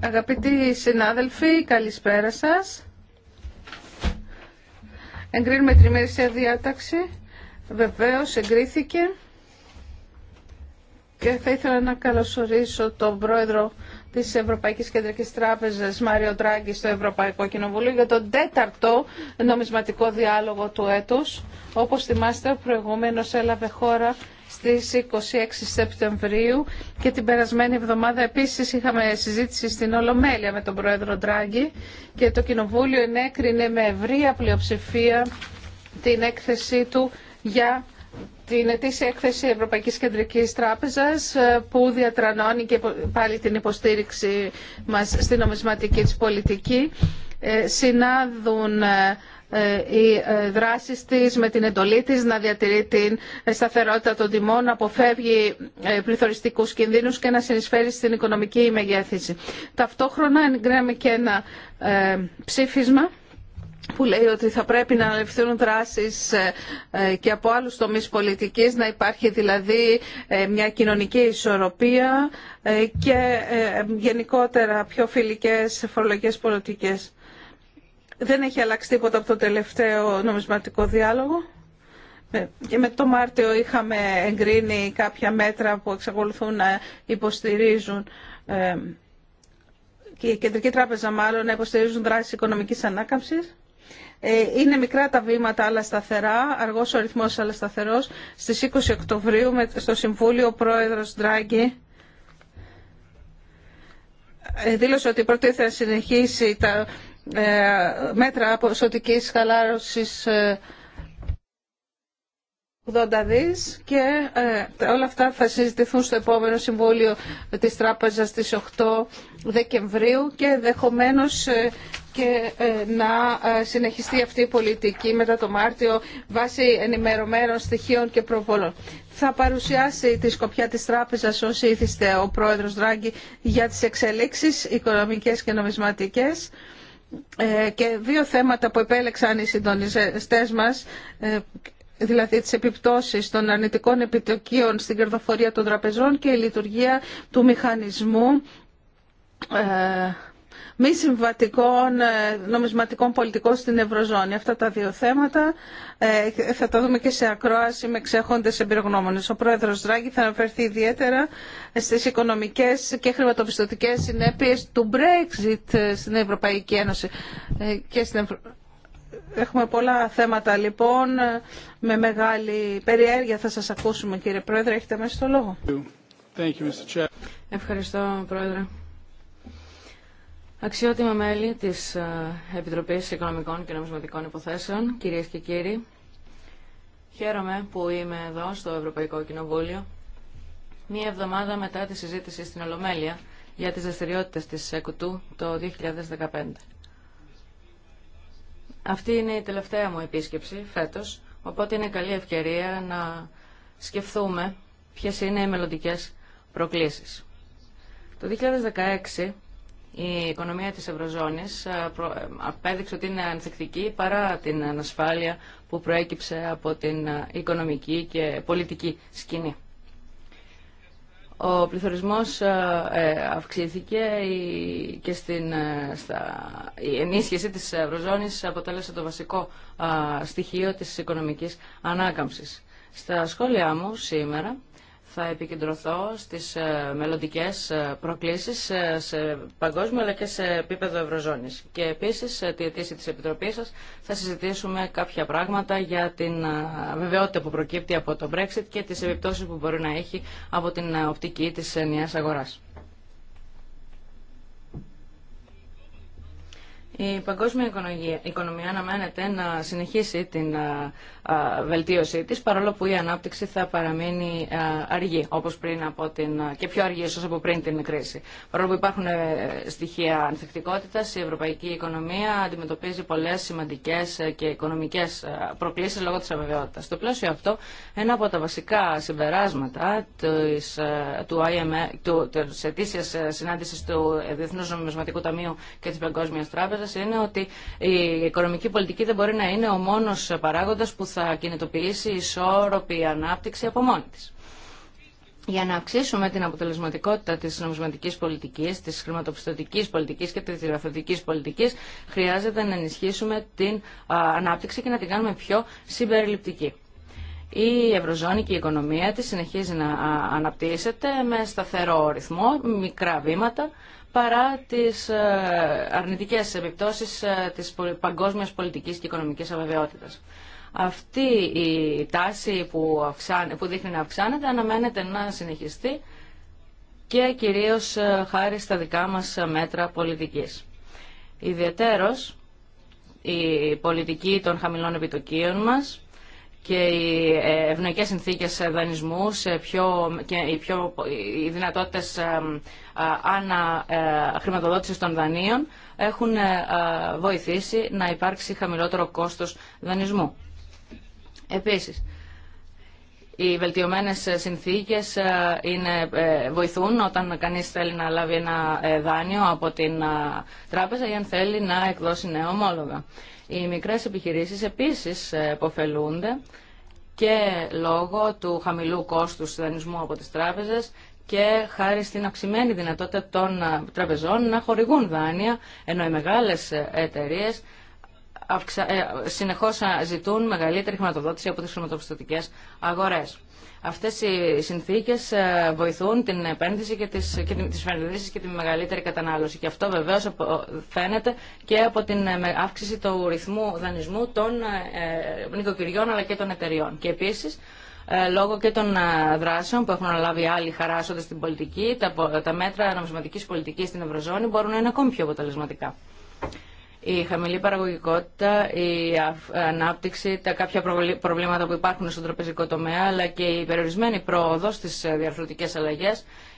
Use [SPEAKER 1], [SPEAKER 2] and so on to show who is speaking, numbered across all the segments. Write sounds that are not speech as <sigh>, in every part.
[SPEAKER 1] Αγαπητοί συνάδελφοι, καλησπέρα σας. Εγκρίνουμε την ημερησία διάταξη. Βεβαίως εγκρίθηκε. Και θα ήθελα να καλωσορίσω τον πρόεδρο της Ευρωπαϊκής Κεντρικής Τράπεζας Μάριο Τράγκη στο Ευρωπαϊκό Κοινοβούλιο για τον τέταρτο νομισματικό διάλογο του έτους. Όπως θυμάστε, ο προηγούμενος έλαβε χώρα στις 26 Σεπτεμβρίου και την περασμένη εβδομάδα επίσης είχαμε συζήτηση στην Ολομέλεια με τον Πρόεδρο Ντράγκη και το Κοινοβούλιο ενέκρινε με ευρία πλειοψηφία την έκθεσή του για την ετήσια έκθεση Ευρωπαϊκής Κεντρικής Τράπεζας ε, που διατρανώνει και πάλι την υποστήριξη μας στην νομισματική της πολιτική. Ε, συνάδουν ε, οι ε, ε, δράσει τη με την εντολή της να διατηρεί την σταθερότητα των τιμών, να αποφεύγει ε, πληθωριστικούς κινδύνους και να συνεισφέρει στην οικονομική μεγέθυνση. Ταυτόχρονα εγκρέμε και ένα ψήφισμα που λέει ότι θα πρέπει να αναλυφθούν δράσεις και από άλλους τομείς πολιτικής, να υπάρχει δηλαδή μια κοινωνική ισορροπία και γενικότερα πιο φιλικές φορολογικές πολιτικές. Δεν έχει αλλάξει τίποτα από το τελευταίο νομισματικό διάλογο. Ε, και με το Μάρτιο είχαμε εγκρίνει κάποια μέτρα που εξακολουθούν να υποστηρίζουν ε, και η Κεντρική Τράπεζα μάλλον να υποστηρίζουν δράσεις οικονομικής ανάκαμψης. Ε, είναι μικρά τα βήματα αλλά σταθερά, αργός ο ρυθμός αλλά σταθερός. Στις 20 Οκτωβρίου στο Συμβούλιο ο πρόεδρος Ντράγκη δήλωσε ότι πρώτοι θα συνεχίσει τα ε, μέτρα ποσοτικής χαλάρωσης 80 ε, δις και ε, όλα αυτά θα συζητηθούν στο επόμενο Συμβούλιο της Τράπεζας στις 8 Δεκεμβρίου και ενδεχομένω και να συνεχιστεί αυτή η πολιτική μετά το Μάρτιο βάσει ενημερωμένων στοιχείων και προβολών. Θα παρουσιάσει τη σκοπιά της Τράπεζας όσοι ήθιστε ο Πρόεδρος Δράγκη για τις εξελίξεις οικονομικές και νομισματικές ε, και δύο θέματα που επέλεξαν οι συντονιστές μας, ε, δηλαδή τις επιπτώσεις των αρνητικών επιτοκίων στην κερδοφορία των τραπεζών και η λειτουργία του μηχανισμού ε, μη συμβατικών ε, νομισματικών πολιτικών στην Ευρωζώνη. Αυτά τα δύο θέματα ε, θα τα δούμε και σε ακρόαση με ξέχοντες εμπειρογνώμονες. Ο πρόεδρος Δράγκη θα αναφερθεί ιδιαίτερα στις οικονομικές και χρηματοπιστωτικές συνέπειες του Brexit ε, στην Ευρωπαϊκή Ένωση και στην Έχουμε πολλά θέματα λοιπόν. Με μεγάλη περιέργεια θα σας ακούσουμε κύριε Πρόεδρε. Έχετε μέσα στο λόγο.
[SPEAKER 2] Thank you, Mr.
[SPEAKER 1] Ευχαριστώ Πρόεδρε.
[SPEAKER 3] Αξιότιμα μέλη της ε, Επιτροπής Οικονομικών και Νομισματικών Υποθέσεων, κυρίες και κύριοι, χαίρομαι που είμαι εδώ στο Ευρωπαϊκό Κοινοβούλιο, μία εβδομάδα μετά τη συζήτηση στην Ολομέλεια για τις δραστηριότητες της ΕΚΟΤΟΥ το 2015. Αυτή είναι η τελευταία μου επίσκεψη φέτος, οπότε είναι καλή ευκαιρία να σκεφτούμε ποιες είναι οι μελλοντικέ προκλήσεις. Το 2016 η οικονομία της Ευρωζώνης ε, ε, απέδειξε ότι είναι ανθεκτική παρά την ανασφάλεια που προέκυψε από την ε, οικονομική και πολιτική σκηνή. Ο πληθωρισμός αυξήθηκε και στην, η ενίσχυση της Ευρωζώνης αποτέλεσε το βασικό στοιχείο της οικονομικής ανάκαμψης. Στα σχόλιά μου σήμερα θα επικεντρωθώ στις ε, μελλοντικές ε, προκλήσεις ε, σε παγκόσμιο αλλά και σε επίπεδο ευρωζώνης. Και επίσης, τη αιτήση της Επιτροπής σας, θα συζητήσουμε κάποια πράγματα για την βεβαιότητα που προκύπτει από το Brexit και τις επιπτώσεις που μπορεί να έχει από την οπτική της νέας αγοράς. Η παγκόσμια οικονομία, αναμένεται να συνεχίσει την βελτίωσή της, παρόλο που η ανάπτυξη θα παραμείνει αργή, όπως πριν από την, και πιο αργή ίσως από πριν την κρίση. Παρόλο που υπάρχουν ε, στοιχεία ανθεκτικότητας, η ευρωπαϊκή οικονομία αντιμετωπίζει πολλές σημαντικές ε, και οικονομικές ε, προκλήσεις λόγω της αβεβαιότητας. Στο πλαίσιο αυτό, ένα από τα βασικά συμπεράσματα της, του συνάντηση του, της συνάντησης του Νομισματικού Ταμείου και της Παγκόσμιας Τράπεζας είναι ότι η οικονομική πολιτική δεν μπορεί να είναι ο μόνος παράγοντας που θα κινητοποιήσει ισόρροπη ανάπτυξη από μόνη της. Για να αυξήσουμε την αποτελεσματικότητα της νομισματικής πολιτικής, της χρηματοπιστωτικής πολιτικής και της διαφορετικής πολιτικής, χρειάζεται να ενισχύσουμε την ανάπτυξη και να την κάνουμε πιο συμπεριληπτική. Η ευρωζώνη και η οικονομία της συνεχίζει να αναπτύσσεται με σταθερό ρυθμό, μικρά βήματα, παρά τις ε, αρνητικές επιπτώσεις ε, της παγκόσμιας πολιτικής και οικονομικής αβεβαιότητας. Αυτή η τάση που, που δείχνει να αυξάνεται αναμένεται να συνεχιστεί και κυρίως ε, χάρη στα δικά μας μέτρα πολιτικής. Ιδιαιτέρως η πολιτική των χαμηλών επιτοκίων μας και οι ε, ευνοϊκές συνθήκες δανεισμού και οι, πιο, οι δυνατότητες ε, ε, αναχρηματοδότησης των δανείων έχουν βοηθήσει να υπάρξει χαμηλότερο κόστος δανεισμού. Επίσης, οι βελτιωμένες συνθήκες είναι, βοηθούν όταν κανείς θέλει να λάβει ένα δάνειο από την τράπεζα ή αν θέλει να εκδώσει νέα ομόλογα. Οι μικρές επιχειρήσεις επίσης ε, υποφελούνται και λόγω του χαμηλού κόστους δανεισμού από τις τράπεζες και χάρη στην αυξημένη δυνατότητα των ε, τραπεζών να χορηγούν δάνεια, ενώ οι μεγάλες ε, εταιρείες συνεχώς ζητούν μεγαλύτερη χρηματοδότηση από τις χρηματοπιστωτικές αγορές. Αυτές οι συνθήκες ε, βοηθούν την επένδυση και τις, και τις και τη μεγαλύτερη κατανάλωση. Και αυτό βεβαίως φαίνεται και από την ε, αύξηση του ρυθμού δανεισμού των ε, νοικοκυριών αλλά και των εταιριών. Και επίσης, λόγω και των δράσεων που έχουν αναλάβει άλλοι χαράσσοντα την πολιτική, τα μέτρα νομισματικής πολιτικής στην Ευρωζώνη μπορούν να είναι ακόμη πιο αποτελεσματικά η χαμηλή παραγωγικότητα, η ανάπτυξη, τα κάποια προβλήματα που υπάρχουν στον τροπεζικό τομέα, αλλά και η περιορισμένη πρόοδο στι διαφορετικέ αλλαγέ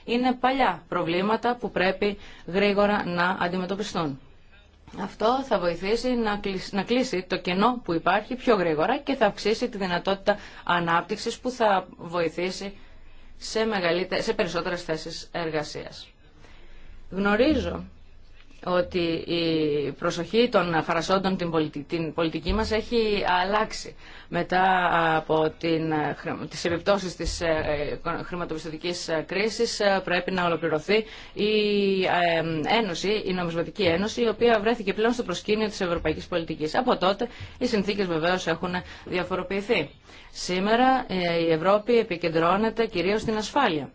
[SPEAKER 3] είναι παλιά προβλήματα που πρέπει γρήγορα να αντιμετωπιστούν. Αυτό θα βοηθήσει να κλείσει, να το κενό που υπάρχει πιο γρήγορα και θα αυξήσει τη δυνατότητα ανάπτυξης που θα βοηθήσει σε, μεγαλύτε, σε περισσότερες θέσεις εργασίας. Γνωρίζω ότι η προσοχή των φαρασόντων την πολιτική μας έχει αλλάξει μετά από την, τις επιπτώσεις της ε, ε, χρηματοπιστωτικής ε, κρίσης πρέπει να ολοκληρωθεί η Ένωση, η Νομισματική Ένωση η οποία βρέθηκε πλέον στο προσκήνιο της ευρωπαϊκής πολιτικής. Από τότε οι συνθήκες βεβαίως έχουν διαφοροποιηθεί. Σήμερα η Ευρώπη επικεντρώνεται κυρίως στην ασφάλεια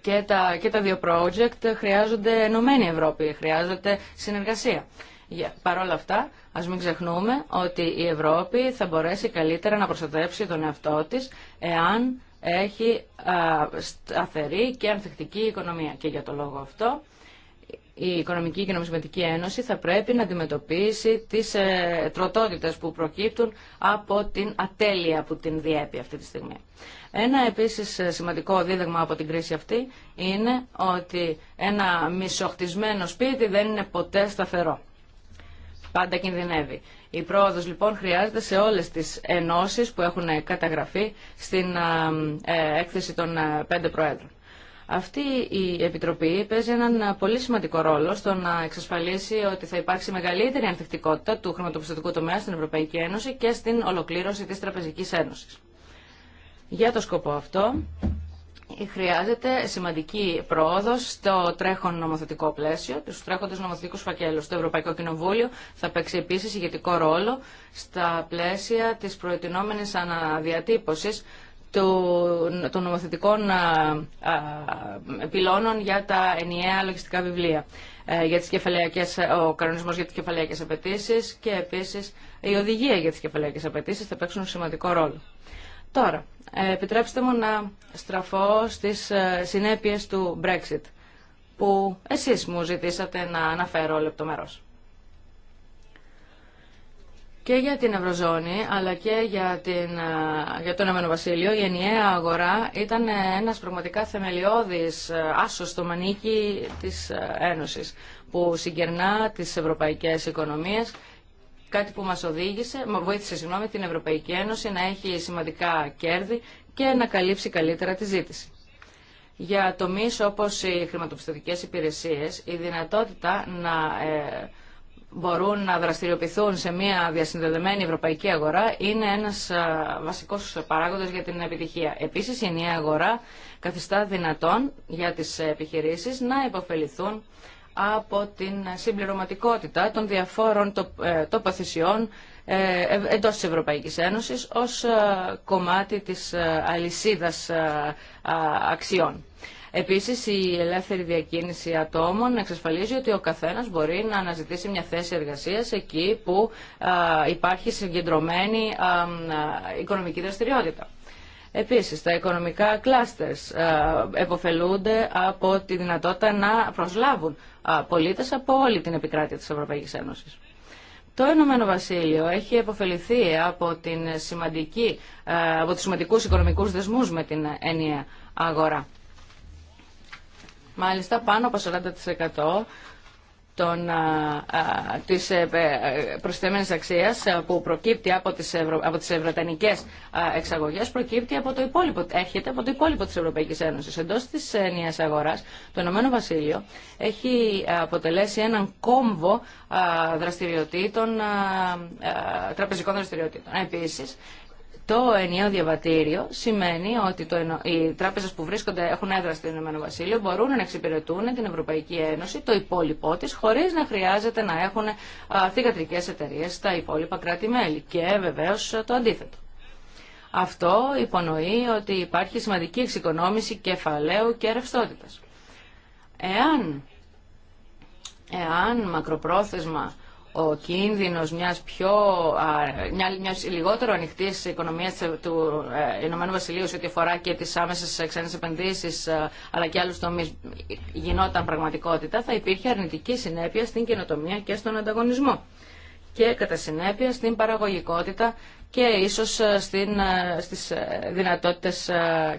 [SPEAKER 3] και τα, και τα δύο project χρειάζονται ενωμένη Ευρώπη, χρειάζονται συνεργασία. Παρ' όλα αυτά, ας μην ξεχνούμε ότι η Ευρώπη θα μπορέσει καλύτερα να προστατεύσει τον εαυτό της εάν έχει σταθερή και ανθεκτική οικονομία. Και για το λόγο αυτό, η Οικονομική και Νομισματική Ένωση θα πρέπει να αντιμετωπίσει τις ε, τροτότητες που προκύπτουν από την ατέλεια που την διέπει αυτή τη στιγμή. Ένα επίσης σημαντικό δίδαγμα από την κρίση αυτή είναι ότι ένα μισοχτισμένο σπίτι δεν είναι ποτέ σταθερό. Πάντα κινδυνεύει. Η πρόοδος λοιπόν χρειάζεται σε όλες τις ενώσεις που έχουν καταγραφεί στην ε, έκθεση των ε, πέντε προέδρων. Αυτή η Επιτροπή παίζει έναν ε, πολύ σημαντικό ρόλο στο να εξασφαλίσει ότι θα υπάρξει μεγαλύτερη ανθεκτικότητα του χρηματοπιστωτικού τομέα στην Ευρωπαϊκή Ένωση και στην ολοκλήρωση της Τραπεζικής Ένωσης. Για το σκοπό αυτό χρειάζεται σημαντική πρόοδο στο τρέχον νομοθετικό πλαίσιο, στου τρέχοντε νομοθετικού φακέλου. Το Ευρωπαϊκό Κοινοβούλιο θα παίξει επίση ηγετικό ρόλο στα πλαίσια τη προετοινόμενη αναδιατύπωση των νομοθετικών πυλώνων για τα ενιαία λογιστικά βιβλία, ε, για τις κεφαλαιακές, ο κανονισμός για τις κεφαλαιακές απαιτήσει και επίσης η οδηγία για τις κεφαλαιακές απαιτήσει θα παίξουν σημαντικό ρόλο. Τώρα, ε, επιτρέψτε μου να στραφώ στις ε, συνέπειες του Brexit, που εσείς μου ζητήσατε να αναφέρω λεπτομερώς. Και για την Ευρωζώνη, αλλά και για, την, ε, για τον Εμένο Βασίλειο, η ενιαία αγορά ήταν ένας πραγματικά θεμελιώδης άσος στο μανίκι της Ένωσης, που συγκερνά τις ευρωπαϊκές οικονομίες Κάτι που μας οδήγησε, βοήθησε συγγνώμη, την Ευρωπαϊκή Ένωση να έχει σημαντικά κέρδη και να καλύψει καλύτερα τη ζήτηση. Για τομείς όπως οι χρηματοπιστωτικές υπηρεσίες, η δυνατότητα να ε, μπορούν να δραστηριοποιηθούν σε μια διασυνδεδεμένη ευρωπαϊκή αγορά είναι ένας βασικός παράγοντας για την επιτυχία. Επίσης, η νέα αγορά καθιστά δυνατόν για τις επιχειρήσεις να υποφεληθούν από την συμπληρωματικότητα των διαφόρων ε, τοποθεσιών ε, εντός της Ευρωπαϊκής Ένωσης ως ε, κομμάτι της αλυσίδας αξιών. Επίσης, η ελεύθερη διακίνηση ατόμων εξασφαλίζει ότι ο καθένας μπορεί να αναζητήσει μια θέση εργασίας εκεί που υπάρχει συγκεντρωμένη οικονομική δραστηριότητα. Επίσης, τα οικονομικά κλάστερς ε, εποφελούνται από τη δυνατότητα να προσλάβουν ε, πολίτες από όλη την επικράτεια της Ευρωπαϊκής Ένωσης. Το Ενωμένο Βασίλειο έχει εποφεληθεί από, την σημαντική, ε, από τους σημαντικούς οικονομικούς δεσμούς με την ενιαία αγορά. Μάλιστα, πάνω από 40% των, α, της ε, ε, προσθέμενης αξίας που προκύπτει από τις, ευρω, από τις εξαγωγές προκύπτει από το υπόλοιπο, έρχεται από το υπόλοιπο της Ευρωπαϊκής Ένωσης. Εντός της ενιαίας αγοράς το Ηνωμένο Βασίλειο έχει αποτελέσει έναν κόμβο δραστηριοτήτων, τραπεζικών δραστηριοτήτων. Επίσης το ενιαίο διαβατήριο σημαίνει ότι το, οι τράπεζε που βρίσκονται, έχουν έδρα στο Ηνωμένο Βασίλειο μπορούν να εξυπηρετούν την Ευρωπαϊκή Ένωση, το υπόλοιπό τη, χωρί να χρειάζεται να έχουν θηγατρικέ εταιρείε στα υπόλοιπα κράτη-μέλη. Και βεβαίω το αντίθετο. Αυτό υπονοεί ότι υπάρχει σημαντική εξοικονόμηση κεφαλαίου και ρευστότητα. Εάν, εάν μακροπρόθεσμα ο κίνδυνος μιας, πιο, λιγότερο ανοιχτή οικονομίας του ε, Ηνωμένου Βασιλείου σε ό,τι αφορά και τις άμεσες ξένες επενδύσεις ε, αλλά και άλλους τομείς γινόταν πραγματικότητα θα υπήρχε αρνητική συνέπεια στην καινοτομία και στον ανταγωνισμό και κατά συνέπεια στην παραγωγικότητα και ίσως ε, στην, στις δυνατότητες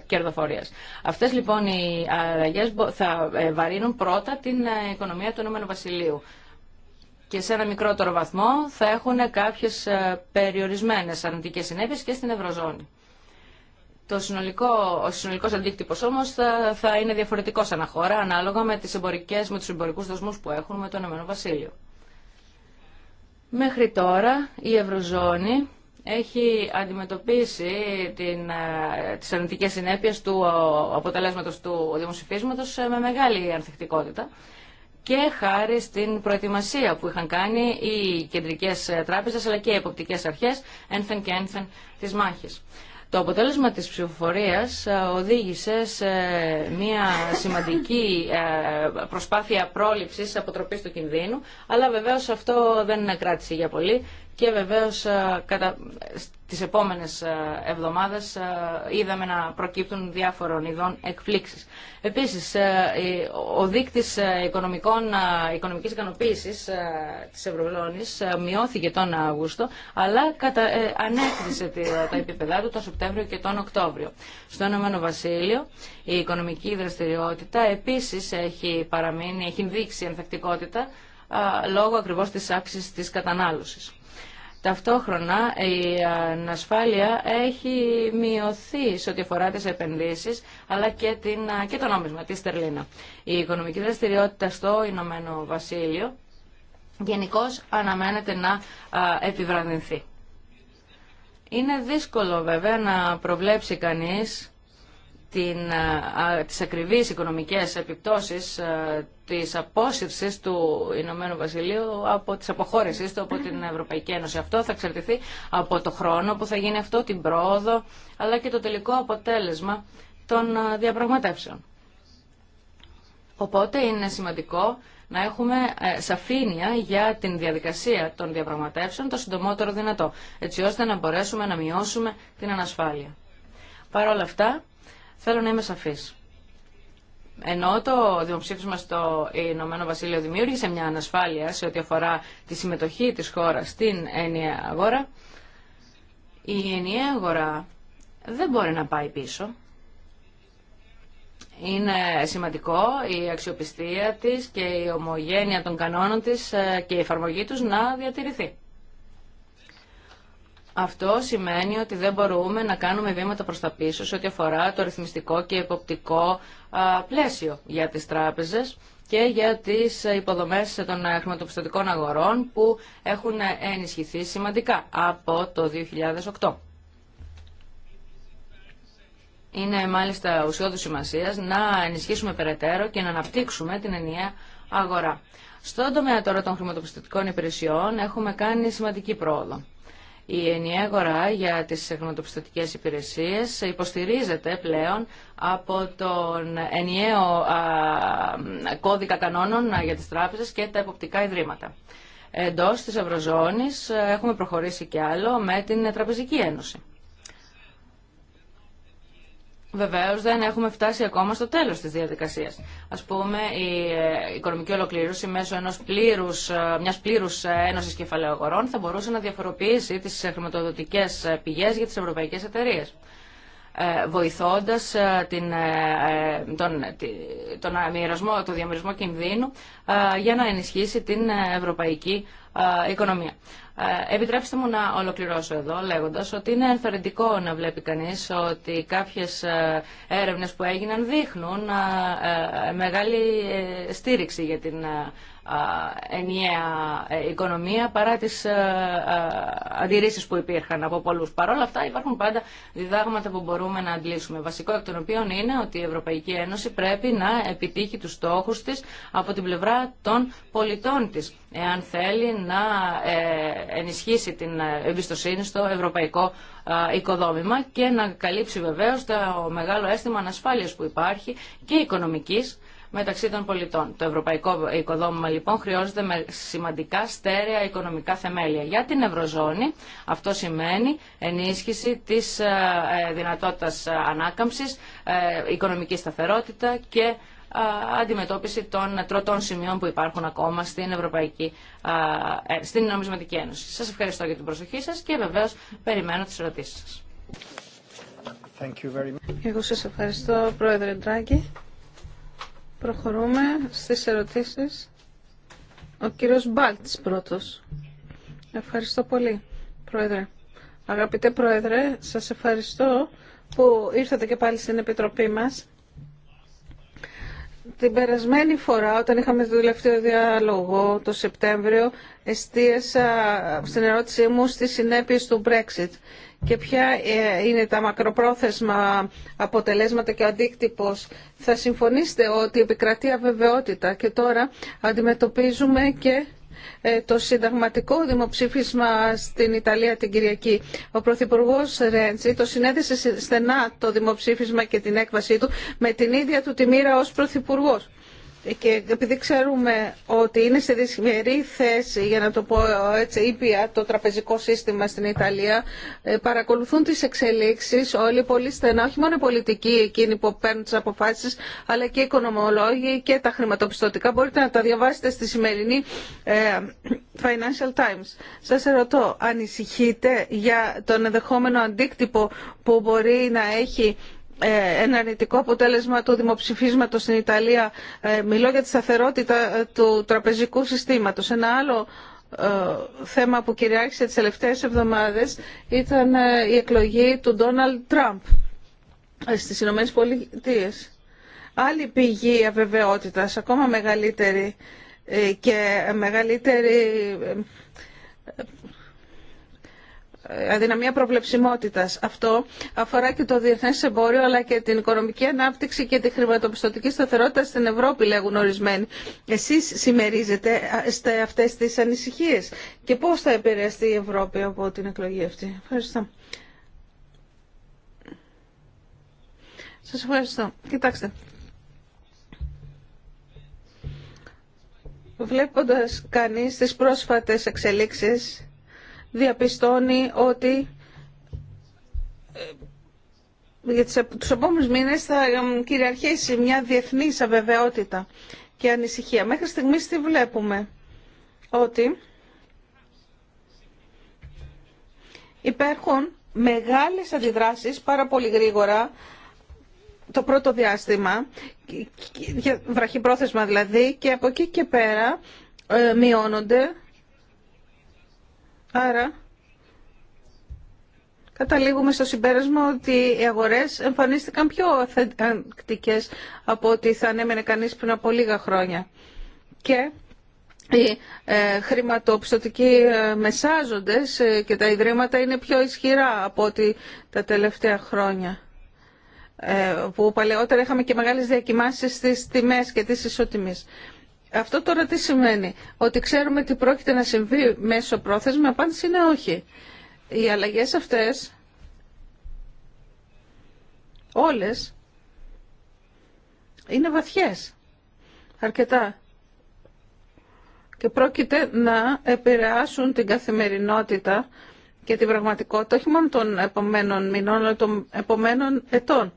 [SPEAKER 3] κερδοφορίας. Αυτές λοιπόν οι αλλαγέ θα βαρύνουν πρώτα την οικονομία του Ηνωμένου Βασιλείου και σε ένα μικρότερο βαθμό θα έχουν κάποιες ε, περιορισμένες αρνητικές συνέπειες και στην Ευρωζώνη. Το συνολικό, ο συνολικός αντίκτυπος όμως θα, θα είναι διαφορετικός ανά χώρα, ανάλογα με, τις εμπορικές, με τους εμπορικούς δοσμούς που έχουν με τον Ηνωμένο Βασίλειο. Μέχρι τώρα η Ευρωζώνη έχει αντιμετωπίσει την, ε, τις αρνητικές συνέπειες του αποτελέσματος του δημοσιοφίσματος ε, με μεγάλη ανθεκτικότητα και χάρη στην προετοιμασία που είχαν κάνει οι κεντρικές τράπεζες αλλά και οι εποπτικές αρχές ένθεν και ένθεν της μάχης. Το αποτέλεσμα της ψηφοφορίας ε, οδήγησε σε μια σημαντική ε, προσπάθεια πρόληψης αποτροπής του κινδύνου, αλλά βεβαίως αυτό δεν κράτησε για πολύ και βεβαίως ε, κατά, τις επόμενες ε, εβδομάδες ε, είδαμε να προκύπτουν διάφορων ειδών εκπλήξεις. Επίσης, ο δείκτης οικονομικών, οικονομικής ικανοποίησης της Ευρωβουλώνης μειώθηκε τον Αύγουστο, αλλά κατα, ανέκτησε τα επίπεδά του τον Σεπτέμβριο και τον Οκτώβριο. Στον Ηνωμένο Βασίλειο, η οικονομική δραστηριότητα επίσης έχει παραμείνει, έχει δείξει ενθεκτικότητα λόγω ακριβώς της άξης της κατανάλωσης. Ταυτόχρονα η ανασφάλεια έχει μειωθεί σε ό,τι αφορά τις επενδύσεις αλλά και, την, και το νόμισμα τη Στερλίνα. Η οικονομική δραστηριότητα στο Ηνωμένο Βασίλειο γενικώ αναμένεται να επιβραδυνθεί. Είναι δύσκολο βέβαια να προβλέψει κανείς την, τις ακριβείς οικονομικές επιπτώσεις της απόσυρσης του Ηνωμένου Βασιλείου από τις αποχώρησεις του από την Ευρωπαϊκή Ένωση. Αυτό θα εξαρτηθεί από το χρόνο που θα γίνει αυτό, την πρόοδο, αλλά και το τελικό αποτέλεσμα των διαπραγματεύσεων. Οπότε είναι σημαντικό να έχουμε ε, σαφήνεια για την διαδικασία των διαπραγματεύσεων το συντομότερο δυνατό, έτσι ώστε να μπορέσουμε να μειώσουμε την ανασφάλεια. Παρ' όλα αυτά, Θέλω να είμαι σαφή. Ενώ το δημοψήφισμα στο Ηνωμένο Βασίλειο δημιούργησε μια ανασφάλεια σε ό,τι αφορά τη συμμετοχή της χώρας στην ενιαία αγορά, η ενιαία αγορά δεν μπορεί να πάει πίσω. Είναι σημαντικό η αξιοπιστία της και η ομογένεια των κανόνων της ε, και η εφαρμογή τους να διατηρηθεί. Αυτό σημαίνει ότι δεν μπορούμε να κάνουμε βήματα προς τα πίσω σε ό,τι αφορά το ρυθμιστικό και εποπτικό πλαίσιο για τις τράπεζες και για τις υποδομές των χρηματοπιστωτικών αγορών που έχουν ενισχυθεί σημαντικά από το 2008. Είναι μάλιστα ουσιώδου σημασία να ενισχύσουμε περαιτέρω και να αναπτύξουμε την ενιαία αγορά. Στον τομέα τώρα των χρηματοπιστωτικών υπηρεσιών έχουμε κάνει σημαντική πρόοδο. Η ενιαία αγορά για τις χρηματοπιστωτικές υπηρεσίες υποστηρίζεται πλέον από τον ενιαίο κώδικα κανόνων για τις τράπεζες και τα εποπτικά ιδρύματα. Εντός της Ευρωζώνης έχουμε προχωρήσει και άλλο με την Τραπεζική Ένωση. Βεβαίω δεν έχουμε φτάσει ακόμα στο τέλο τη διαδικασία. Α πούμε, ε, η οικονομική ολοκλήρωση μέσω μια πλήρου ένωση κεφαλαίου αγορών θα μπορούσε να διαφοροποιήσει τι ε, χρηματοδοτικέ ε, πηγέ για τι ευρωπαϊκέ εταιρείε βοηθώντας τον, τον το διαμερισμό κινδύνου για να ενισχύσει την ευρωπαϊκή οικονομία. Ε, επιτρέψτε μου να ολοκληρώσω εδώ λέγοντας ότι είναι ενθαρρυντικό να βλέπει κανείς ότι κάποιες ε, έρευνες που έγιναν δείχνουν ε, μεγάλη στήριξη για την ε, ενιαία ε, οικονομία παρά τις ε, αντιρρήσεις που υπήρχαν από πολλούς. Παρ' όλα αυτά υπάρχουν πάντα διδάγματα που μπορούμε να αντλήσουμε. Βασικό εκ των οποίων είναι ότι η Ευρωπαϊκή Ένωση πρέπει να επιτύχει τους στόχους της από την πλευρά των πολιτών της εάν θέλει να ενισχύσει την εμπιστοσύνη στο ευρωπαϊκό οικοδόμημα και να καλύψει βεβαίως το μεγάλο αίσθημα ανασφάλειας που υπάρχει και οικονομικής μεταξύ των πολιτών. Το ευρωπαϊκό οικοδόμημα λοιπόν χρειάζεται με σημαντικά στέρεα οικονομικά θεμέλια. Για την Ευρωζώνη αυτό σημαίνει ενίσχυση της ε, ε, δυνατότητας ανάκαμψης, ε, οικονομική σταθερότητα και αντιμετώπιση των τροτών σημείων που υπάρχουν ακόμα στην, Ευρωπαϊκή, στην Νομισματική Ένωση. Σας ευχαριστώ για την προσοχή σας και βεβαίως
[SPEAKER 1] περιμένω τις ερωτήσεις σας. Εγώ σας ευχαριστώ, Πρόεδρε Ντράγκη. Προχωρούμε στις ερωτήσεις. Ο κύριος Μπάλτς πρώτος. Ευχαριστώ πολύ, Πρόεδρε. Αγαπητέ Πρόεδρε, σας ευχαριστώ που ήρθατε και πάλι στην Επιτροπή μας την περασμένη φορά, όταν είχαμε το τελευταίο διάλογο το Σεπτέμβριο, εστίασα στην ερώτησή μου στις συνέπειες του Brexit και ποια ε, είναι τα μακροπρόθεσμα αποτελέσματα και ο αντίκτυπος. Θα συμφωνήσετε ότι επικρατεί αβεβαιότητα και τώρα αντιμετωπίζουμε και ε, το συνταγματικό δημοψήφισμα στην Ιταλία την Κυριακή. Ο Πρωθυπουργό Ρέντσι το συνέδεσε στενά το δημοψήφισμα και την έκβασή του με την ίδια του τη μοίρα ως Πρωθυπουργό και επειδή ξέρουμε ότι είναι σε δυσχυμερή θέση, για να το πω έτσι, ήπια το τραπεζικό σύστημα στην Ιταλία, ε, παρακολουθούν τις εξελίξεις όλοι πολύ στενά, όχι μόνο οι πολιτικοί εκείνοι που παίρνουν τις αποφάσεις, αλλά και οι οικονομολόγοι και τα χρηματοπιστωτικά. Μπορείτε να τα διαβάσετε στη σημερινή ε, Financial Times. Σας ερωτώ, ανησυχείτε για τον ενδεχόμενο αντίκτυπο που μπορεί να έχει ε, ένα αρνητικό αποτέλεσμα του δημοψηφίσματος στην Ιταλία. Ε, μιλώ για τη σταθερότητα ε, του τραπεζικού συστήματος. Ένα άλλο θέμα που κυριάρχησε τις τελευταίες εβδομάδες ήταν η εκλογή του Ντόναλτ Τραμπ στις Ηνωμένες Πολιτείες. Άλλη πηγή αβεβαιότητας, ακόμα μεγαλύτερη και μεγαλύτερη αδυναμία προβλεψιμότητας. Αυτό αφορά και το διεθνές εμπόριο αλλά και την οικονομική ανάπτυξη και τη χρηματοπιστωτική σταθερότητα στην Ευρώπη λέγουν ορισμένοι. Εσείς συμμερίζετε σε αυτές τις ανησυχίες και πώς θα επηρεαστεί η Ευρώπη από την εκλογή αυτή. Ευχαριστώ. Σας ευχαριστώ. Κοιτάξτε. Βλέποντας κανείς τις πρόσφατες εξελίξεις διαπιστώνει ότι ε, για τους επόμενους μήνες θα ε, κυριαρχήσει μια διεθνής αβεβαιότητα και ανησυχία. Μέχρι στιγμής τι βλέπουμε, ότι υπάρχουν μεγάλες αντιδράσεις πάρα πολύ γρήγορα το πρώτο διάστημα, βραχυπρόθεσμα δηλαδή, και από εκεί και πέρα ε, μειώνονται Άρα, καταλήγουμε στο συμπέρασμα ότι οι αγορές εμφανίστηκαν πιο αθεντικές από ότι θα ανέμενε κανείς πριν από λίγα χρόνια. Και οι ε, χρηματοπιστωτικοί ε, μεσάζοντες ε, και τα ιδρύματα είναι πιο ισχυρά από ότι τα τελευταία χρόνια που παλαιότερα είχαμε και μεγάλες διακοιμάσεις στις τιμές και τις ισοτιμίες. Αυτό τώρα τι σημαίνει, ότι ξέρουμε τι πρόκειται να συμβεί μέσω πρόθεσμα, απάντηση είναι όχι. Οι αλλαγές αυτές, όλες, είναι βαθιές, αρκετά. Και πρόκειται να επηρεάσουν την καθημερινότητα και την πραγματικότητα όχι μόνο των επομένων μηνών, αλλά των επομένων ετών.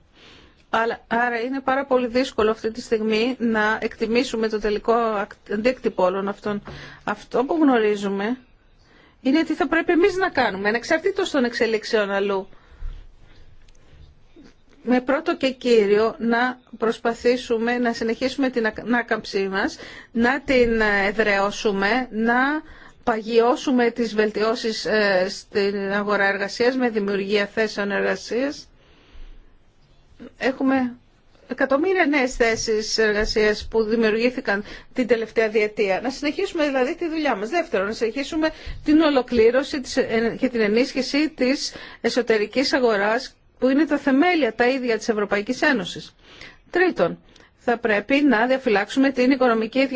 [SPEAKER 1] Άρα είναι πάρα πολύ δύσκολο αυτή τη στιγμή να εκτιμήσουμε το τελικό αντίκτυπο όλων αυτών. Αυτό που γνωρίζουμε είναι τι θα πρέπει εμείς να κάνουμε, ανεξαρτήτως των εξελίξεων αλλού. Με πρώτο και κύριο να προσπαθήσουμε να συνεχίσουμε την ανάκαμψή μας, να την ε, εδραιώσουμε, να παγιώσουμε τις βελτιώσεις ε, στην αγορά εργασίας με δημιουργία θέσεων εργασίας Έχουμε εκατομμύρια νέε θέσει εργασία που δημιουργήθηκαν την τελευταία διετία. Να συνεχίσουμε δηλαδή τη δουλειά μα. Δεύτερον, να συνεχίσουμε την ολοκλήρωση ε, και την ενίσχυση τη εσωτερική αγορά που είναι τα θεμέλια τα ίδια της Ευρωπαϊκής Ένωσης. Τρίτον, θα πρέπει να διαφυλάξουμε την οικονομική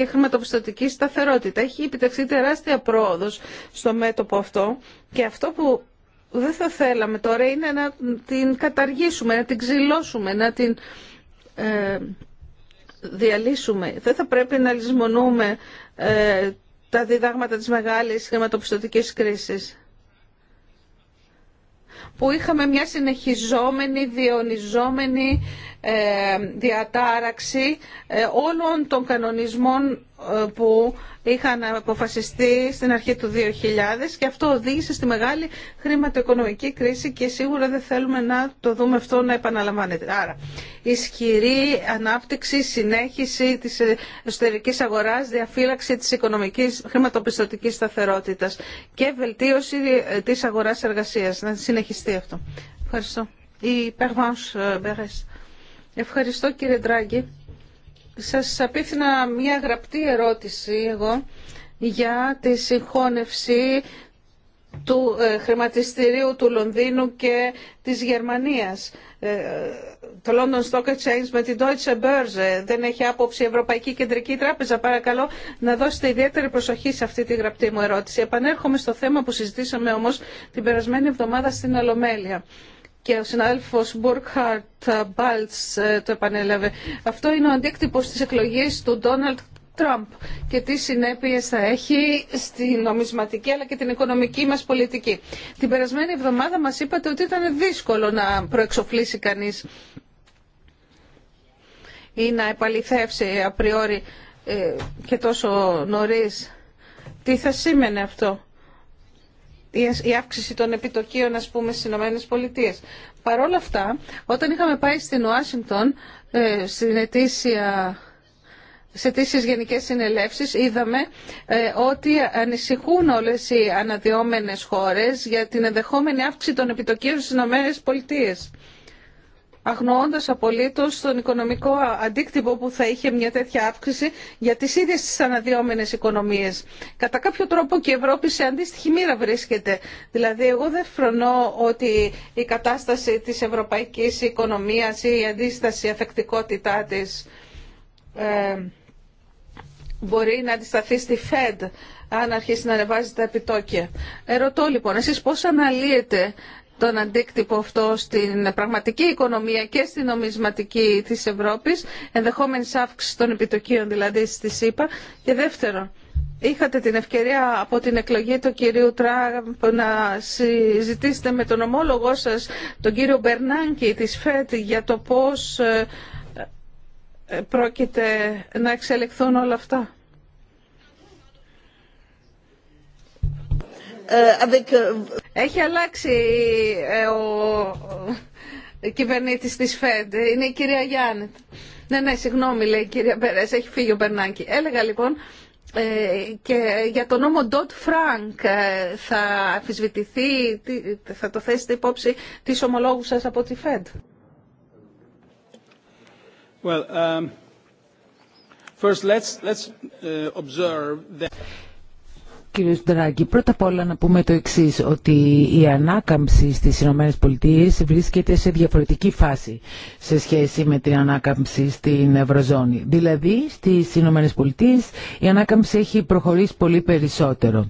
[SPEAKER 1] και σταθερότητα. Έχει επιτευχθεί τεράστια πρόοδος στο μέτωπο αυτό και αυτό που δεν θα θέλαμε τώρα είναι να την καταργήσουμε, να την ξυλώσουμε, να την ε, διαλύσουμε. Δεν θα πρέπει να λησμονούμε ε, τα διδάγματα της μεγάλης χρηματοπιστωτικής κρίσης που είχαμε μια συνεχιζόμενη, διονυζόμενη ε, διατάραξη ε, όλων των κανονισμών που είχαν αποφασιστεί στην αρχή του 2000 και αυτό οδήγησε στη μεγάλη χρηματοοικονομική κρίση και σίγουρα δεν θέλουμε να το δούμε αυτό να επαναλαμβάνεται. Άρα, ισχυρή ανάπτυξη, συνέχιση της εσωτερικής αγοράς, διαφύλαξη της οικονομικής χρηματοπιστωτικής σταθερότητας και βελτίωση της αγοράς εργασίας. Να συνεχιστεί αυτό. Ευχαριστώ. Η Ευχαριστώ κύριε Ντράγκη. Σας απίθυνα μια γραπτή ερώτηση εγώ για τη συγχώνευση του ε, χρηματιστηρίου του Λονδίνου και της Γερμανίας. Ε, το London Stock Exchange με την Deutsche Börse δεν έχει άποψη η Ευρωπαϊκή Κεντρική Τράπεζα. Παρακαλώ να δώσετε ιδιαίτερη προσοχή σε αυτή τη γραπτή μου ερώτηση. Επανέρχομαι στο θέμα που συζητήσαμε όμως την περασμένη εβδομάδα στην Αλομέλεια και ο συνάδελφος Μπουρκχαρτ Μπάλτς ε, ε, το επανέλαβε. Αυτό είναι ο αντίκτυπος της εκλογής του Ντόναλτ Τραμπ και τι συνέπειες θα έχει στη νομισματική αλλά και την οικονομική μας πολιτική. Την περασμένη εβδομάδα μας είπατε ότι ήταν δύσκολο να προεξοφλήσει κανείς ή να επαληθεύσει απριόρι ε, και τόσο νωρίς. Τι θα σήμαινε αυτό η αύξηση των επιτοκίων, ας πούμε, στις Ηνωμένες Πολιτείες. Παρ' όλα αυτά, όταν είχαμε πάει στην Ουάσιγκτον, ε, στην ετήσια σε τήσεις γενικές συνελεύσεις είδαμε ε, ότι ανησυχούν όλες οι αναδυόμενες χώρες για την ενδεχόμενη αύξηση των επιτοκίων στις Ηνωμένες Πολιτείες αγνοώντας απολύτως τον οικονομικό αντίκτυπο που θα είχε μια τέτοια αύξηση για τις ίδιες τις αναδυόμενες οικονομίες. Κατά κάποιο τρόπο και η Ευρώπη σε αντίστοιχη μοίρα βρίσκεται. Δηλαδή εγώ δεν φρονώ ότι η κατάσταση της ευρωπαϊκής οικονομίας ή η αντίσταση, η αφεκτικότητά της ε, μπορεί να αντισταθεί στη ΦΕΔ αν αρχίσει να ανεβάζει τα επιτόκια. Ερωτώ λοιπόν, εσείς πώς αναλύετε τον αντίκτυπο αυτό στην πραγματική οικονομία και στην νομισματική της Ευρώπης, ενδεχόμενης αύξηση των επιτοκίων δηλαδή στη ΣΥΠΑ. Και δεύτερον, είχατε την ευκαιρία από την εκλογή του κυρίου Τραμπ να συζητήσετε με τον ομόλογό σας, τον κύριο Μπερνάνκη της ΦΕΤ, για το πώς ε, ε, πρόκειται να εξελιχθούν όλα αυτά. Ε, ε, Έχει αλλάξει ε, ο κυβερνήτης της ΦΕΔ. Είναι η κυρία Γιάννη. Ναι, ναι, συγγνώμη, λέει η κυρία Περές. Έχει φύγει ο Μπερνάκη. Έλεγα λοιπόν και για τον νόμο Dodd Frank θα αφισβητηθεί, θα το θέσετε υπόψη της ομολόγου σας από τη ΦΕΔ.
[SPEAKER 2] Well, um, first let's, let's observe that...
[SPEAKER 4] Κύριε Ντράγκη. Πρώτα απ' όλα να πούμε το εξής, ότι η ανάκαμψη στι ΗΠΑ βρίσκεται σε διαφορετική φάση σε σχέση με την ανάκαμψη στην Ευρωζώνη. Δηλαδή, στι ΗΠΑ η ανάκαμψη έχει προχωρήσει πολύ περισσότερο.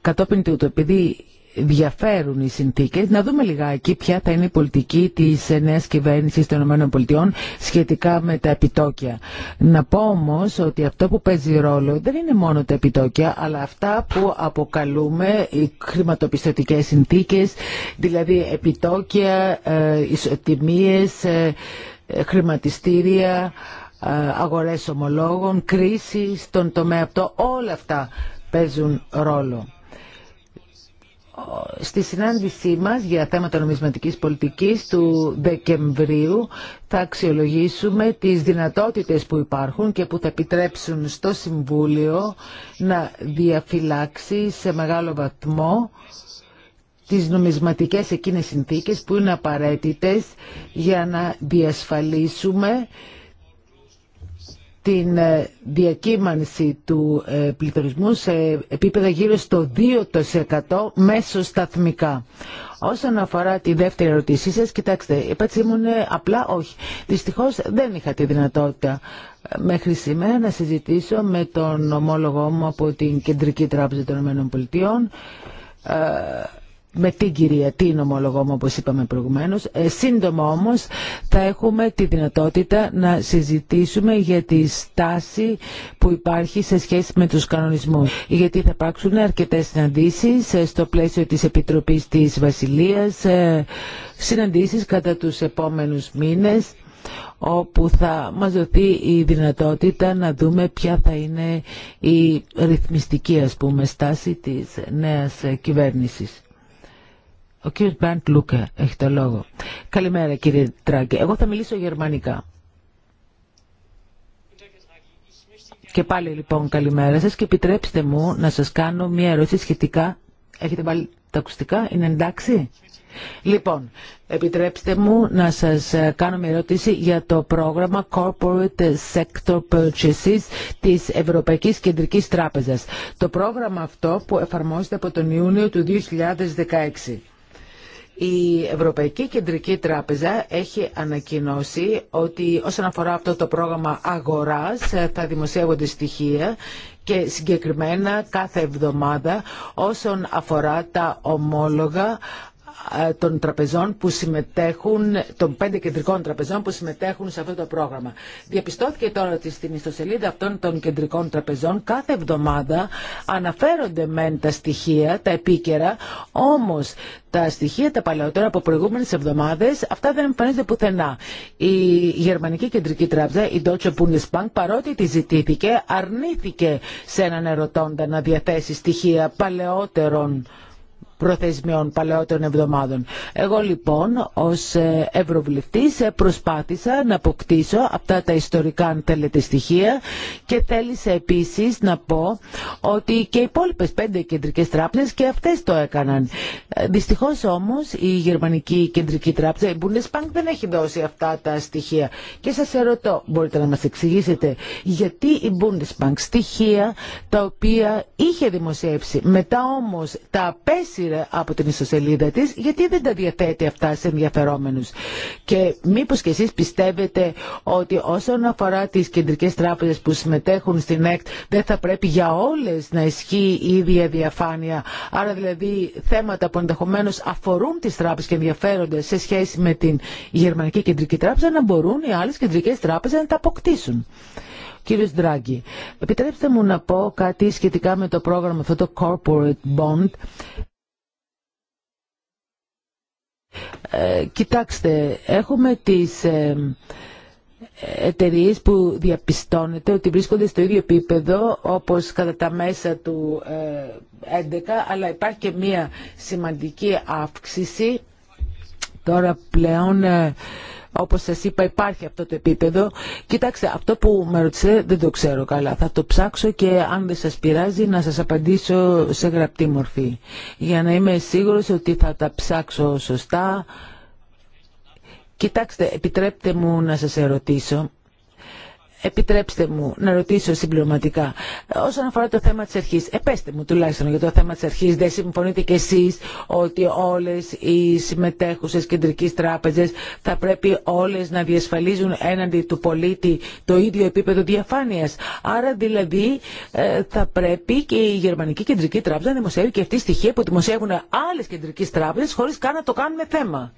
[SPEAKER 4] Κατόπιν τούτο, επειδή διαφέρουν οι συνθήκε, Να δούμε λιγάκι ποια θα είναι η πολιτική της νέα κυβέρνηση των ΗΠΑ σχετικά με τα επιτόκια. Να πω όμω ότι αυτό που παίζει ρόλο δεν είναι μόνο τα επιτόκια, αλλά αυτά που αποκαλούμε οι χρηματοπιστωτικέ συνθήκε, δηλαδή επιτόκια, ε, ισοτιμίες, ε, χρηματιστήρια, ε, αγορέ ομολόγων, κρίση στον τομέα αυτό, όλα αυτά παίζουν ρόλο στη συνάντησή μας για θέματα νομισματικής πολιτικής του Δεκεμβρίου θα αξιολογήσουμε τις δυνατότητες που υπάρχουν και που θα επιτρέψουν στο Συμβούλιο να διαφυλάξει σε μεγάλο βαθμό τις νομισματικές εκείνες συνθήκες που είναι απαραίτητες για να διασφαλίσουμε την ε, διακύμανση του ε, πληθωρισμού σε επίπεδα γύρω στο 2% μέσω σταθμικά. Όσον αφορά τη δεύτερη ερωτήσή σας, κοιτάξτε, η απλά όχι. Δυστυχώς δεν είχα τη δυνατότητα ε, μέχρι σήμερα να συζητήσω με τον ομόλογό μου από την Κεντρική Τράπεζα των ΗΠΑ με την κυρία, την ομολογώ μου όπως είπαμε προηγουμένως. Ε, σύντομα όμως θα έχουμε τη δυνατότητα να συζητήσουμε για τη στάση που υπάρχει σε σχέση με τους κανονισμούς. Γιατί θα υπάρξουν αρκετές συναντήσεις ε, στο πλαίσιο της Επιτροπής της Βασιλείας, ε, συναντήσεις κατά τους επόμενους μήνες όπου θα μας δοθεί η δυνατότητα να δούμε ποια θα είναι η ρυθμιστική ας πούμε στάση της νέας κυβέρνησης. Ο κύριο Μπραντ Λούκε έχει το λόγο. Καλημέρα κύριε Τράγκε. Εγώ θα μιλήσω γερμανικά. Και πάλι λοιπόν καλημέρα σας και επιτρέψτε μου να σας κάνω μια ερώτηση σχετικά. Έχετε βάλει τα ακουστικά, είναι εντάξει. Λοιπόν, επιτρέψτε μου να σας ε, κάνω μια ερώτηση για το πρόγραμμα Corporate Sector Purchases της Ευρωπαϊκής Κεντρικής Τράπεζας. Το πρόγραμμα αυτό που εφαρμόζεται από τον Ιούνιο του 2016. Η Ευρωπαϊκή Κεντρική Τράπεζα έχει ανακοινώσει ότι όσον αφορά αυτό το πρόγραμμα αγοράς ε, θα δημοσιεύονται στοιχεία και συγκεκριμένα κάθε εβδομάδα όσον αφορά τα ομόλογα ε, των τραπεζών που συμμετέχουν, των πέντε κεντρικών τραπεζών που συμμετέχουν σε αυτό το πρόγραμμα. Διαπιστώθηκε τώρα ότι στην ιστοσελίδα αυτών των κεντρικών τραπεζών κάθε εβδομάδα αναφέρονται μεν τα στοιχεία, τα επίκαιρα, όμως τα στοιχεία τα παλαιότερα από προηγούμενες εβδομάδες, αυτά δεν εμφανίζονται πουθενά. Η Γερμανική Κεντρική Τράπεζα, η Deutsche Bundesbank, παρότι τη ζητήθηκε, αρνήθηκε σε έναν ερωτώντα να διαθέσει στοιχεία παλαιότερων προθεσμιών παλαιότερων εβδομάδων. Εγώ λοιπόν ως ε, Ευρωβουλευτής ε, προσπάθησα να αποκτήσω αυτά τα ιστορικά αν θέλετε στοιχεία και θέλησα επίσης να πω ότι και οι υπόλοιπε πέντε κεντρικές τράπεζες και αυτές το έκαναν. Ε, δυστυχώς όμως η Γερμανική Κεντρική Τράπεζα, η Bundesbank δεν έχει δώσει αυτά τα στοιχεία. Και σας ερωτώ, μπορείτε να μας εξηγήσετε γιατί η Bundesbank στοιχεία τα οποία είχε δημοσιεύσει μετά όμως τα απέσει από την ιστοσελίδα της, γιατί δεν τα διαθέτει αυτά σε ενδιαφερόμενους. Και μήπως και εσείς πιστεύετε ότι όσον αφορά τις κεντρικές τράπεζες που συμμετέχουν στην ΕΚΤ, δεν θα πρέπει για όλες να ισχύει η ίδια διαφάνεια. Άρα δηλαδή θέματα που ενδεχομένω αφορούν τις τράπεζες και ενδιαφέρονται σε σχέση με την Γερμανική Κεντρική Τράπεζα, να μπορούν οι άλλες κεντρικές τράπεζες να τα αποκτήσουν. Κύριος Ντράγκη, επιτρέψτε μου να πω κάτι σχετικά με το πρόγραμμα αυτό το Corporate Bond. Ε, κοιτάξτε, έχουμε τις ε, εταιρείε που διαπιστώνεται ότι βρίσκονται στο ίδιο επίπεδο όπως κατά τα μέσα του ε, 11, αλλά υπάρχει και μία σημαντική αύξηση. Τώρα πλέον ε, όπως σας είπα υπάρχει αυτό το επίπεδο. Κοιτάξτε, αυτό που με ρωτήσετε δεν το ξέρω καλά. Θα το ψάξω και αν δεν σας πειράζει να σας απαντήσω σε γραπτή μορφή. Για να είμαι σίγουρος ότι θα τα ψάξω σωστά. Κοιτάξτε, επιτρέπτε μου να σας ερωτήσω. Επιτρέψτε μου να ρωτήσω συμπληρωματικά. Όσον αφορά το θέμα της αρχής, επέστε μου τουλάχιστον για το θέμα της αρχής, δεν συμφωνείτε κι εσείς ότι όλες οι συμμετέχουσες κεντρικής τράπεζες θα πρέπει όλες να διασφαλίζουν έναντι του πολίτη το ίδιο επίπεδο διαφάνειας. Άρα δηλαδή ε, θα πρέπει και η Γερμανική Κεντρική Τράπεζα να δημοσιεύει και αυτή η στοιχεία που δημοσιεύουν άλλες κεντρικές τράπεζες χωρίς καν να το κάνουμε θέμα.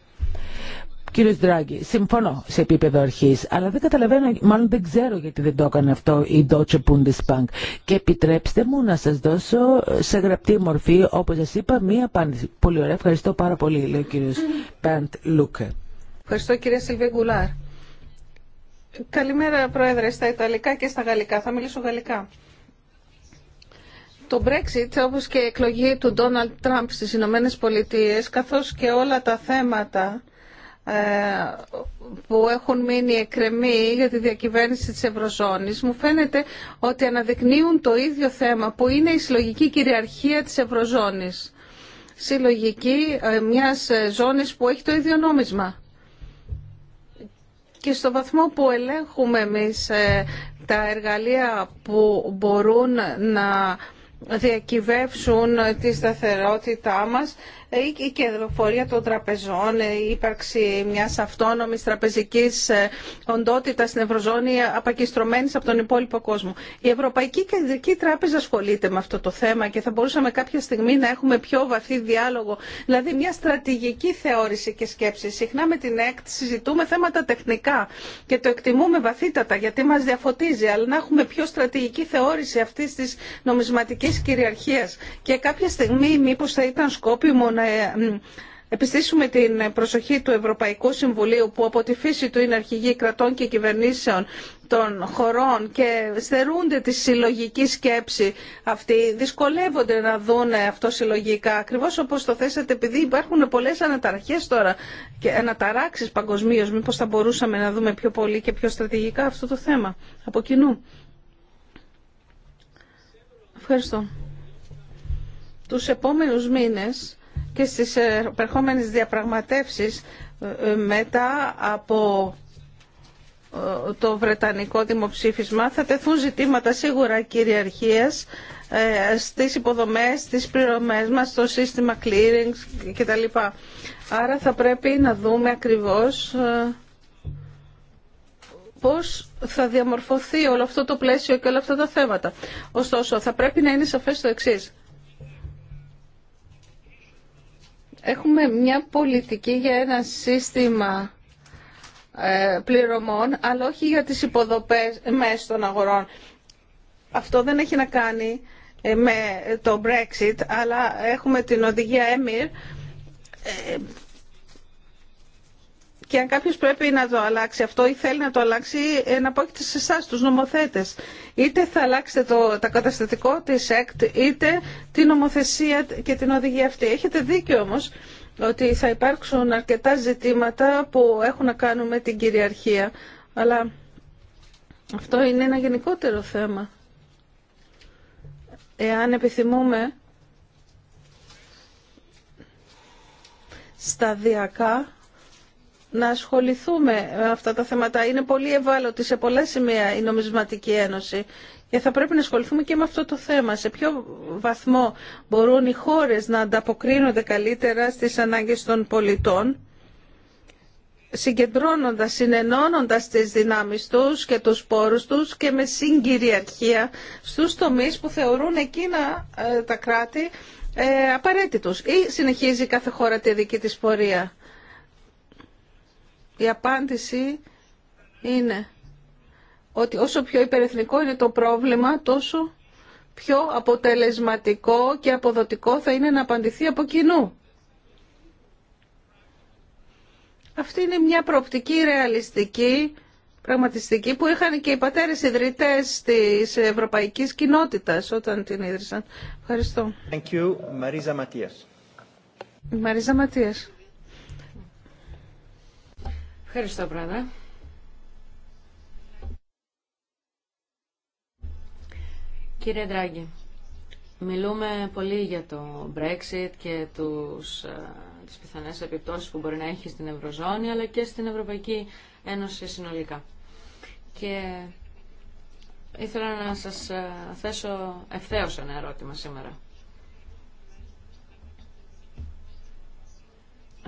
[SPEAKER 4] Κύριε Δράγκη, συμφωνώ σε επίπεδο αρχή, αλλά δεν καταλαβαίνω, μάλλον δεν ξέρω γιατί δεν το έκανε αυτό η Deutsche Bundesbank. Και επιτρέψτε μου να σα δώσω σε γραπτή μορφή, όπω σα είπα, μία απάντηση. Πολύ ωραία, ευχαριστώ πάρα πολύ, λέει ο κύριο Πέντ Λούκε.
[SPEAKER 1] Ευχαριστώ, κύριε Σιλβέ Γκουλάρ. Καλημέρα, Πρόεδρε, στα Ιταλικά και στα Γαλλικά. Θα μιλήσω γαλλικά. Το Brexit, όπως και η εκλογή του Donald Trump στι Ηνωμένε Πολιτείες, καθώς και όλα τα θέματα ε, που έχουν μείνει εκκρεμοί για τη διακυβέρνηση της Ευρωζώνης μου φαίνεται ότι αναδεικνύουν το ίδιο θέμα που είναι η συλλογική κυριαρχία της Ευρωζώνης. Συλλογική ε, μιας ε, ζώνης που έχει το ίδιο νόμισμα. Και στο βαθμό που ελέγχουμε εμείς τα εργαλεία που μπορούν να διακυβεύσουν τη σταθερότητά μας ε, η κερδοφορία των τραπεζών, ε, η ύπαρξη μια αυτόνομη τραπεζική ε, οντότητα στην Ευρωζώνη απακιστρωμενη από τον υπόλοιπο κόσμο. Η Ευρωπαϊκή Κεντρική Τράπεζα ασχολείται με αυτό το θέμα και θα μπορούσαμε κάποια στιγμή να έχουμε πιο βαθύ διάλογο, δηλαδή μια στρατηγική θεώρηση και σκέψη. Συχνά με την ΕΚΤ συζητούμε θέματα τεχνικά και το εκτιμούμε βαθύτατα γιατί μα διαφωτίζει, αλλά να έχουμε πιο στρατηγική θεώρηση αυτή τη νομισματική κυριαρχία. Και κάποια στιγμή μήπω θα ήταν σκόπιμο να ε, επιστήσουμε την προσοχή του Ευρωπαϊκού Συμβουλίου που από τη φύση του είναι αρχηγή κρατών και κυβερνήσεων των χωρών και στερούνται τη συλλογική σκέψη αυτή, δυσκολεύονται να δουν αυτό συλλογικά. Ακριβώς όπως το θέσατε, επειδή υπάρχουν πολλές αναταραχές τώρα και αναταράξεις παγκοσμίω, μήπως θα μπορούσαμε να δούμε πιο πολύ και πιο στρατηγικά αυτό το θέμα από κοινού. Ευχαριστώ. Τους επόμενους μήνες και στις ε, επερχόμενες διαπραγματεύσεις ε, ε, μετά από το Βρετανικό δημοψήφισμα θα τεθούν ζητήματα σίγουρα κυριαρχίας στις υποδομές, στις πληρωμές μας, στο σύστημα clearing κτλ. Άρα θα πρέπει να δούμε ακριβώς πώς θα διαμορφωθεί όλο αυτό το πλαίσιο και όλα αυτά τα θέματα. Ωστόσο, θα πρέπει να είναι σαφές το εξής. Έχουμε μια πολιτική για ένα σύστημα ε, πληρωμών, αλλά όχι για τις υποδοπές μέσα των αγορών. Αυτό δεν έχει να κάνει ε, με το Brexit, αλλά έχουμε την οδηγία EMIR ε, και αν κάποιο πρέπει να το αλλάξει αυτό ή θέλει να το αλλάξει, να σε εσά, του νομοθέτε. Είτε θα αλλάξετε το, καταστατικό τη ΕΚΤ, είτε την νομοθεσία και την οδηγία αυτή. Έχετε δίκιο όμω ότι θα υπάρξουν αρκετά ζητήματα που έχουν να κάνουν με την κυριαρχία. Αλλά αυτό είναι ένα γενικότερο θέμα. Εάν επιθυμούμε σταδιακά να ασχοληθούμε με αυτά τα θέματα. Είναι πολύ ευάλωτη σε πολλά σημεία η νομισματική ένωση και θα πρέπει να ασχοληθούμε και με αυτό το θέμα. Σε ποιο βαθμό μπορούν οι χώρες να ανταποκρίνονται καλύτερα στις ανάγκες των πολιτών συγκεντρώνοντας, συνενώνοντας τις δυνάμεις τους και τους πόρους τους και με συγκυριαρχία στους τομείς που θεωρούν εκείνα ε, τα κράτη ε, απαραίτητους. Ή συνεχίζει κάθε χώρα τη δική της πορεία η απάντηση είναι ότι όσο πιο υπερεθνικό είναι το πρόβλημα, τόσο πιο αποτελεσματικό και αποδοτικό θα είναι να απαντηθεί από κοινού. Αυτή είναι μια προοπτική ρεαλιστική, πραγματιστική που είχαν και οι πατέρες ιδρυτές της ευρωπαϊκής κοινότητας όταν την ίδρυσαν. Ευχαριστώ.
[SPEAKER 5] Thank you, Ματίας.
[SPEAKER 1] Μαρίζα Ματίας.
[SPEAKER 3] Ευχαριστώ, Πρόεδρε. Κύριε Ντράγκη, μιλούμε πολύ για το Brexit και τους, ε, τις πιθανές επιπτώσεις που μπορεί να έχει στην Ευρωζώνη αλλά και στην Ευρωπαϊκή Ένωση συνολικά. Και ήθελα να σας ε, θέσω ευθέως ένα ερώτημα σήμερα.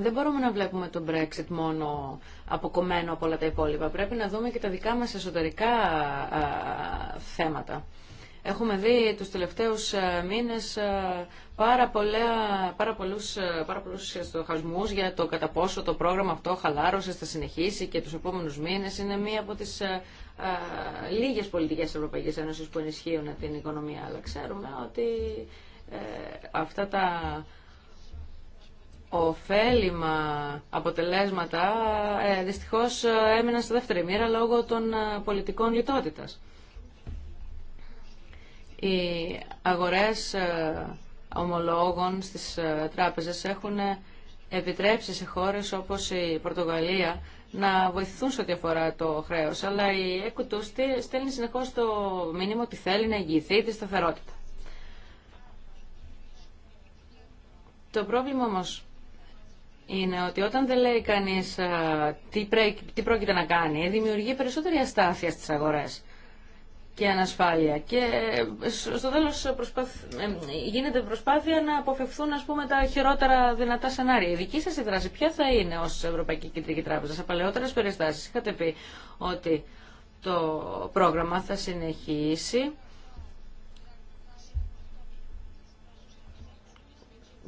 [SPEAKER 3] δεν μπορούμε να βλέπουμε τον Brexit μόνο αποκομμένο από όλα τα υπόλοιπα. Πρέπει να δούμε και τα δικά μας εσωτερικά θέματα. Έχουμε δει τους τελευταίους μήνες πάρα, πολλά, πάρα πολλούς, πάρα πολλούς στοχασμούς για το κατά πόσο το πρόγραμμα αυτό χαλάρωσε, θα συνεχίσει και τους επόμενους μήνες είναι μία από τις α, λίγες πολιτικές της Ευρωπαϊκής που ενισχύουν την οικονομία. Αλλά ξέρουμε ότι ε, αυτά τα ωφέλιμα αποτελέσματα ε, δυστυχώς ε, έμειναν στη δεύτερη μοίρα λόγω των ε, πολιτικών λιτότητας. Οι αγορές ομολόγων στις τράπεζες έχουν επιτρέψει σε χώρες όπως η Πορτογαλία να βοηθούν σε ό,τι αφορά το χρέος, αλλά η ΕΚΟΤΟΥ στέλνει συνεχώς το μήνυμα ότι θέλει να εγγυηθεί τη σταθερότητα. Το πρόβλημα όμως είναι ότι όταν δεν λέει κανείς τι, τι πρόκειται να κάνει, δημιουργεί περισσότερη αστάθεια στις αγορές και ανασφάλεια. Και ε, στο τέλος ε, γίνεται προσπάθεια να αποφευθούν ας πούμε, τα χειρότερα δυνατά σενάρια. Η δική σας δράση ποια θα είναι ως Ευρωπαϊκή Κεντρική Τράπεζα. Σε παλαιότερες περιστάσεις είχατε πει ότι το πρόγραμμα θα συνεχίσει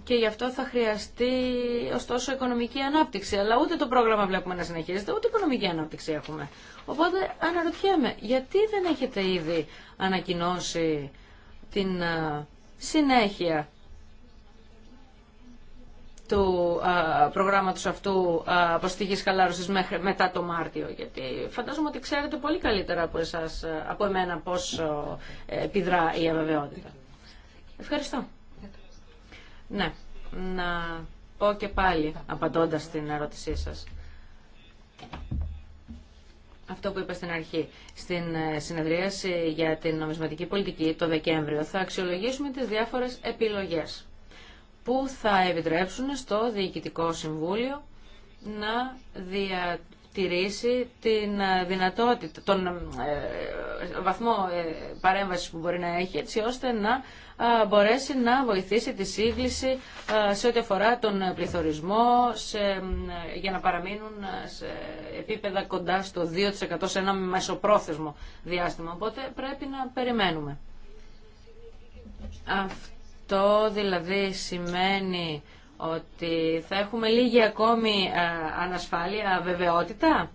[SPEAKER 3] και γι' αυτό θα χρειαστεί ωστόσο οικονομική ανάπτυξη. Αλλά ούτε το πρόγραμμα βλέπουμε να συνεχίζεται, ούτε οικονομική ανάπτυξη έχουμε. Οπότε αναρωτιέμαι, γιατί δεν έχετε ήδη ανακοινώσει την συνέχεια του α, προγράμματος αυτού α, αποστηγής χαλάρωσης μέχρι, μετά το Μάρτιο. Γιατί φαντάζομαι ότι ξέρετε πολύ καλύτερα από, εσάς, από εμένα πώς επιδρά η αβεβαιότητα. Ευχαριστώ. Ναι, να πω και πάλι, απαντώντας την ερώτησή σας. Αυτό που είπα στην αρχή. Στην ε, συνεδρίαση για την νομισματική πολιτική το Δεκέμβριο θα αξιολογήσουμε τις διάφορες επιλογές που θα επιτρέψουν στο Διοικητικό Συμβούλιο να διατηρήσει την ε, δυνατότητα, τον ε, βαθμό παρέμβασης που μπορεί να έχει έτσι ώστε να μπορέσει να βοηθήσει τη σύγκληση σε ό,τι αφορά τον πληθωρισμό για να παραμείνουν σε επίπεδα κοντά στο 2% σε ένα μεσοπρόθεσμο διάστημα. Οπότε πρέπει να περιμένουμε. Αυτό δηλαδή σημαίνει ότι θα έχουμε λίγη ακόμη ανασφάλεια, βεβαιότητα.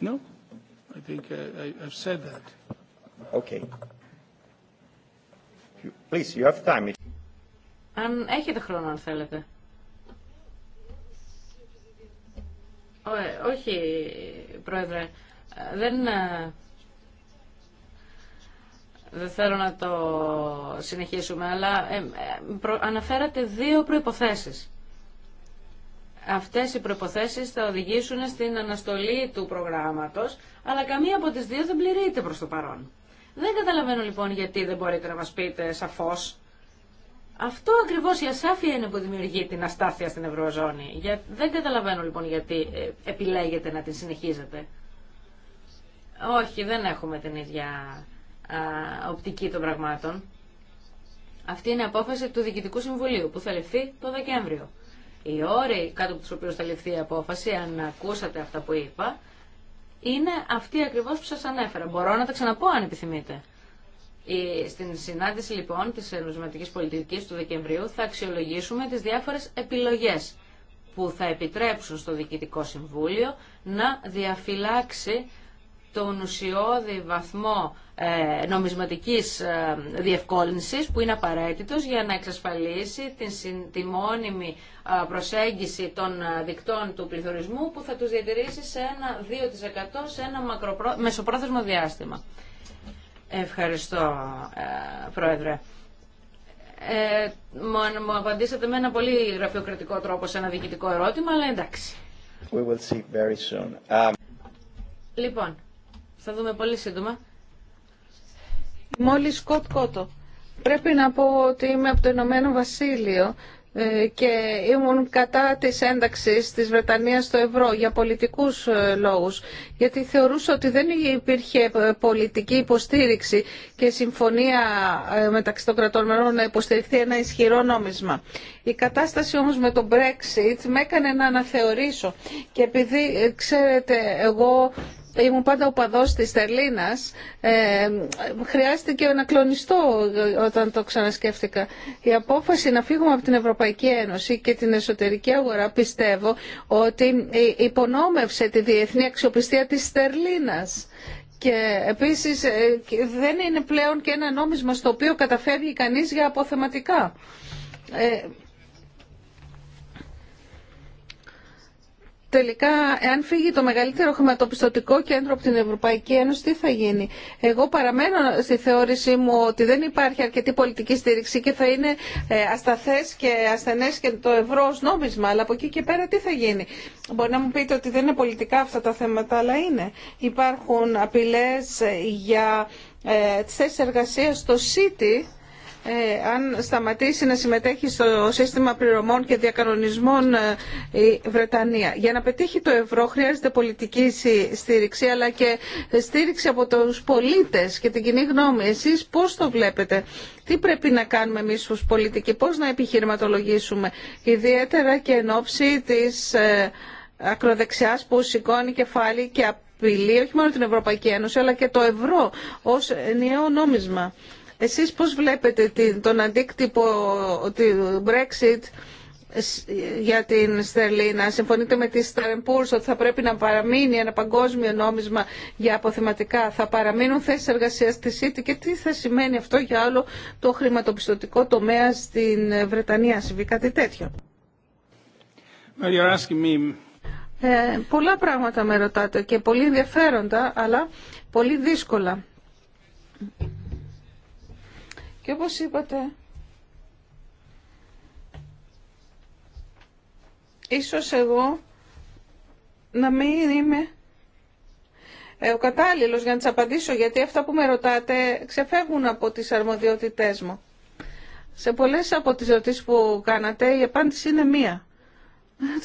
[SPEAKER 2] No? I think uh, I, I've said that.
[SPEAKER 5] Okay. Please, you have time.
[SPEAKER 3] Αν έχετε χρόνο, αν θέλετε. Ω, όχι, Πρόεδρε. Δεν, ε, δεν θέλω να το συνεχίσουμε, αλλά ε, ε προ, αναφέρατε δύο προϋποθέσεις. Αυτές οι προϋποθέσεις θα οδηγήσουν στην αναστολή του προγράμματος, αλλά καμία από τις δύο δεν πληρείται προς το παρόν. Δεν καταλαβαίνω λοιπόν γιατί δεν μπορείτε να μας πείτε σαφώς. Αυτό ακριβώς η ασάφεια είναι που δημιουργεί την αστάθεια στην Ευρωζώνη. Δεν καταλαβαίνω λοιπόν γιατί ε, επιλέγετε να την συνεχίζετε. Όχι, δεν έχουμε την ίδια οπτική των πραγμάτων. Αυτή είναι η απόφαση του Διοικητικού Συμβουλίου που θα ληφθεί το Δεκέμβριο οι όροι κάτω από τους οποίους θα ληφθεί η απόφαση, αν ακούσατε αυτά που είπα, είναι αυτοί ακριβώς που σας ανέφερα. Μπορώ να τα ξαναπώ αν επιθυμείτε. Στην συνάντηση λοιπόν της νομισματικής πολιτικής του Δεκεμβρίου θα αξιολογήσουμε τις διάφορες επιλογές που θα επιτρέψουν στο Διοικητικό Συμβούλιο να διαφυλάξει τον ουσιώδη βαθμό ε, νομισματικής ε, διευκόλυνσης που είναι απαραίτητος για να εξασφαλίσει τη μόνιμη ε, προσέγγιση των δικτών του πληθωρισμού που θα τους διατηρήσει σε ένα 2% σε ένα μεσοπρόθεσμο διάστημα. Ευχαριστώ, Πρόεδρε. Ε, μου απαντήσατε με ένα πολύ γραφειοκρατικό τρόπο σε ένα διοικητικό ερώτημα, αλλά εντάξει.
[SPEAKER 5] We will see very soon. Um,
[SPEAKER 1] λοιπόν, θα δούμε πολύ σύντομα. Μόλις Σκοτ Κότο. Πρέπει να πω ότι είμαι από το Ηνωμένο Βασίλειο ε, και ήμουν κατά της ένταξης της Βρετανία στο ευρώ για πολιτικούς ε, λόγους γιατί θεωρούσα ότι δεν υπήρχε ε, πολιτική υποστήριξη και συμφωνία μεταξύ των κρατών μερών να υποστηριχθεί ένα ισχυρό νόμισμα. Η κατάσταση όμως με το Brexit με έκανε να αναθεωρήσω και επειδή ξέρετε εγώ ήμουν πάντα οπαδός της Τερλίνας, ε, χρειάστηκε να κλονιστώ όταν το ξανασκέφτηκα. Η απόφαση να φύγουμε από την Ευρωπαϊκή Ένωση και την εσωτερική αγορά πιστεύω ότι ε, υπονόμευσε τη διεθνή αξιοπιστία της Τερλίνας. Και επίσης ε, δεν είναι πλέον και ένα νόμισμα στο οποίο καταφεύγει κανείς για αποθεματικά. Ε, τελικά, εάν φύγει το μεγαλύτερο χρηματοπιστωτικό κέντρο από την Ευρωπαϊκή Ένωση, τι θα γίνει. Εγώ παραμένω στη θεώρησή μου ότι δεν υπάρχει αρκετή πολιτική στήριξη και θα είναι ε, ασταθέ και ασθενέ και το ευρώ ω νόμισμα. Αλλά από εκεί και πέρα τι θα γίνει. Μπορεί να μου πείτε ότι δεν είναι πολιτικά αυτά τα θέματα, αλλά είναι. Υπάρχουν απειλέ για ε, τι θέσει εργασία στο ΣΥΤΙ, ε, αν σταματήσει να συμμετέχει στο σύστημα πληρωμών και διακανονισμών ε, η Βρετανία. Για να πετύχει το ευρώ χρειάζεται πολιτική στήριξη αλλά και στήριξη από τους πολίτες και την κοινή γνώμη. Εσείς πώς το βλέπετε, τι πρέπει να κάνουμε εμείς ως πολιτικοί, πώς να επιχειρηματολογήσουμε, ιδιαίτερα και εν ώψη της ε, ακροδεξιάς που σηκώνει κεφάλι και απειλεί όχι μόνο την Ευρωπαϊκή Ένωση αλλά και το ευρώ ως νέο νόμισμα. Εσείς πώς βλέπετε τον αντίκτυπο του Brexit για την Στερλίνα. Συμφωνείτε με τη Σταρεμπούρς ότι θα πρέπει να παραμείνει ένα παγκόσμιο νόμισμα για αποθεματικά. Θα παραμείνουν θέσεις εργασίας στη ΣΥΤΗ και τι θα σημαίνει αυτό για άλλο το χρηματοπιστωτικό τομέα στην Βρετανία. Συμβεί κάτι τέτοιο. Ε, πολλά πράγματα με ρωτάτε και πολύ ενδιαφέροντα αλλά πολύ δύσκολα. Και όπως είπατε, ίσως εγώ να μην είμαι ε, ο κατάλληλος για να τις απαντήσω, γιατί αυτά που με ρωτάτε ξεφεύγουν από τις αρμοδιότητές μου. Σε πολλές από τις ερωτήσεις που κάνατε η απάντηση είναι μία.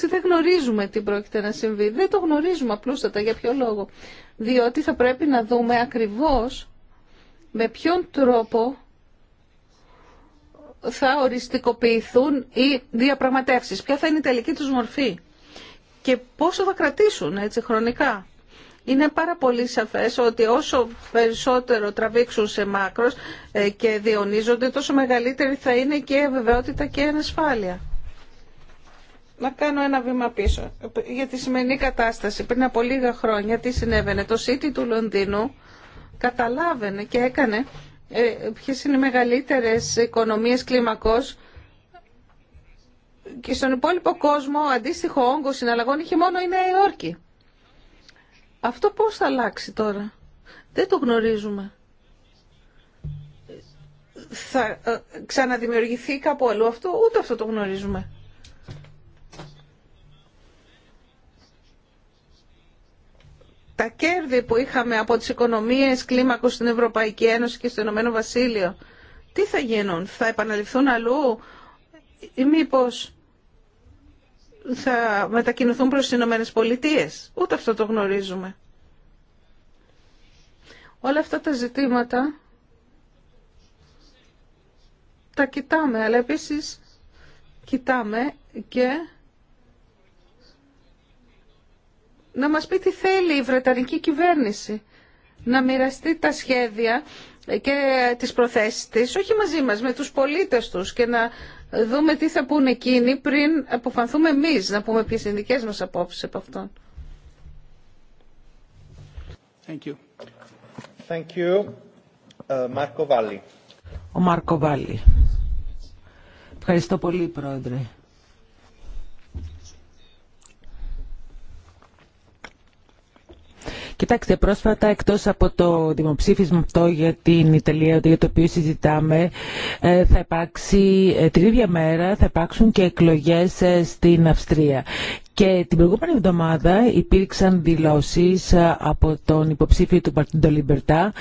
[SPEAKER 1] δεν γνωρίζουμε τι πρόκειται να συμβεί. Δεν το γνωρίζουμε απλούστατα. Για ποιο λόγο. Διότι θα πρέπει να δούμε ακριβώς με ποιον τρόπο θα οριστικοποιηθούν οι διαπραγματεύσεις, ποια θα είναι η τελική τους μορφή και πόσο θα κρατήσουν έτσι χρονικά. Είναι πάρα πολύ σαφές ότι όσο περισσότερο τραβήξουν σε μάκρος ε, και διονίζονται, τόσο μεγαλύτερη θα είναι και βεβαιότητα και ανασφάλεια. Να κάνω ένα βήμα πίσω. Για τη σημερινή κατάσταση, πριν από λίγα χρόνια, τι συνέβαινε. Το City του Λονδίνου καταλάβαινε και έκανε ε, ποιες είναι οι μεγαλύτερες οικονομίες κλίμακος και στον υπόλοιπο κόσμο αντίστοιχο όγκο συναλλαγών είχε μόνο η Νέα Υόρκη. Αυτό πώς θα αλλάξει τώρα. Δεν το γνωρίζουμε. Θα ε, ξαναδημιουργηθεί κάπου αλλού αυτό, ούτε αυτό το γνωρίζουμε. τα κέρδη που είχαμε από τις οικονομίες κλίμακος στην Ευρωπαϊκή Ένωση και στο Ηνωμένο Βασίλειο, τι θα γίνουν, θα επαναληφθούν αλλού ή μήπως θα μετακινηθούν προς τις Ηνωμένες Πολιτείες. Ούτε αυτό το γνωρίζουμε. Όλα αυτά τα ζητήματα τα κοιτάμε, αλλά επίσης κοιτάμε και να μας πει τι θέλει η Βρετανική κυβέρνηση. Να μοιραστεί τα σχέδια και τις προθέσεις της, όχι μαζί μας, με τους πολίτες τους και να δούμε τι θα πούνε εκείνοι πριν αποφανθούμε εμείς να πούμε ποιες είναι δικές μας απόψεις από αυτόν.
[SPEAKER 5] Ε,
[SPEAKER 4] Ο Ευχαριστώ πολύ, Πρόεδρε. Κοιτάξτε, πρόσφατα εκτός από το δημοψήφισμα αυτό για την Ιταλία, για το οποίο συζητάμε, ε, θα υπάρξει ε, την ίδια μέρα, θα υπάρξουν και εκλογές ε, στην Αυστρία. Και την προηγούμενη εβδομάδα υπήρξαν δηλώσεις ε, από τον υποψήφιο του Παρτίντο Λιμπερτά.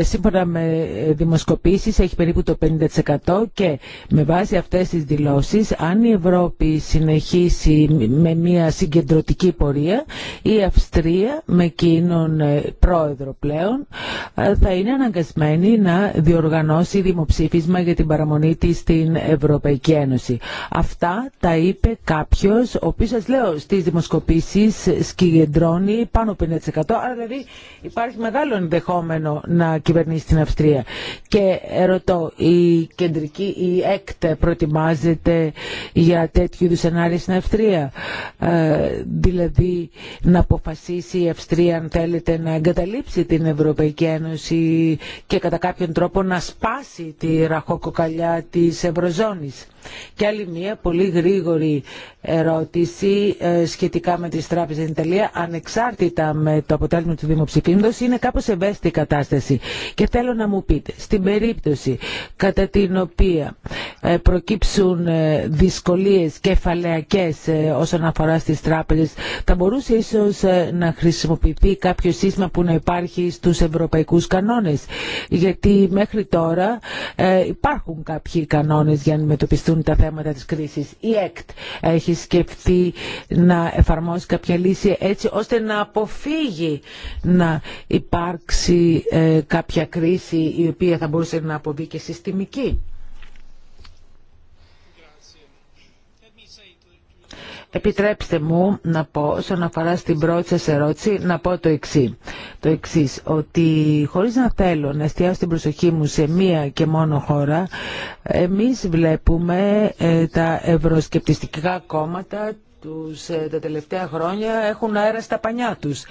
[SPEAKER 4] Σύμφωνα με ε, δημοσκοπήσεις έχει περίπου το 50% και με βάση αυτές τις δηλώσεις αν η Ευρώπη συνεχίσει με μια συγκεντρωτική πορεία η Αυστρία με εκείνον ε, πρόεδρο πλέον θα είναι αναγκασμένη να διοργανώσει δημοψήφισμα για την παραμονή της στην Ευρωπαϊκή Ένωση. Αυτά τα είπε κάποιος ο οποίος λέω Βεβαίω στι δημοσκοπήσει σκυγεντρώνει πάνω από 50%. Άρα δηλαδή υπάρχει μεγάλο ενδεχόμενο να κυβερνήσει την Αυστρία. Και ρωτώ, η κεντρική, η εκτε προετοιμάζεται για τέτοιου είδου σενάρια στην Αυστρία. Ε, δηλαδή να αποφασίσει η Αυστρία αν θέλετε να εγκαταλείψει την Ευρωπαϊκή Ένωση και κατά κάποιον τρόπο να σπάσει τη ραχοκοκαλιά της Ευρωζώνης. Και άλλη μία πολύ γρήγορη ερώτηση ε, σχετικά με τις τράπεζες στην Ιταλία, ανεξάρτητα με το αποτέλεσμα του δημοψηφίματος, είναι κάπως ευαίσθητη η κατάσταση. Και θέλω να μου πείτε, στην περίπτωση κατά την οποία ε, προκύψουν ε, δυσκολίες κεφαλαιακές όσον αφορά στις τράπεζες, θα μπορούσε ίσως να χρησιμοποιηθεί κάποιο σύστημα που να υπάρχει στους ευρωπαϊκούς κανόνες. Γιατί μέχρι τώρα υπάρχουν κάποιοι κανόνες για να αντιμετωπιστούν τα θέματα της κρίσης. Η ΕΚΤ έχει σκεφτεί να εφαρμόσει κάποια λύση έτσι ώστε να αποφύγει να υπάρξει ε, κάποια κρίση η οποία θα μπορούσε να αποβεί και συστημική. Επιτρέψτε μου να πω, όσον αφορά στην πρώτη σας ερώτηση, να πω το εξή. Το εξή, ότι χωρίς να θέλω να εστιάσω την προσοχή μου σε μία και μόνο χώρα, εμείς βλέπουμε ε, τα ευρωσκεπτιστικά κόμματα τους, ε, τα τελευταία χρόνια έχουν αέρα στα πανιά τους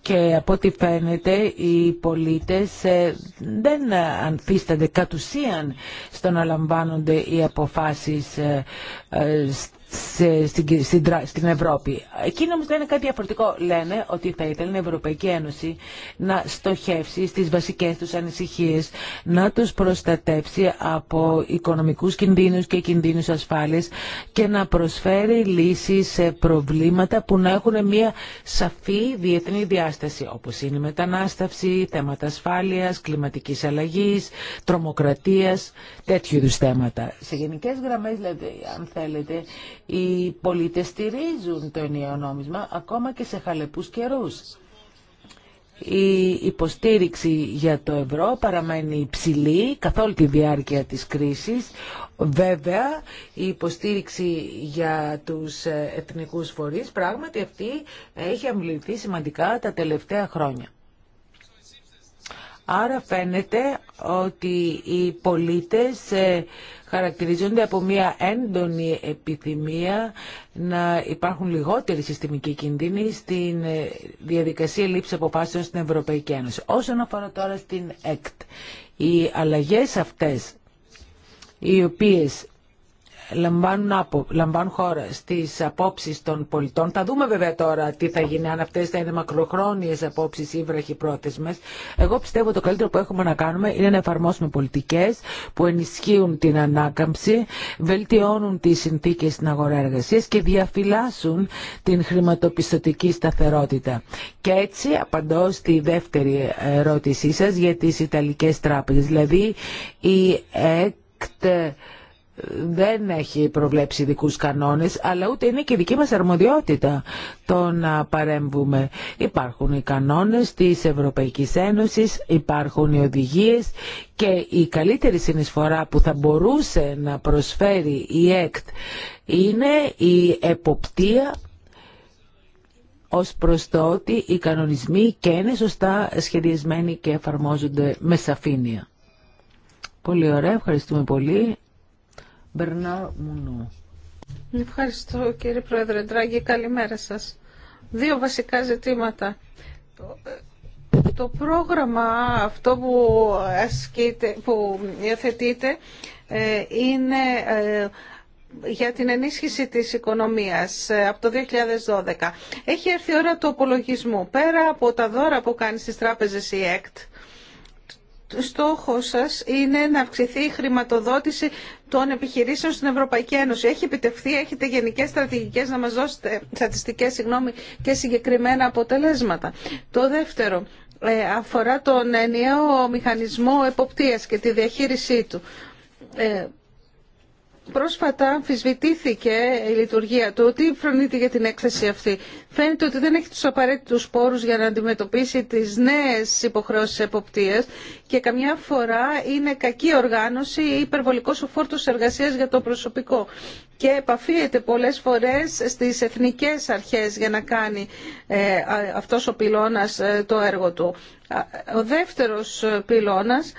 [SPEAKER 4] και από ό,τι φαίνεται οι πολίτες ε, δεν ανθίστανται κατ' ουσίαν στο να λαμβάνονται οι αποφάσεις σε, στην, στην, στην Ευρώπη. Εκείνοι όμως λένε κάτι διαφορετικό. Λένε ότι θα ήθελε η Ευρωπαϊκή Ένωση να στοχεύσει στις βασικές τους ανησυχίες, να τους προστατεύσει από οικονομικούς κινδύνους και κινδύνους ασφάλειας και να προσφέρει λύσεις σε προβλήματα που να έχουν μια σαφή διεθνή διάσταση, όπως είναι η μετανάσταυση, θέματα ασφάλειας, κλιματικής αλλαγής, τρομοκρατίας, τέτοιου είδους θέματα. Σε γενικές γραμμές, δηλαδή, αν θέλετε, οι πολίτες στηρίζουν το ενιαίο νόμισμα ακόμα και σε χαλεπούς καιρούς. Η υποστήριξη για το ευρώ παραμένει υψηλή καθ' όλη τη διάρκεια της κρίσης. Βέβαια, η υποστήριξη για τους εθνικούς φορείς, πράγματι αυτή έχει αμβληθεί σημαντικά τα τελευταία χρόνια. Άρα φαίνεται ότι οι πολίτες ε, χαρακτηρίζονται από μια έντονη επιθυμία να υπάρχουν λιγότεροι συστημικοί κινδύνοι στην ε, διαδικασία λήψη αποφάσεων στην Ευρωπαϊκή Ένωση. Όσον αφορά τώρα στην ΕΚΤ, οι αλλαγές αυτές οι οποίες λαμβάνουν, από, λαμβάνουν χώρα στις απόψεις των πολιτών. Θα δούμε βέβαια τώρα τι θα γίνει, αν αυτές θα είναι μακροχρόνιες απόψεις ή βραχυπρόθεσμες. Εγώ πιστεύω το καλύτερο που έχουμε να κάνουμε είναι να εφαρμόσουμε πολιτικές που ενισχύουν την ανάκαμψη, βελτιώνουν τις συνθήκες στην αγορά εργασίας και διαφυλάσσουν την χρηματοπιστωτική σταθερότητα. Και έτσι απαντώ στη δεύτερη ερώτησή σας για τις Ιταλικές τράπεζες. Δηλαδή η ΕΚΤ δεν έχει προβλέψει ειδικού κανόνες, αλλά ούτε είναι και δική μας αρμοδιότητα το να παρέμβουμε. Υπάρχουν οι κανόνες της Ευρωπαϊκής Ένωσης, υπάρχουν οι οδηγίες και η καλύτερη συνεισφορά που θα μπορούσε να προσφέρει η ΕΚΤ είναι η εποπτεία ως προς το ότι οι κανονισμοί και είναι σωστά σχεδιασμένοι και εφαρμόζονται με σαφήνεια. Πολύ ωραία, ευχαριστούμε πολύ. Μπερνάρ
[SPEAKER 1] Ευχαριστώ κύριε Πρόεδρε Ντράγκη. Καλημέρα σας. Δύο βασικά ζητήματα. Το ε, πρόγραμμα αυτό που, ασκείτε, που υιοθετείτε ε, είναι ε, για την ενίσχυση της οικονομίας από το 2012. Έχει έρθει η ώρα του απολογισμού. Πέρα από τα δώρα που κάνει στις τράπεζες η ΕΚΤ, στόχο σας είναι να αυξηθεί η χρηματοδότηση των επιχειρήσεων στην Ευρωπαϊκή Ένωση. Έχει επιτευχθεί, έχετε γενικέ στρατηγικέ να μα δώσετε στατιστικέ και συγκεκριμένα αποτελέσματα. Το δεύτερο ε, αφορά τον ενιαίο μηχανισμό εποπτείας και τη διαχείρισή του. Ε, Πρόσφατα αμφισβητήθηκε η λειτουργία του. Τι φρονείται για την έκθεση αυτή. Φαίνεται ότι δεν έχει τους απαραίτητους πόρους για να αντιμετωπίσει τις νέες υποχρεώσεις εποπτείας και καμιά φορά είναι κακή οργάνωση ή υπερβολικός ο φόρτος εργασίας για το προσωπικό. Και επαφίεται πολλές φορές στις εθνικές αρχές για να κάνει ε, αυτός ο πυλώνας ε, το έργο του. Ο δεύτερος πυλώνας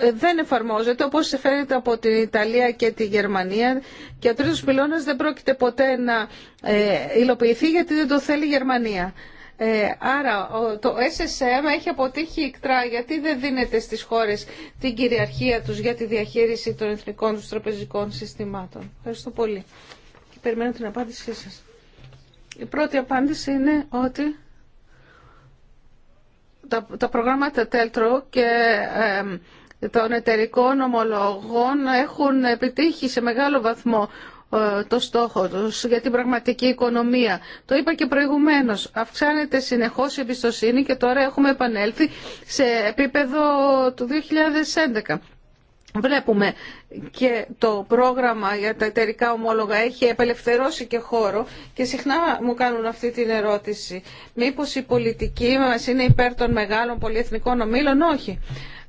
[SPEAKER 1] ε, δεν εφαρμόζεται όπως φαίνεται από την Ιταλία και τη Γερμανία και ο τρίτος πυλώνας δεν πρόκειται ποτέ να ε, υλοποιηθεί γιατί δεν το θέλει η Γερμανία. Ε, άρα το SSM έχει αποτύχει εκτρά γιατί δεν δίνεται στις χώρες την κυριαρχία τους για τη διαχείριση των εθνικών τους τραπεζικών συστημάτων. Ευχαριστώ πολύ και περιμένω την απάντησή σας. Η πρώτη απάντηση είναι ότι τα προγράμματα Τέλτρο και των εταιρικών ομολογών έχουν επιτύχει σε μεγάλο βαθμό ε, το στόχο τους για την πραγματική οικονομία. Το είπα και προηγουμένως, αυξάνεται συνεχώς η εμπιστοσύνη και τώρα έχουμε επανέλθει σε επίπεδο του 2011. Βλέπουμε και το πρόγραμμα για τα εταιρικά ομόλογα έχει απελευθερώσει και χώρο και συχνά μου κάνουν αυτή την ερώτηση. Μήπως η πολιτική μας είναι υπέρ των μεγάλων πολυεθνικών ομίλων. Όχι.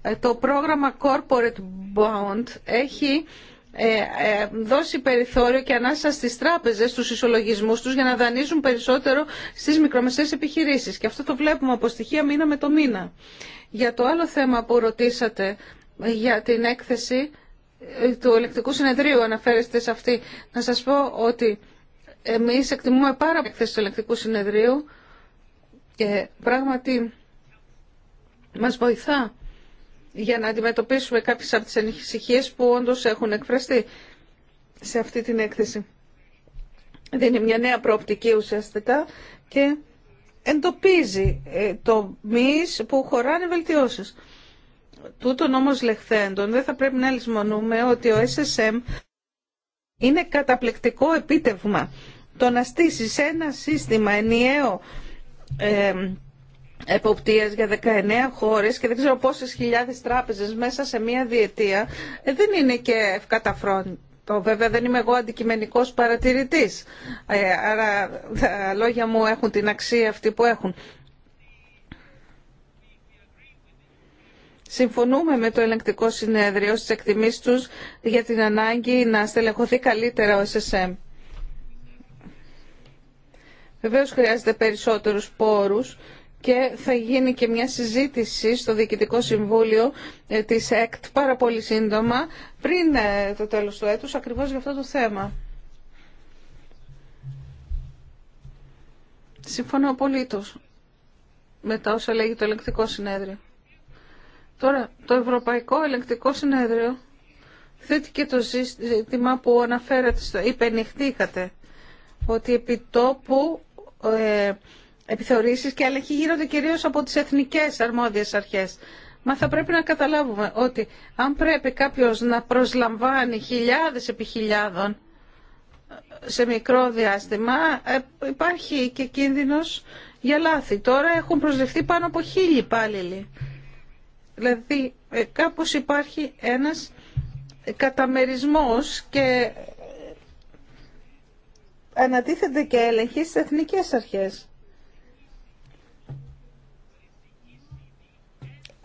[SPEAKER 1] Ε, το πρόγραμμα Corporate Bond έχει ε, ε, δώσει περιθώριο και ανάσα στις τράπεζες, στους ισολογισμούς τους για να δανείζουν περισσότερο στις μικρομεσαίες επιχειρήσεις. Και αυτό το βλέπουμε από στοιχεία μήνα με το μήνα. Για το άλλο θέμα που ρωτήσατε για την έκθεση ε, του ελεκτικού συνεδρίου αναφέρεστε σε αυτή. Να σας πω ότι εμείς εκτιμούμε πάρα πολύ έκθεση του ελεκτικού συνεδρίου και πράγματι μας βοηθά για να αντιμετωπίσουμε κάποιες από τις ανησυχίες που όντως έχουν εκφραστεί σε αυτή την έκθεση. Δίνει μια νέα προοπτική ουσιαστικά και εντοπίζει ε, το μυς που χωράνε βελτιώσεις. Τούτον όμως λεχθέντων δεν θα πρέπει να λησμονούμε ότι ο SSM είναι καταπληκτικό επίτευγμα. Το να στήσει ένα σύστημα ενιαίο ε, εποπτείας για 19 χώρες και δεν ξέρω πόσες χιλιάδες τράπεζες μέσα σε μία διετία ε, δεν είναι και ευκαταφρόνητο. Βέβαια δεν είμαι εγώ αντικειμενικός παρατηρητής, ε, άρα τα λόγια μου έχουν την αξία αυτή που έχουν. Συμφωνούμε με το ελεγκτικό συνέδριο στις εκτιμήσεις τους για την ανάγκη να στελεχωθεί καλύτερα ο SSM. Βεβαίως χρειάζεται περισσότερους πόρους και θα γίνει και μια συζήτηση στο Διοικητικό Συμβούλιο ε, της ΕΚΤ πάρα πολύ σύντομα πριν ε, το τέλος του έτους ακριβώς για αυτό το θέμα. Συμφωνώ απολύτως με τα όσα λέγει το ελεγκτικό συνέδριο. Τώρα, το Ευρωπαϊκό Ελεκτικό Συνέδριο θέτει το ζήτημα που αναφέρατε, στο, υπενυχτήκατε, ότι επί τόπου ε, επιθεωρήσεις και αλλαγή γίνονται κυρίως από τις εθνικές αρμόδιες αρχές. Μα θα πρέπει να καταλάβουμε ότι αν πρέπει κάποιος να προσλαμβάνει χιλιάδες επί χιλιάδων ε, σε μικρό διάστημα, ε, υπάρχει και κίνδυνος για λάθη. Τώρα έχουν προσληφθεί πάνω από χίλιοι υπάλληλοι. Δηλαδή ε, κάπως υπάρχει ένας καταμερισμός και ε, ανατίθεται και έλεγχη στις εθνικές αρχές.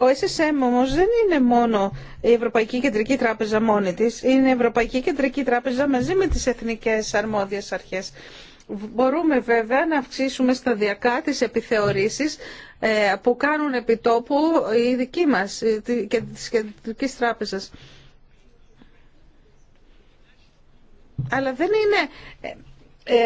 [SPEAKER 1] Ο SSM όμω δεν είναι μόνο η Ευρωπαϊκή Κεντρική Τράπεζα μόνη της. είναι η Ευρωπαϊκή Κεντρική Τράπεζα μαζί με τις εθνικές αρμόδιες αρχές. Μπορούμε βέβαια να αυξήσουμε σταδιακά τις επιθεωρήσεις ε, που κάνουν επιτόπου οι δική μας ε, και της Κεντρικής Τράπεζας. Αλλά δεν είναι ε,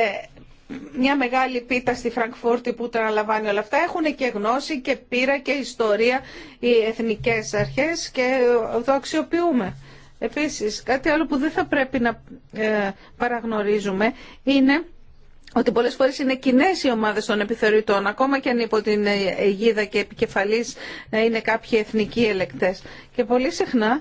[SPEAKER 1] μια μεγάλη πίτα στη Φραγκφούρτη που τα αναλαμβάνει όλα αυτά. Έχουν και γνώση και πείρα και ιστορία οι εθνικές αρχές και το αξιοποιούμε. Επίσης, κάτι άλλο που δεν θα πρέπει να παραγνωρίζουμε είναι ότι πολλές φορές είναι κοινέ οι ομάδες των επιθεωρητών, ακόμα και αν υπό την αιγίδα και επικεφαλής είναι κάποιοι εθνικοί ελεκτές. Και πολύ συχνά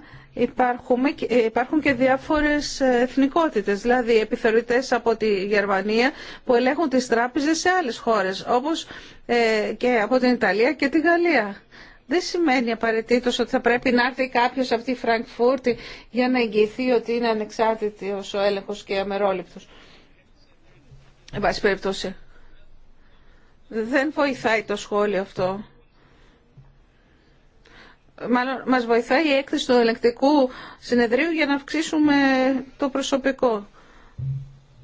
[SPEAKER 1] υπάρχουν και διάφορες εθνικότητες, δηλαδή επιθεωρητές από τη Γερμανία που ελέγχουν τις τράπεζες σε άλλες χώρες, όπως ε, και από την Ιταλία και τη Γαλλία. Δεν σημαίνει απαραίτητο ότι θα πρέπει να έρθει κάποιος από τη Φραγκφούρτη για να εγγυηθεί ότι είναι ανεξάρτητος ο έλεγχος και αμερόληπτος. Εν πάση περιπτώσει. Δεν βοηθάει το σχόλιο αυτό. Μάλλον μας βοηθάει η έκθεση του ελεκτικού συνεδρίου για να αυξήσουμε το προσωπικό.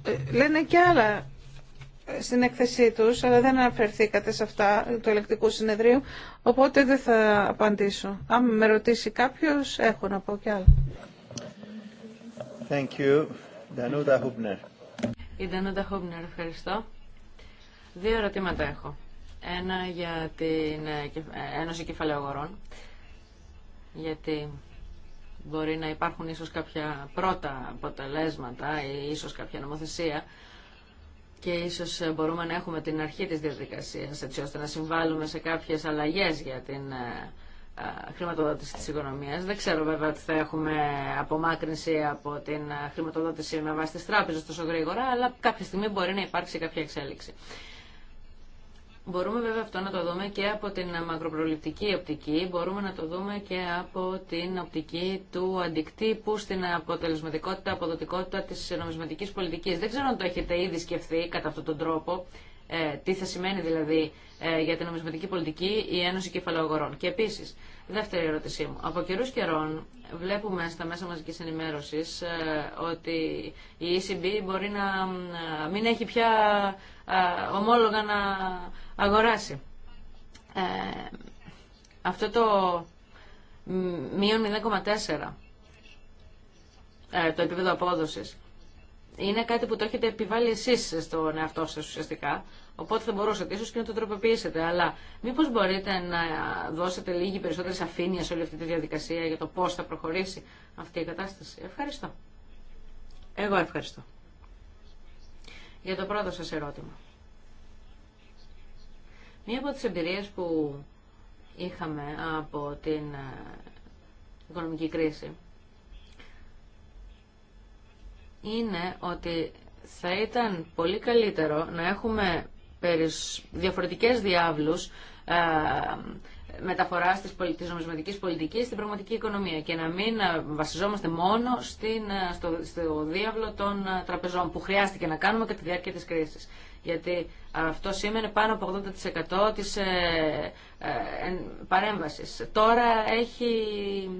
[SPEAKER 1] Ε, λένε και άλλα ε, στην έκθεσή τους, αλλά δεν αναφερθήκατε σε αυτά του ελεκτικού συνεδρίου, οπότε δεν θα
[SPEAKER 5] απαντήσω.
[SPEAKER 1] Αν με ρωτήσει κάποιος, έχω να πω κι άλλα.
[SPEAKER 5] Thank you. Danuta Hubner.
[SPEAKER 3] Η Ντανούτα Χόμπνερ, ευχαριστώ. Δύο ερωτήματα έχω. Ένα για την ε, ε, Ένωση Κεφαλαίου Αγορών, γιατί μπορεί να υπάρχουν ίσως κάποια πρώτα αποτελέσματα ή ίσως κάποια νομοθεσία και ίσως ε, μπορούμε να έχουμε την αρχή της διαδικασίας έτσι ώστε να συμβάλλουμε σε κάποιες αλλαγές για την ε, χρηματοδότηση της οικονομίας. Δεν ξέρω βέβαια ότι θα έχουμε απομάκρυνση από την ε, χρηματοδότηση με βάση τις τράπεζες τόσο γρήγορα, αλλά κάποια στιγμή μπορεί να υπάρξει κάποια εξέλιξη. Μπορούμε βέβαια αυτό να το δούμε και από την μακροπροληπτική οπτική, μπορούμε να το δούμε και από την οπτική του αντικτύπου στην αποτελεσματικότητα, αποδοτικότητα της νομισματικής πολιτικής. Δεν ξέρω αν το έχετε ήδη σκεφτεί κατά αυτόν τον τρόπο, ε, τι θα σημαίνει δηλαδή ε, για την νομισματική πολιτική η Ένωση Κεφαλαιογορών. Και επίση, δεύτερη ερώτησή μου. Από καιρού καιρών βλέπουμε στα μέσα μαζική ενημέρωση ε, ότι η ECB μπορεί να μην έχει πια ομόλογα να αγοράσει. αυτό το μείον 0,4 το επίπεδο απόδοσης είναι κάτι που το έχετε επιβάλει εσείς στον εαυτό σα. ουσιαστικά. Οπότε θα μπορούσατε ίσω και να το τροποποιήσετε. Αλλά μήπως μπορείτε να δώσετε λίγη περισσότερη σαφήνεια σε όλη αυτή τη διαδικασία για το πώς θα προχωρήσει αυτή η κατάσταση. Ευχαριστώ.
[SPEAKER 1] Εγώ ευχαριστώ.
[SPEAKER 3] Για το πρώτο σας ερώτημα. Μία από τις εμπειρίες που είχαμε από την ε, οικονομική κρίση είναι ότι θα ήταν πολύ καλύτερο να έχουμε περισ... διαφορετικές διάβλους ε, μεταφορά της νομισματική πολιτικής στην πραγματική οικονομία και να μην ε, βασιζόμαστε μόνο στην, ε, στο, στο διάβλο των τραπεζών που χρειάστηκε να κάνουμε κατά τη διάρκεια της κρίσης γιατί αυτό σήμαινε πάνω από 80% της ε, ε, παρέμβασης. Τώρα έχει,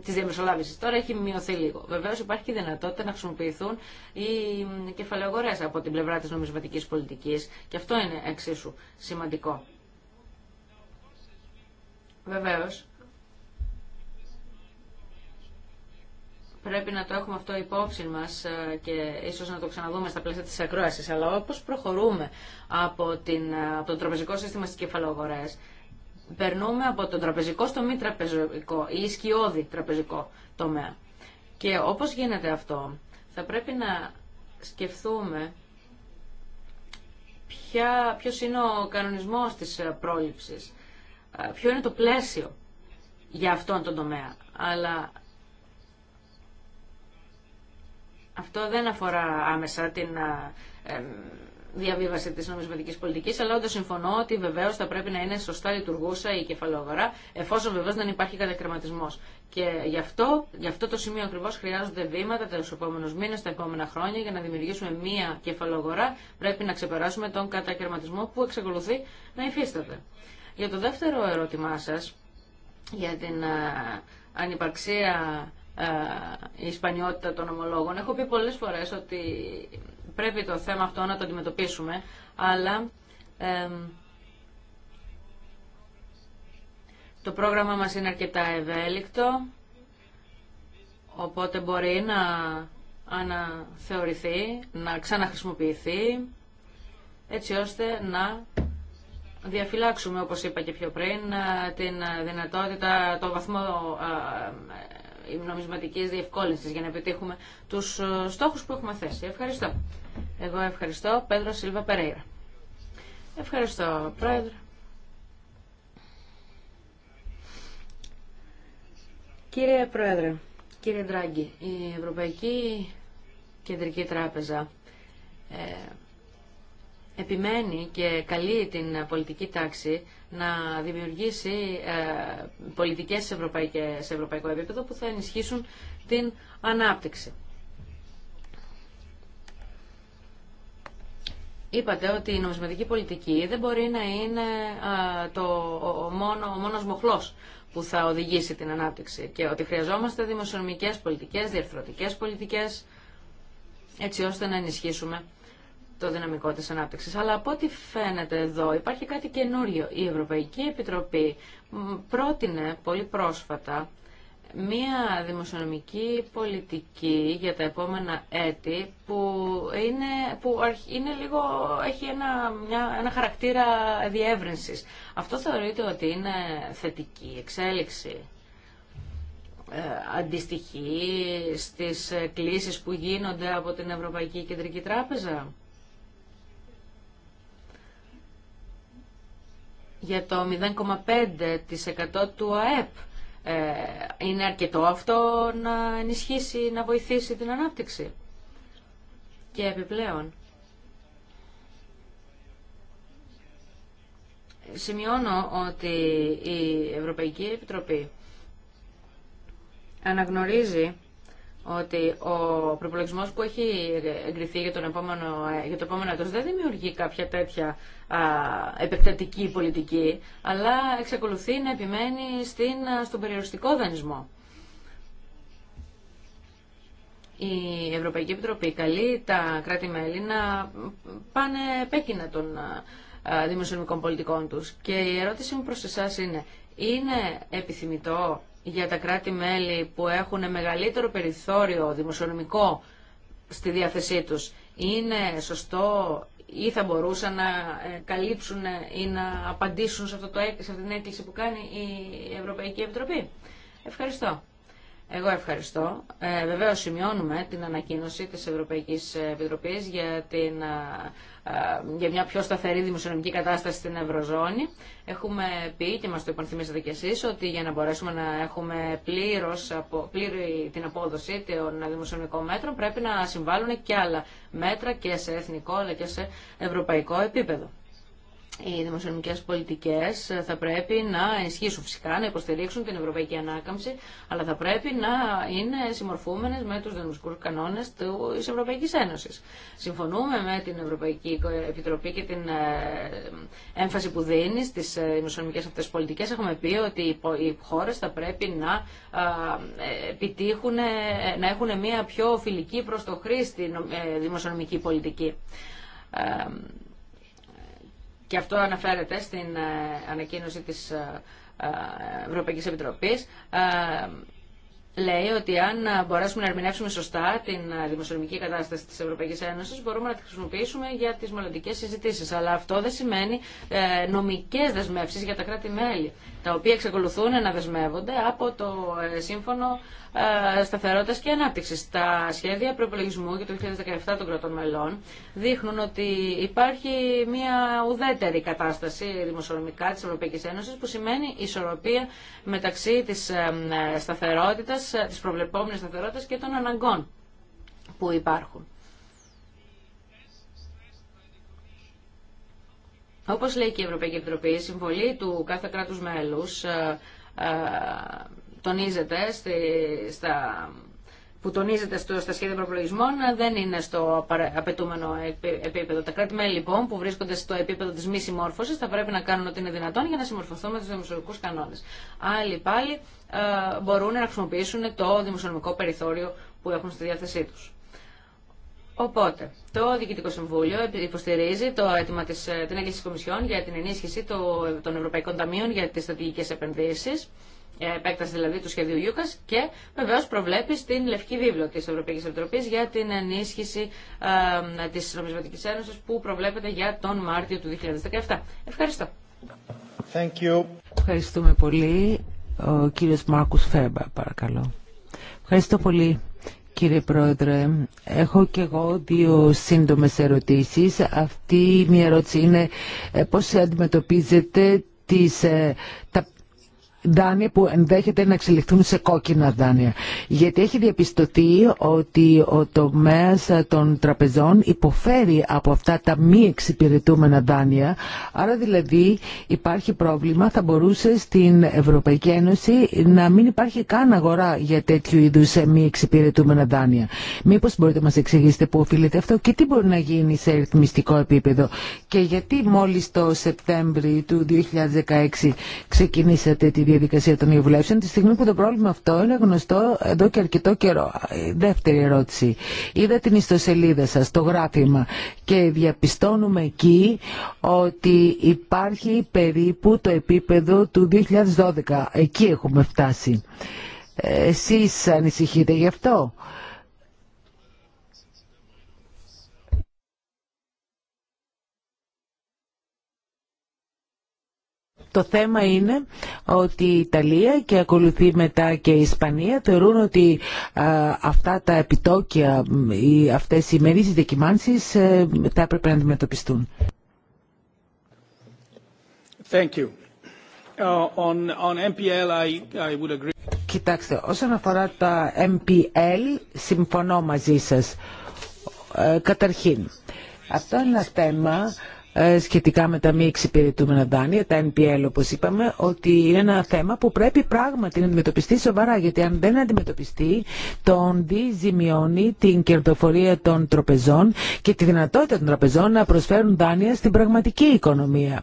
[SPEAKER 3] της διαμεσολάβησης, τώρα έχει μειωθεί λίγο. Βεβαίως υπάρχει και δυνατότητα να χρησιμοποιηθούν οι κεφαλαιογορές από την πλευρά της νομισματικής πολιτικής και αυτό είναι εξίσου σημαντικό. Βεβαίως, Πρέπει να το έχουμε αυτό υπόψη μας ε, και ίσως να το ξαναδούμε στα πλαίσια της ακρόασης. Αλλά όπως προχωρούμε από, την, ε, από το τραπεζικό σύστημα στις κεφαλογορές, περνούμε από το τραπεζικό στο μη τραπεζικό ή σκιώδη τραπεζικό τομέα. Και όπως γίνεται αυτό, θα πρέπει να σκεφτούμε ποιο ποιος είναι ο κανονισμός της ε, πρόληψης, ποιο είναι το πλαίσιο για αυτόν τον τομέα. Αλλά Αυτό δεν αφορά άμεσα την ε, ε, διαβίβαση της νομισματική πολιτικής, αλλά όντως συμφωνώ ότι βεβαίω θα πρέπει να είναι σωστά λειτουργούσα η κεφαλόγορα, εφόσον βεβαίω δεν υπάρχει κατακρεματισμό. Και γι' αυτό, γι αυτό το σημείο ακριβώς χρειάζονται βήματα τους επόμενου μήνε, τα επόμενα χρόνια, για να δημιουργήσουμε μία κεφαλόγορα. Πρέπει να ξεπεράσουμε τον κατακρεματισμό που εξακολουθεί να υφίσταται. Για το δεύτερο ερώτημά σα, για την ε, ανυπαρξία ε, η σπανιότητα των ομολόγων. Έχω πει πολλές φορές ότι πρέπει το θέμα αυτό να το αντιμετωπίσουμε, αλλά το πρόγραμμα μας είναι αρκετά ευέλικτο, οπότε μπορεί να αναθεωρηθεί, να ξαναχρησιμοποιηθεί, έτσι ώστε να διαφυλάξουμε, όπως είπα και πιο πριν, ε, την ε, δυνατότητα, το βαθμό νομισματικής διευκόλυνσης για να επιτύχουμε τους ε, στόχους που έχουμε θέσει. Ευχαριστώ. Εγώ ευχαριστώ. Πέντρο Σίλβα Περέιρα. Ευχαριστώ, Πρόεδρε. Κύριε Πρόεδρε, κύριε Ντράγκη, η Ευρωπαϊκή Κεντρική Τράπεζα ε, επιμένει και καλεί την πολιτική τάξη να δημιουργήσει ε, πολιτικές σε, ευρωπαϊκό επίπεδο που θα ενισχύσουν την ανάπτυξη. Είπατε ότι η νομισματική πολιτική δεν μπορεί να είναι ε, το, ο, μόνο, ο μόνος μοχλός που θα οδηγήσει την ανάπτυξη και ότι χρειαζόμαστε δημοσιονομικές πολιτικές, διαρθρωτικές πολιτικές έτσι ώστε να ενισχύσουμε το δυναμικό της ανάπτυξης. Αλλά από ό,τι φαίνεται εδώ υπάρχει κάτι καινούριο. Η Ευρωπαϊκή Επιτροπή πρότεινε πολύ πρόσφατα μία δημοσιονομική πολιτική για τα επόμενα έτη που είναι, που είναι λίγο, έχει ένα, μια, ένα χαρακτήρα διεύρυνσης. Αυτό θεωρείται ότι είναι θετική εξέλιξη ε, αντιστοιχεί στις κλήσεις που γίνονται από την Ευρωπαϊκή Κεντρική Τράπεζα. για το 0,5% του ΑΕΠ. Ε, είναι αρκετό αυτό να ενισχύσει, να βοηθήσει την ανάπτυξη. Και επιπλέον, σημειώνω ότι η Ευρωπαϊκή Επιτροπή αναγνωρίζει ότι ο προπολογισμό που έχει εγκριθεί για, τον επόμενο, για το επόμενο έτος δεν δημιουργεί κάποια τέτοια α, επεκτατική πολιτική, αλλά εξακολουθεί να επιμένει στην, στον περιοριστικό δανεισμό. Η Ευρωπαϊκή Επιτροπή καλεί τα κράτη-μέλη να πάνε επέκεινα των δημοσιονομικών πολιτικών τους. Και η ερώτηση μου προς εσάς είναι, είναι επιθυμητό για τα κράτη-μέλη που έχουν μεγαλύτερο περιθώριο δημοσιονομικό στη διάθεσή τους είναι σωστό ή θα μπορούσαν να ε, καλύψουν ή να απαντήσουν σε, αυτό το, σε αυτή την έκκληση που κάνει η Ευρωπαϊκή Επιτροπή. Ευχαριστώ. Εγώ ευχαριστώ. Ε, Βεβαίω σημειώνουμε την ανακοίνωση της Ευρωπαϊκής Επιτροπής για, την, ε, ε, για μια πιο σταθερή δημοσιονομική κατάσταση στην Ευρωζώνη. Έχουμε πει και μας το υπενθυμίσατε κι εσείς ότι για να μπορέσουμε να έχουμε πλήρως, πλήρη την απόδοση των δημοσιονομικών μέτρων πρέπει να συμβάλλουν και άλλα μέτρα και σε εθνικό αλλά και σε ευρωπαϊκό επίπεδο οι δημοσιονομικέ πολιτικές ε, θα πρέπει να ενισχύσουν φυσικά, να υποστηρίξουν την ευρωπαϊκή ανάκαμψη, αλλά θα πρέπει να είναι συμμορφούμενε με τους δημοσιονομικού κανόνες τη Ευρωπαϊκή Ένωσης. Συμφωνούμε με την Ευρωπαϊκή Επιτροπή και την ε, έμφαση που δίνει στις ε, δημοσιονομικέ αυτές πολιτικές. Έχουμε πει ότι οι χώρε θα πρέπει να επιτύχουν, να έχουν μια πιο φιλική προ το χρήστη δημοσιονομική πολιτική και αυτό αναφέρεται στην ε, ανακοίνωση της ε, ε, Ευρωπαϊκής Επιτροπής, λέει ότι αν μπορέσουμε να ερμηνεύσουμε σωστά την δημοσιονομική κατάσταση της Ευρωπαϊκής Ένωσης, μπορούμε να τη χρησιμοποιήσουμε για τις μελλοντικέ συζητήσεις. Αλλά αυτό δεν σημαίνει νομικές δεσμεύσεις για τα κράτη-μέλη τα οποία εξακολουθούν να δεσμεύονται από το ε, Σύμφωνο ε, Σταθερότητα και Ανάπτυξη. Τα σχέδια προπολογισμού για το 2017 των κρατών μελών δείχνουν ότι υπάρχει μια ουδέτερη κατάσταση δημοσιονομικά τη Ευρωπαϊκή Ένωση που σημαίνει ισορροπία μεταξύ τη ε, σταθερότητα, τη προβλεπόμενη σταθερότητα και των αναγκών που υπάρχουν. Όπως λέει και η Ευρωπαϊκή Επιτροπή, η συμβολή του κάθε κράτους μέλους ε, ε, τονίζεται στη, στα, που τονίζεται στο, στα σχέδια προπολογισμών ε, δεν είναι στο απαιτούμενο επίπεδο. Τα κράτη-μέλη λοιπόν που βρίσκονται στο επίπεδο τη μη συμμόρφωση θα πρέπει να κάνουν ό,τι είναι δυνατόν για να συμμορφωθούν με του δημοσιονομικού κανόνες. Άλλοι πάλι μπορούν να χρησιμοποιήσουν το δημοσιονομικό περιθώριο που έχουν στη διάθεσή του. Οπότε, το Διοικητικό Συμβούλιο υποστηρίζει το αίτημα της, ε, την έγκριση της Κομισιόν για την ενίσχυση των Ευρωπαϊκών Ταμείων για τις στρατηγικές επενδύσεις, ε, επέκταση δηλαδή του σχεδίου Γιούκας και βεβαίως προβλέπει στην Λευκή Βίβλο της Ευρωπαϊκής Επιτροπής για την ενίσχυση ε, της Νομισματικής Ένωσης που προβλέπεται για τον Μάρτιο του 2017. Ευχαριστώ. Thank you. Ευχαριστούμε πολύ.
[SPEAKER 4] Ο κύριος Μάρκους Φέμπα, παρακαλώ. Ευχαριστώ πολύ. Κύριε Πρόεδρε, έχω και εγώ δύο σύντομες ερωτήσεις. Αυτή η μία ερώτηση είναι ε, πώς αντιμετωπίζετε τις, ε, τα δάνεια που ενδέχεται να εξελιχθούν σε κόκκινα δάνεια. Γιατί έχει διαπιστωθεί ότι ο τομέας των τραπεζών υποφέρει από αυτά τα μη εξυπηρετούμενα δάνεια. Άρα δηλαδή υπάρχει πρόβλημα, θα μπορούσε στην Ευρωπαϊκή Ένωση να μην υπάρχει καν αγορά για τέτοιου είδους μη εξυπηρετούμενα δάνεια. Μήπω μπορείτε να μα εξηγήσετε που οφείλεται αυτό και τι μπορεί να γίνει σε ρυθμιστικό επίπεδο και γιατί μόλις το Σεπτέμβρη του 2016 ξεκινήσατε τη διαδικασία διαδικασία των διαβουλεύσεων τη στιγμή που το πρόβλημα αυτό είναι γνωστό εδώ και αρκετό καιρό. Ε, δεύτερη ερώτηση. Είδα την ιστοσελίδα σα το γράφημα και διαπιστώνουμε εκεί ότι υπάρχει περίπου το επίπεδο του 2012. Εκεί έχουμε φτάσει. Ε, εσείς ανησυχείτε γι' αυτό. Το θέμα είναι ότι η Ιταλία και ακολουθεί μετά και η Ισπανία θεωρούν ότι αυτά τα επιτόκια οι αυτές οι μερίσεις δεκιμάνσεις ε, θα έπρεπε να αντιμετωπιστούν.
[SPEAKER 2] Thank you. Uh, on, on MPL, I, I would agree.
[SPEAKER 4] Κοιτάξτε, όσον αφορά τα MPL, συμφωνώ μαζί σας. Ε, καταρχήν, αυτό είναι ένα θέμα ε, σχετικά με τα μη εξυπηρετούμενα δάνεια, τα NPL όπως είπαμε, ότι είναι ένα θέμα που πρέπει πράγματι να αντιμετωπιστεί σοβαρά, γιατί αν δεν αντιμετωπιστεί, τον διζημιώνει την κερδοφορία των τραπεζών και τη δυνατότητα των τραπεζών να προσφέρουν δάνεια στην πραγματική οικονομία.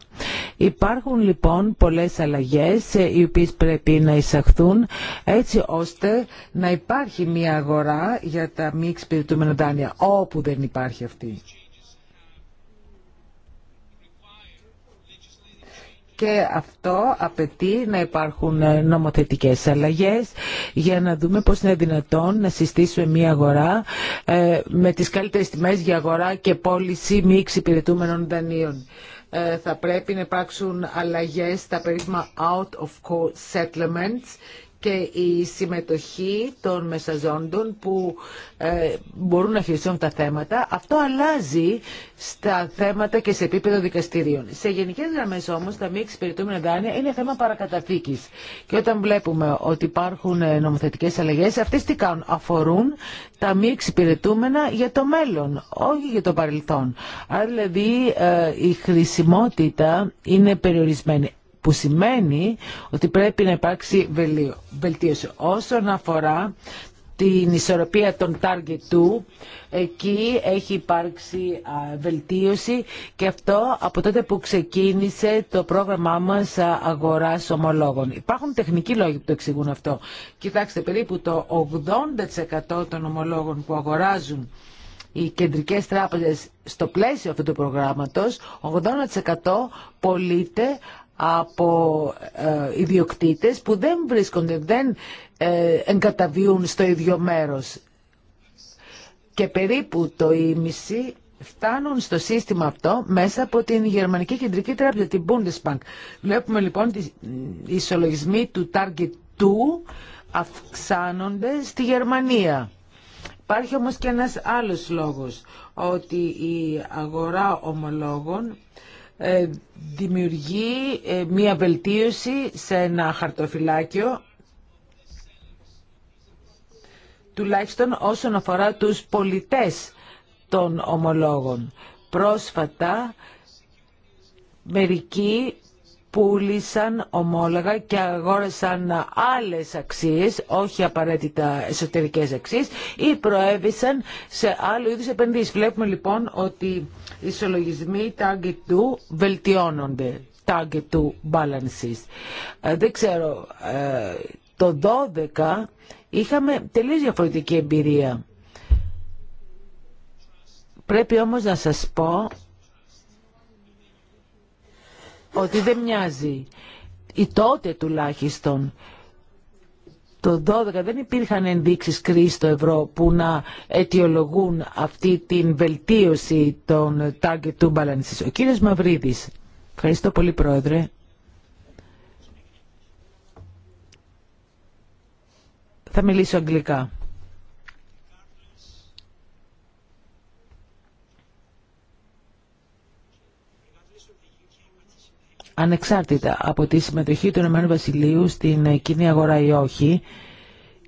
[SPEAKER 4] Υπάρχουν λοιπόν πολλές αλλαγές ε, οι οποίες πρέπει να εισαχθούν έτσι ώστε να υπάρχει μια αγορά για τα μη εξυπηρετούμενα δάνεια όπου δεν υπάρχει αυτή. και αυτό απαιτεί να υπάρχουν νομοθετικές αλλαγές για να δούμε πώς είναι δυνατόν να συστήσουμε μια αγορά ε, με τις καλύτερες τιμές για αγορά και πώληση μη εξυπηρετούμενων δανείων ε, θα πρέπει να υπάρξουν αλλαγές στα περίπτωμα out of court settlements και η συμμετοχή των μεσαζόντων που ε, μπορούν να χειριστούν τα θέματα. Αυτό αλλάζει στα θέματα και σε επίπεδο δικαστηρίων. Σε γενικές γραμμές όμως τα μη εξυπηρετούμενα δάνεια είναι θέμα παρακαταθήκης. Και όταν βλέπουμε ότι υπάρχουν ε, νομοθετικές αλλαγές, αυτές τι κάνουν. Αφορούν τα μη εξυπηρετούμενα για το μέλλον, όχι για το παρελθόν. Άρα δηλαδή ε, η χρησιμότητα είναι περιορισμένη που σημαίνει ότι πρέπει να υπάρξει βελτίωση. Όσον αφορά την ισορροπία των target του, εκεί έχει υπάρξει βελτίωση και αυτό από τότε που ξεκίνησε το πρόγραμμά μας αγοράς ομολόγων. Υπάρχουν τεχνικοί λόγοι που το εξηγούν αυτό. Κοιτάξτε, περίπου το 80% των ομολόγων που αγοράζουν οι κεντρικές τράπεζες στο πλαίσιο αυτού του προγράμματος, 80% πωλείται από ε, ιδιοκτήτες που δεν βρίσκονται, δεν ε, εγκαταβιούν στο ίδιο μέρος. Και περίπου το ίμιση φτάνουν στο σύστημα αυτό μέσα από την Γερμανική Κεντρική Τράπεζα, την Bundesbank. Βλέπουμε λοιπόν ότι οι ισολογισμοί του Target 2 αυξάνονται στη Γερμανία. Υπάρχει όμως και ένας άλλος λόγος, ότι η αγορά ομολόγων ε, δημιουργεί ε, μία βελτίωση σε ένα χαρτοφυλάκιο τουλάχιστον όσον αφορά τους πολιτές των ομολόγων. Πρόσφατα μερικοί πούλησαν ομόλογα και αγόρασαν άλλες αξίες, όχι απαραίτητα εσωτερικές αξίες, ή προέβησαν σε άλλο είδους επενδύσεις. Βλέπουμε λοιπόν ότι ισολογισμοί target του βελτιώνονται. Target του balances. Ε, δεν ξέρω, ε, το 12 είχαμε τελείως διαφορετική εμπειρία. Πρέπει όμως να σας πω ότι δεν μοιάζει. Ή τότε τουλάχιστον το 2012 δεν υπήρχαν ενδείξεις κρίσης στο ευρώ που να αιτιολογούν αυτή την βελτίωση των target του balance. Ο κύριος Μαυρίδης. Ευχαριστώ πολύ πρόεδρε. Θα μιλήσω αγγλικά. ανεξάρτητα από τη συμμετοχή του Ηνωμένου Βασιλείου στην ε, κοινή αγορά ή όχι,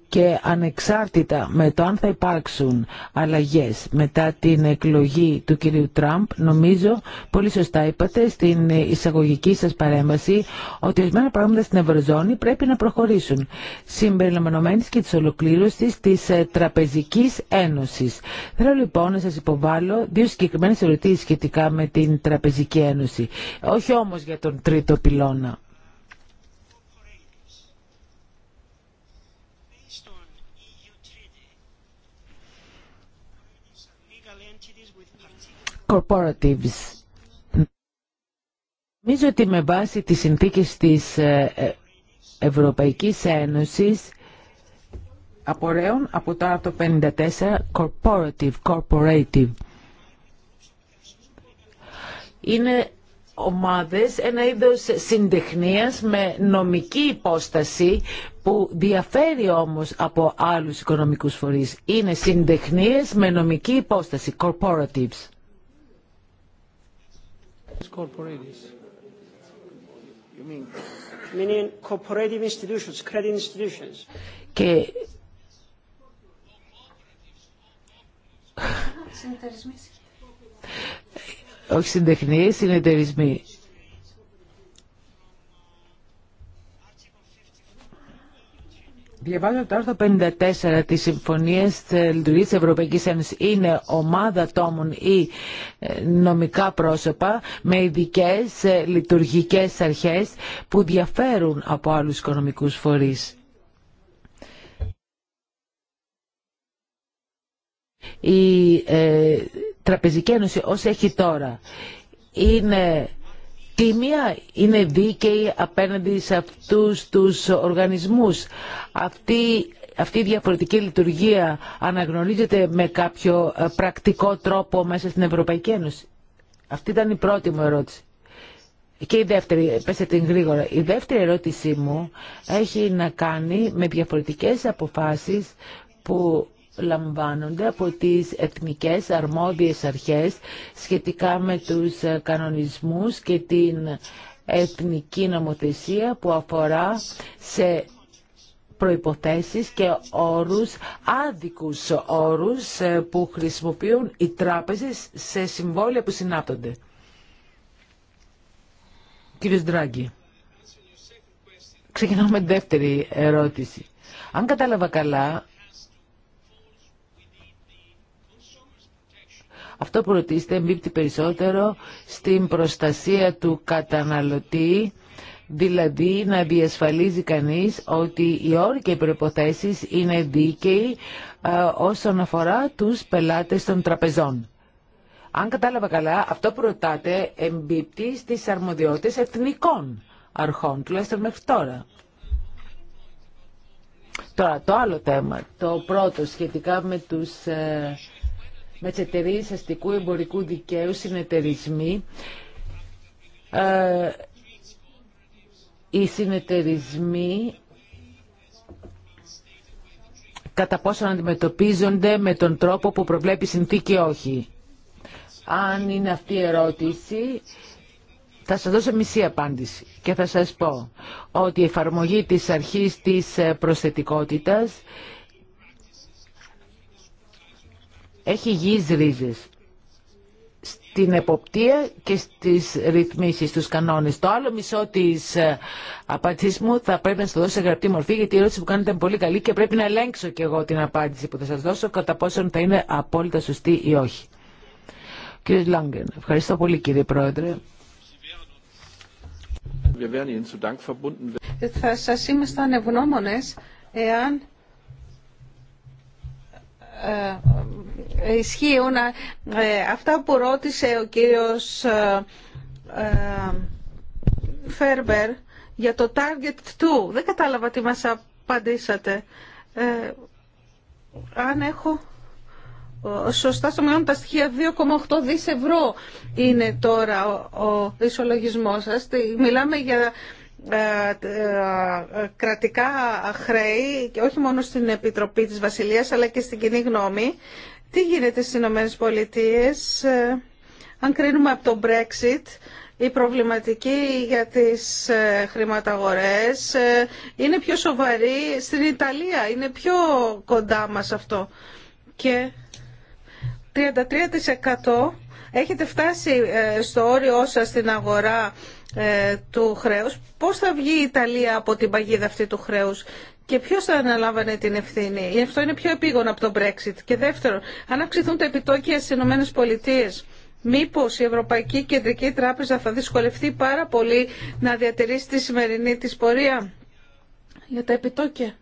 [SPEAKER 4] και ανεξάρτητα με το αν θα υπάρξουν αλλαγές μετά την εκλογή του κυρίου Τραμπ, νομίζω πολύ σωστά είπατε στην εισαγωγική σας παρέμβαση ότι ορισμένα πράγματα στην Ευρωζώνη πρέπει να προχωρήσουν συμπεριλαμβανομένης και της ολοκλήρωσης της ε, Τραπεζικής Ένωσης. Θέλω λοιπόν να σας υποβάλω δύο συγκεκριμένες ερωτήσεις σχετικά με την Τραπεζική Ένωση. Όχι όμως για τον τρίτο πυλώνα. corporatives. Νομίζω ότι με βάση τις συνθήκες της ε, ε, Ευρωπαϊκής Ένωσης απορρέουν από το άρθρο 54 corporative, Είναι ομάδες, ένα είδος συντεχνίας με νομική υπόσταση που διαφέρει όμως από άλλους οικονομικούς φορείς. Είναι συντεχνίες με νομική υπόσταση, corporatives. Και... Όχι συντεχνίες, συνεταιρισμοί. Διαβάζω το άρθρο 54 της Συμφωνίας ε, Λειτουργίας της Ευρωπαϊκής Ένωσης. Είναι ομάδα άλλους οικονομικούς φορείς. ή ε, νομικά πρόσωπα με ειδικέ ε, λειτουργικές αρχές που διαφέρουν από άλλους οικονομικούς φορείς. Η Τραπεζική Ένωση όσο έχει τώρα είναι τι μία είναι δίκαιη απέναντι σε αυτούς τους οργανισμούς. Αυτή αυτή η διαφορετική λειτουργία αναγνωρίζεται με κάποιο ε, πρακτικό τρόπο μέσα στην Ευρωπαϊκή Ένωση. Αυτή ήταν η πρώτη μου ερώτηση. Και η δεύτερη, πέστε την γρήγορα. Η δεύτερη ερώτησή μου έχει να κάνει με διαφορετικές αποφάσεις που λαμβάνονται από τις εθνικές αρμόδιες αρχές σχετικά με τους ε, κανονισμούς και την εθνική νομοθεσία που αφορά σε προϋποθέσεις και όρους, άδικους όρους ε, που χρησιμοποιούν οι τράπεζες σε συμβόλαια που συνάπτονται. Κύριος Ντράγκη, ξεκινάμε με δεύτερη ερώτηση. Αν κατάλαβα καλά, Αυτό που ρωτήσετε εμπίπτει περισσότερο στην προστασία του καταναλωτή, δηλαδή να διασφαλίζει κανείς ότι οι όροι και οι προϋποθέσεις είναι δίκαιοι ε, όσον αφορά τους πελάτες των τραπεζών. Αν κατάλαβα καλά, αυτό που ρωτάτε εμπίπτει στις αρμοδιότητες εθνικών αρχών, τουλάχιστον μέχρι τώρα. Τώρα, το άλλο θέμα, το πρώτο σχετικά με τους ε, με τι εταιρείε αστικού εμπορικού δικαίου συνεταιρισμοί. Ε, οι συνεταιρισμοί κατά πόσο αντιμετωπίζονται με τον τρόπο που προβλέπει η συνθήκη όχι. Αν είναι αυτή η ερώτηση, θα σας δώσω μισή απάντηση και θα σας πω ότι η εφαρμογή της αρχής της ε, προσθετικότητας έχει υγιείς ρίζες στην εποπτεία και στις ρυθμίσεις, στους κανόνες. Το άλλο μισό της ε, απάντησής μου θα πρέπει να σας το δώσω σε γραπτή μορφή γιατί η ερώτηση που κάνετε είναι πολύ καλή και πρέπει να ελέγξω και εγώ την απάντηση που θα σας δώσω κατά πόσον θα είναι απόλυτα σωστή ή όχι. Κύριε Λάγκεν, ευχαριστώ πολύ κύριε Πρόεδρε.
[SPEAKER 1] Θα σας ήμασταν ευγνώμονες εάν ε, ισχύουν ε, αυτά που ρώτησε ο κύριος ε, ε, Φέρμπερ για το Target 2. Δεν κατάλαβα τι μας απαντήσατε. Ε, αν έχω σωστά στο μυαλό τα στοιχεία 2,8 δις ευρώ είναι τώρα ο, ο ισολογισμός σας. Μιλάμε για κρατικά χρέη, όχι μόνο στην Επιτροπή της Βασιλείας, αλλά και στην κοινή γνώμη. Τι γίνεται στις Ηνωμένε Πολιτείες, ε, αν κρίνουμε από το Brexit, η προβληματική για τις ε, χρηματαγορές ε, είναι πιο σοβαρή στην Ιταλία, είναι πιο κοντά μας αυτό. Και 33% έχετε φτάσει στο όριό σας στην αγορά του χρέους. Πώς θα βγει η Ιταλία από την παγίδα αυτή του χρέους και ποιο θα αναλάβανε την ευθύνη. Γι' αυτό είναι πιο επίγον από το Brexit. Και δεύτερον, αν αυξηθούν τα επιτόκια στι ΗΠΑ, μήπω η Ευρωπαϊκή Κεντρική Τράπεζα θα δυσκολευτεί πάρα πολύ να διατηρήσει τη σημερινή τη πορεία για τα επιτόκια.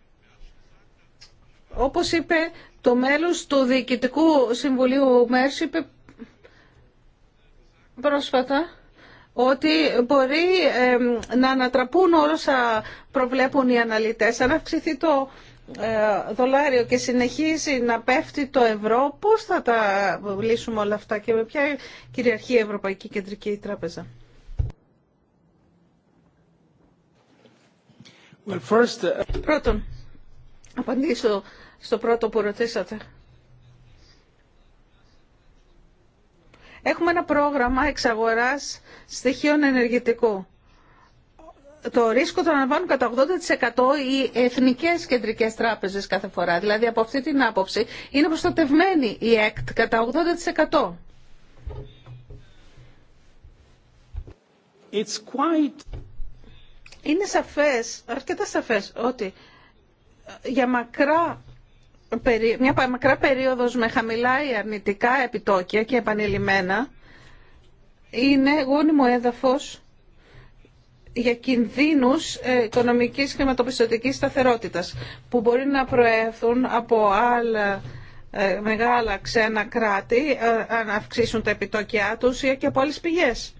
[SPEAKER 1] Όπως είπε το μέλος του Διοικητικού Συμβουλίου Μέρση, είπε πρόσφατα ότι μπορεί να ανατραπούν όσα προβλέπουν οι αναλυτές. Αν αυξηθεί το ε, δολάριο και συνεχίζει να πέφτει το ευρώ, πώς θα τα λύσουμε όλα αυτά και με ποια κυριαρχεί η Ευρωπαϊκή Κεντρική Τράπεζα.
[SPEAKER 2] Uh, Πρώτον,
[SPEAKER 1] απαντήσω στο πρώτο που ρωτήσατε. Έχουμε ένα πρόγραμμα εξαγοράς στοιχείων ενεργητικού. Το ρίσκο το αναλαμβάνουν κατά 80% οι εθνικές κεντρικές τράπεζες κάθε φορά. Δηλαδή από αυτή την άποψη είναι προστατευμένη η ΕΚΤ κατά 80%. It's quite... Είναι σαφές, αρκετά σαφές, ότι για μακρά μια μακρά περίοδος με χαμηλά ή αρνητικά επιτόκια και επανειλημμένα είναι γόνιμο έδαφος για κινδύνους ε, οικονομικής χρηματοπιστωτικής σταθερότητας που μπορεί να προέρθουν από άλλα ε, μεγάλα ξένα κράτη ε, αν αυξήσουν τα επιτόκια τους ή και από άλλες πηγές.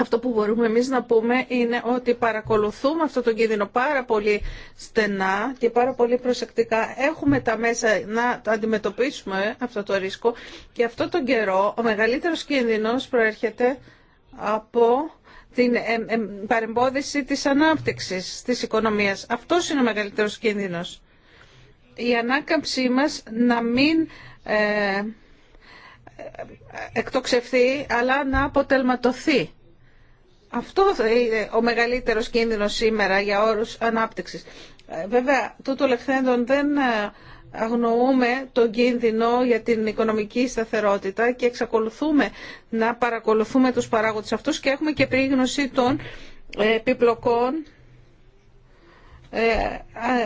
[SPEAKER 1] Αυτό που μπορούμε εμείς να πούμε είναι ότι παρακολουθούμε αυτό το κίνδυνο πάρα πολύ στενά και πάρα πολύ προσεκτικά. Έχουμε τα μέσα να αντιμετωπίσουμε αυτό το ρίσκο και αυτό τον καιρό ο μεγαλύτερος κίνδυνος προέρχεται από την ε, ε, παρεμπόδιση της ανάπτυξης της οικονομίας. Αυτό είναι ο μεγαλύτερος κίνδυνος. Η ανάκαμψή μας να μην ε, εκτοξευθεί αλλά να αποτελματωθεί αυτό είναι ο μεγαλύτερος κίνδυνος σήμερα για όρους ανάπτυξης. Ε, βέβαια, τούτο λεχθέντον δεν ε, αγνοούμε τον κίνδυνο για την οικονομική σταθερότητα και εξακολουθούμε να παρακολουθούμε τους παράγοντες αυτούς και έχουμε και πριγνωσή των ε, επιπλοκών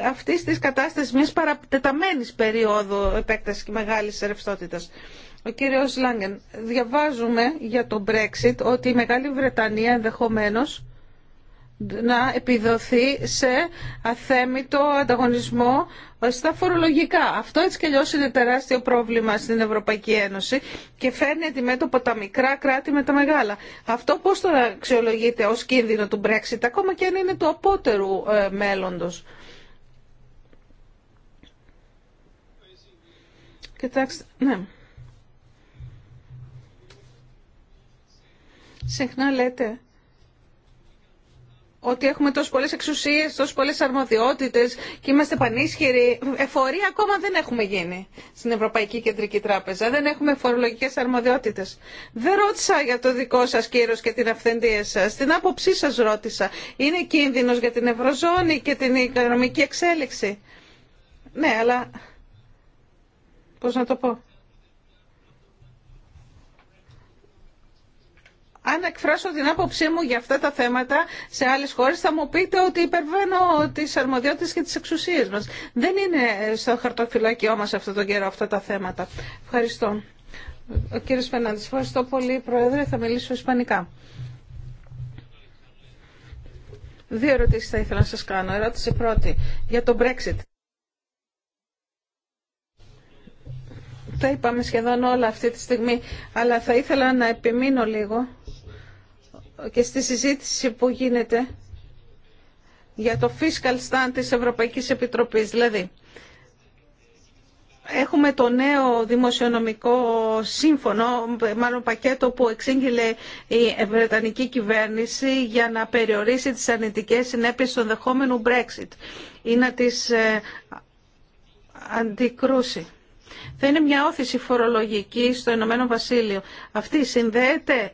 [SPEAKER 1] αυτής της κατάστασης μιας παρατεταμένης περίοδου επέκτασης και μεγάλης ρευστότητας. Ο κύριος Λάγκεν, διαβάζουμε για το Brexit ότι η Μεγάλη Βρετανία ενδεχομένως να επιδοθεί σε αθέμητο ανταγωνισμό στα φορολογικά. Αυτό έτσι και αλλιώς είναι τεράστιο πρόβλημα στην Ευρωπαϊκή Ένωση και φέρνει αντιμέτωπο τα μικρά κράτη με τα μεγάλα. Αυτό πώς το αξιολογείται ως κίνδυνο του Brexit, ακόμα και αν είναι του απότερου ε, μέλλοντος. Κοιτάξτε, ναι. συχνά λέτε ότι έχουμε τόσο πολλές εξουσίες, τόσο πολλές αρμοδιότητες και είμαστε πανίσχυροι. Εφορία ακόμα δεν έχουμε γίνει στην Ευρωπαϊκή Κεντρική Τράπεζα. Δεν έχουμε φορολογικές αρμοδιότητες. Δεν ρώτησα για το δικό σας κύρος και την αυθεντία σας. Την άποψή σας ρώτησα. Είναι κίνδυνος για την Ευρωζώνη και την οικονομική εξέλιξη. Ναι, αλλά πώς να το πω. αν εκφράσω την άποψή μου για αυτά τα θέματα σε άλλες χώρες θα μου πείτε ότι υπερβαίνω τις αρμοδιότητες και τις εξουσίες μας. Δεν είναι στο χαρτοφυλάκιό μας αυτό τον καιρό αυτά τα θέματα. Ευχαριστώ. Ο κύριος ευχαριστώ πολύ Πρόεδρε, θα μιλήσω ισπανικά. Δύο ερωτήσεις θα ήθελα να σας κάνω. Ερώτηση πρώτη για το Brexit. Τα είπαμε σχεδόν όλα αυτή τη στιγμή, αλλά θα ήθελα να επιμείνω λίγο και στη συζήτηση που γίνεται για το fiscal stand της Ευρωπαϊκής Επιτροπής. Δηλαδή, έχουμε το νέο δημοσιονομικό σύμφωνο, μάλλον πακέτο που εξήγηλε η Βρετανική κυβέρνηση για να περιορίσει τις αρνητικές συνέπειες του ενδεχόμενου Brexit ή να τις ε, αντικρούσει. Θα είναι μια όθηση φορολογική στο Ηνωμένο Βασίλειο. Αυτή συνδέεται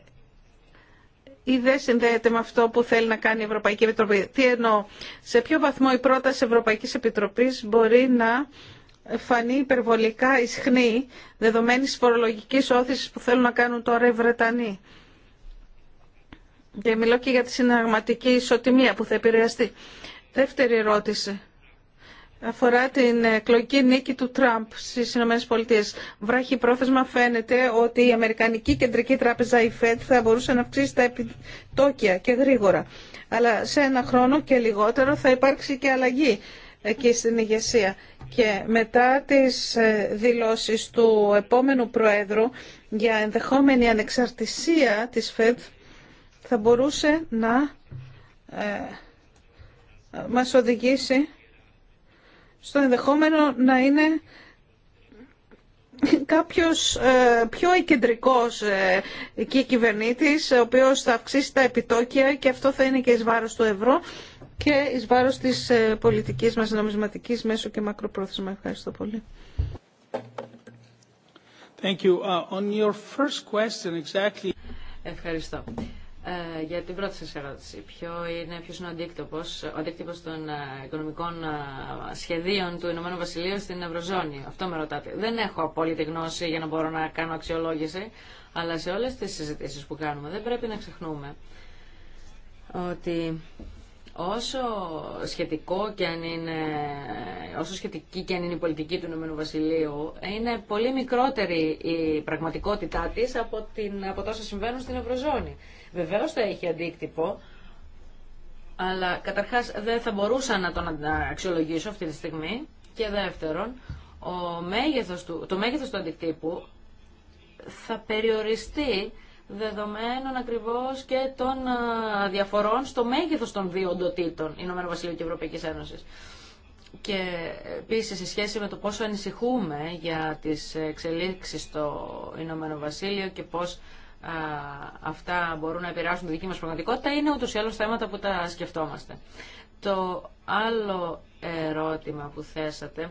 [SPEAKER 1] ή δεν συνδέεται με αυτό που θέλει να κάνει η Ευρωπαϊκή Επιτροπή. Τι εννοώ, σε ποιο βαθμό η πρόταση Ευρωπαϊκής Επιτροπής μπορεί να φανεί υπερβολικά ισχνή δεδομένης φορολογικής όθησης που θέλουν να κάνουν τώρα οι Βρετανοί. Και μιλώ και για τη συναγματική ισοτιμία που θα επηρεαστεί. Δεύτερη ερώτηση αφορά την εκλογική νίκη του Τραμπ στι Ηνωμένε Πολιτείε. Βράχει πρόθεσμα φαίνεται ότι η Αμερικανική Κεντρική Τράπεζα, η Fed, θα μπορούσε να αυξήσει τα επιτόκια και γρήγορα. Αλλά σε ένα χρόνο και λιγότερο θα υπάρξει και αλλαγή εκεί στην ηγεσία. Και μετά τις ε, δηλώσεις του επόμενου Προέδρου για ενδεχόμενη ανεξαρτησία της ΦΕΔ θα μπορούσε να ε, μας οδηγήσει στο ενδεχόμενο να είναι κάποιος ε, πιο εκεντρικός ε, εκεί κυβερνήτης, ο οποίος θα αυξήσει τα επιτόκια και αυτό θα είναι και εις βάρος του ευρώ και εις βάρος της ε, πολιτικής μας νομισματικής μέσω και μακροπρόθεσμα. Ευχαριστώ πολύ.
[SPEAKER 2] Thank you. Uh, on your first question, exactly... Ευχαριστώ. Ε, για
[SPEAKER 3] την πρώτη σας ερώτηση, ποιο είναι, ποιος είναι ο αντίκτυπος, ο αντίκτυπος των ε, οικονομικών ε, σχεδίων του Ηνωμένου Βασιλείου στην Ευρωζώνη. Αυτό με ρωτάτε. Δεν έχω απόλυτη γνώση για να μπορώ να κάνω αξιολόγηση, αλλά σε όλες τις συζητήσεις που κάνουμε δεν πρέπει να ξεχνούμε ότι όσο σχετικό και αν είναι, όσο σχετική και αν είναι η πολιτική του Ηνωμένου Βασιλείου, είναι πολύ μικρότερη η πραγματικότητά της από, την, από τόσα συμβαίνουν στην Ευρωζώνη. Βεβαίω θα έχει αντίκτυπο, αλλά καταρχάς δεν θα μπορούσα να τον αξιολογήσω αυτή τη στιγμή. Και δεύτερον, ο μέγεθος του, το μέγεθος του αντικτύπου θα περιοριστεί δεδομένων ακριβώ και των διαφορών στο μέγεθος των δύο οντοτήτων Ηνωμένο Βασίλειο και Ευρωπαϊκής Ένωση. Και επίση σε σχέση με το πόσο ανησυχούμε για τι εξελίξει στο Ηνωμένο Βασίλειο και πώ αυτά μπορούν να επηρεάσουν τη δική μας πραγματικότητα είναι ούτως ή άλλως θέματα που τα σκεφτόμαστε. Το άλλο ερώτημα που θέσατε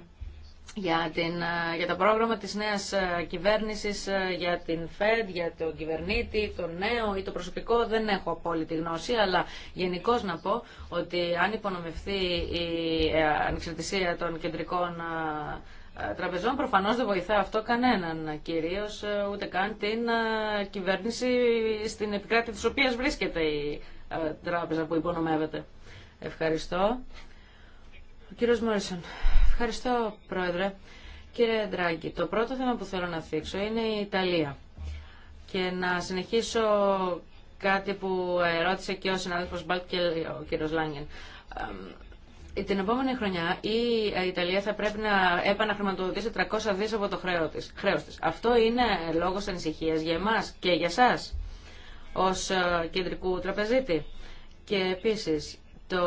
[SPEAKER 3] για, την, για τα πρόγραμμα της νέας κυβέρνησης, για την ΦΕΔ, για τον κυβερνήτη, το νέο ή το προσωπικό, δεν έχω απόλυτη γνώση, αλλά γενικώ να πω ότι αν υπονομευθεί η ε, ανεξαρτησία των κεντρικών ε, τραπεζών προφανώς δεν βοηθά αυτό κανέναν, κυρίως ε, ούτε καν την ε, κυβέρνηση στην επικράτη της οποίας βρίσκεται η τράπεζα που υπονομεύεται. Ευχαριστώ. Ο κύριος Μόρισον. Ευχαριστώ, Πρόεδρε. Κύριε Ντράγκη, το πρώτο θέμα που θέλω να θίξω είναι η Ιταλία. Και να συνεχίσω κάτι που ερώτησε και ο συνάδελφος Μπάλτ και ο κύριος Λάγκεν την επόμενη χρονιά ε, η Ιταλία θα πρέπει να επαναχρηματοδοτήσει 300 δις από το χρέο της. Αυτό είναι λόγος ανησυχίας για εμάς και για σας ως ε, κεντρικού τραπεζίτη. Και επίσης το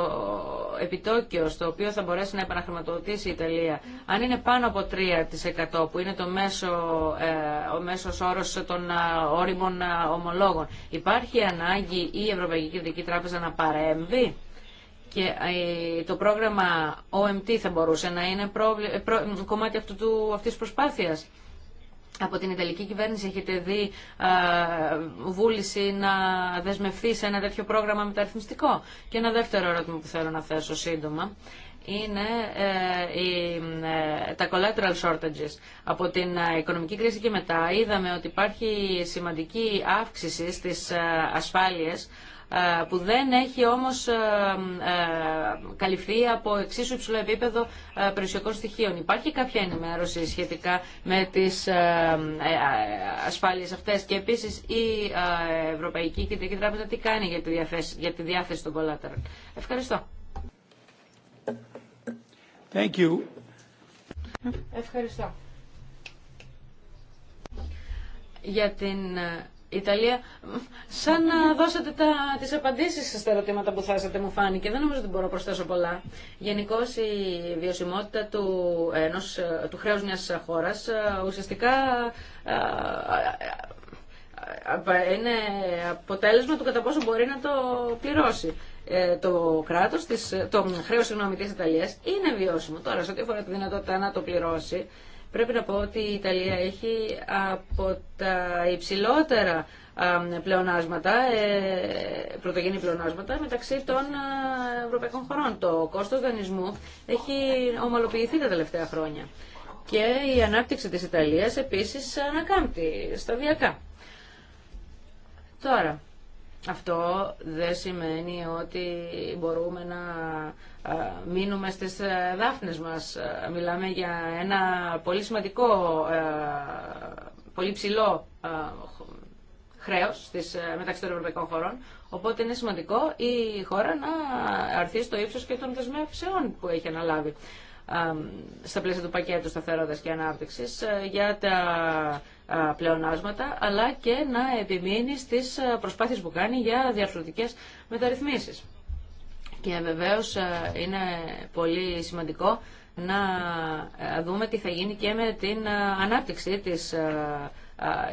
[SPEAKER 3] επιτόκιο στο οποίο θα μπορέσει να επαναχρηματοδοτήσει η Ιταλία, αν είναι πάνω από 3% που είναι το μέσο, ε, ο μέσος όρος των όριμων ομολόγων, υπάρχει ανάγκη η Ευρωπαϊκή Κεντρική Τράπεζα να παρέμβει. Και ε, το πρόγραμμα OMT θα μπορούσε να είναι κομμάτι αυτού του, αυτής της προσπάθειας. Από την Ιταλική κυβέρνηση έχετε δει α, βούληση να δεσμευθεί σε ένα τέτοιο πρόγραμμα μεταρρυθμιστικό. Και ένα δεύτερο ερώτημα που θέλω να θέσω σύντομα είναι ε, η, ε, τα collateral shortages. Από την οικονομική κρίση και μετά είδαμε ότι υπάρχει σημαντική αύξηση στις ασφάλειες ε, που δεν έχει όμως ε, ε, καλυφθεί από εξίσου υψηλό επίπεδο περιουσιακών στοιχείων. Υπάρχει κάποια ενημέρωση σχετικά με τις ασφάλειες αυτές και επίσης η Ευρωπαϊκή Κεντρική Τράπεζα τι κάνει για τη διάθεση, για τη διάθεση των κολάτερων. Ευχαριστώ. Thank you. Ευχαριστώ. Για την Ιταλία, σαν να δώσατε τα, τις απαντήσεις στα ερωτήματα που θέσατε μου φάνηκε. Δεν νομίζω ότι μπορώ να προσθέσω πολλά. Γενικώ η βιωσιμότητα του, ενός, του χρέους μιας χώρας ε, ουσιαστικά ε, ε, είναι αποτέλεσμα του κατά πόσο μπορεί να το πληρώσει το κράτος, της, το χρέος συγγνώμη, της Ιταλίας είναι βιώσιμο. Τώρα, σε ό,τι αφορά τη δυνατότητα να το πληρώσει, Πρέπει να πω ότι η Ιταλία έχει από τα υψηλότερα πλεονάσματα, ε, πρωτογενή πλεονάσματα μεταξύ των ε, ευρωπαϊκών χωρών. Το κόστος δανεισμού έχει ομαλοποιηθεί τα τελευταία χρόνια. Και η ανάπτυξη της Ιταλίας επίσης ανακάμπτει σταδιακά. Τώρα, αυτό δεν σημαίνει ότι μπορούμε να μείνουμε στις ε, δάφνες μας. Ε, μιλάμε για ένα πολύ σημαντικό, ε, πολύ ψηλό χρέος στις, μεταξύ των ευρωπαϊκών χωρών, οπότε είναι σημαντικό η χώρα να αρθεί στο ύψος και των δεσμεύσεων που έχει αναλάβει στα πλαίσια του πακέτου σταθερότητας και ανάπτυξης για τα πλεονάσματα, αλλά και να επιμείνει στις προσπάθειες που κάνει για διαρθρωτικές μεταρρυθμίσεις. Και βεβαίω ε, είναι πολύ σημαντικό να ε, δούμε τι θα γίνει και με την ε, ανάπτυξη της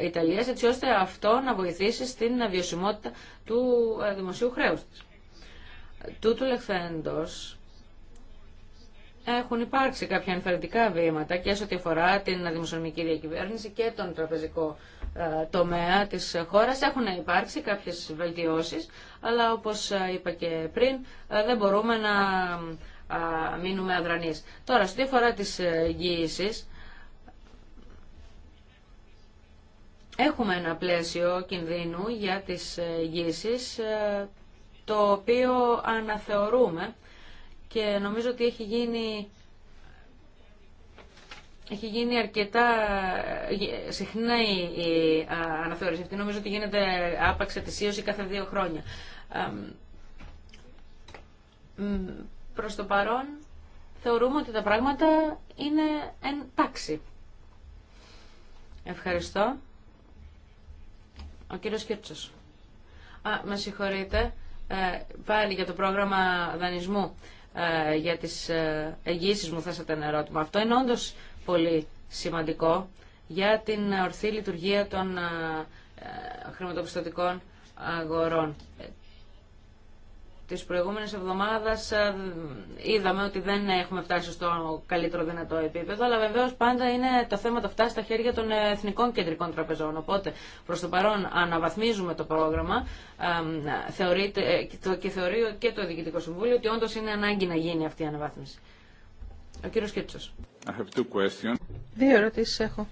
[SPEAKER 3] Ιταλίας, έτσι ώστε αυτό να βοηθήσει στην βιωσιμότητα του δημοσίου χρέους της. Τούτου λεχθέντος, έχουν υπάρξει κάποια ενθαρρυντικά βήματα και σε ό,τι αφορά την δημοσιονομική διακυβέρνηση και τον τραπεζικό ε, τομέα της χώρας. Έχουν υπάρξει κάποιες βελτιώσεις, αλλά όπως ε, είπα και πριν, ε, δεν μπορούμε να μείνουμε αδρανείς. Τώρα, στη ό,τι αφορά τις έχουμε ένα πλαίσιο κινδύνου για τις εγγύησεις, το οποίο αναθεωρούμε και νομίζω ότι έχει γίνει έχει γίνει αρκετά ε, συχνά η, η αναθεώρηση αυτή. Νομίζω ότι γίνεται άπαξ ετησίωση κάθε δύο χρόνια. Προς το παρόν θεωρούμε ότι τα πράγματα είναι εν τάξη. Ευχαριστώ. Ο κύριος Κίρτσος. Α, με συγχωρείτε. Ε, πάλι για το πρόγραμμα δανεισμού. Ε, για τις ε, εγγύσεις μου θέσατε ένα ερώτημα. Αυτό είναι όντως πολύ σημαντικό για την ορθή λειτουργία των ε, χρηματοπιστωτικών αγορών. Τη προηγούμενης εβδομάδα ε, είδαμε ότι δεν έχουμε φτάσει στο καλύτερο δυνατό επίπεδο, αλλά βεβαίω πάντα είναι τα θέματα αυτά στα χέρια των ε, εθνικών κεντρικών τραπεζών. Οπότε προ το παρόν αναβαθμίζουμε το πρόγραμμα ε, και θεωρεί και το Διοικητικό Συμβούλιο ότι όντω είναι ανάγκη να γίνει αυτή η αναβάθμιση.
[SPEAKER 1] Ο κύριο Κίτσος. Δύο ερωτήσει έχω.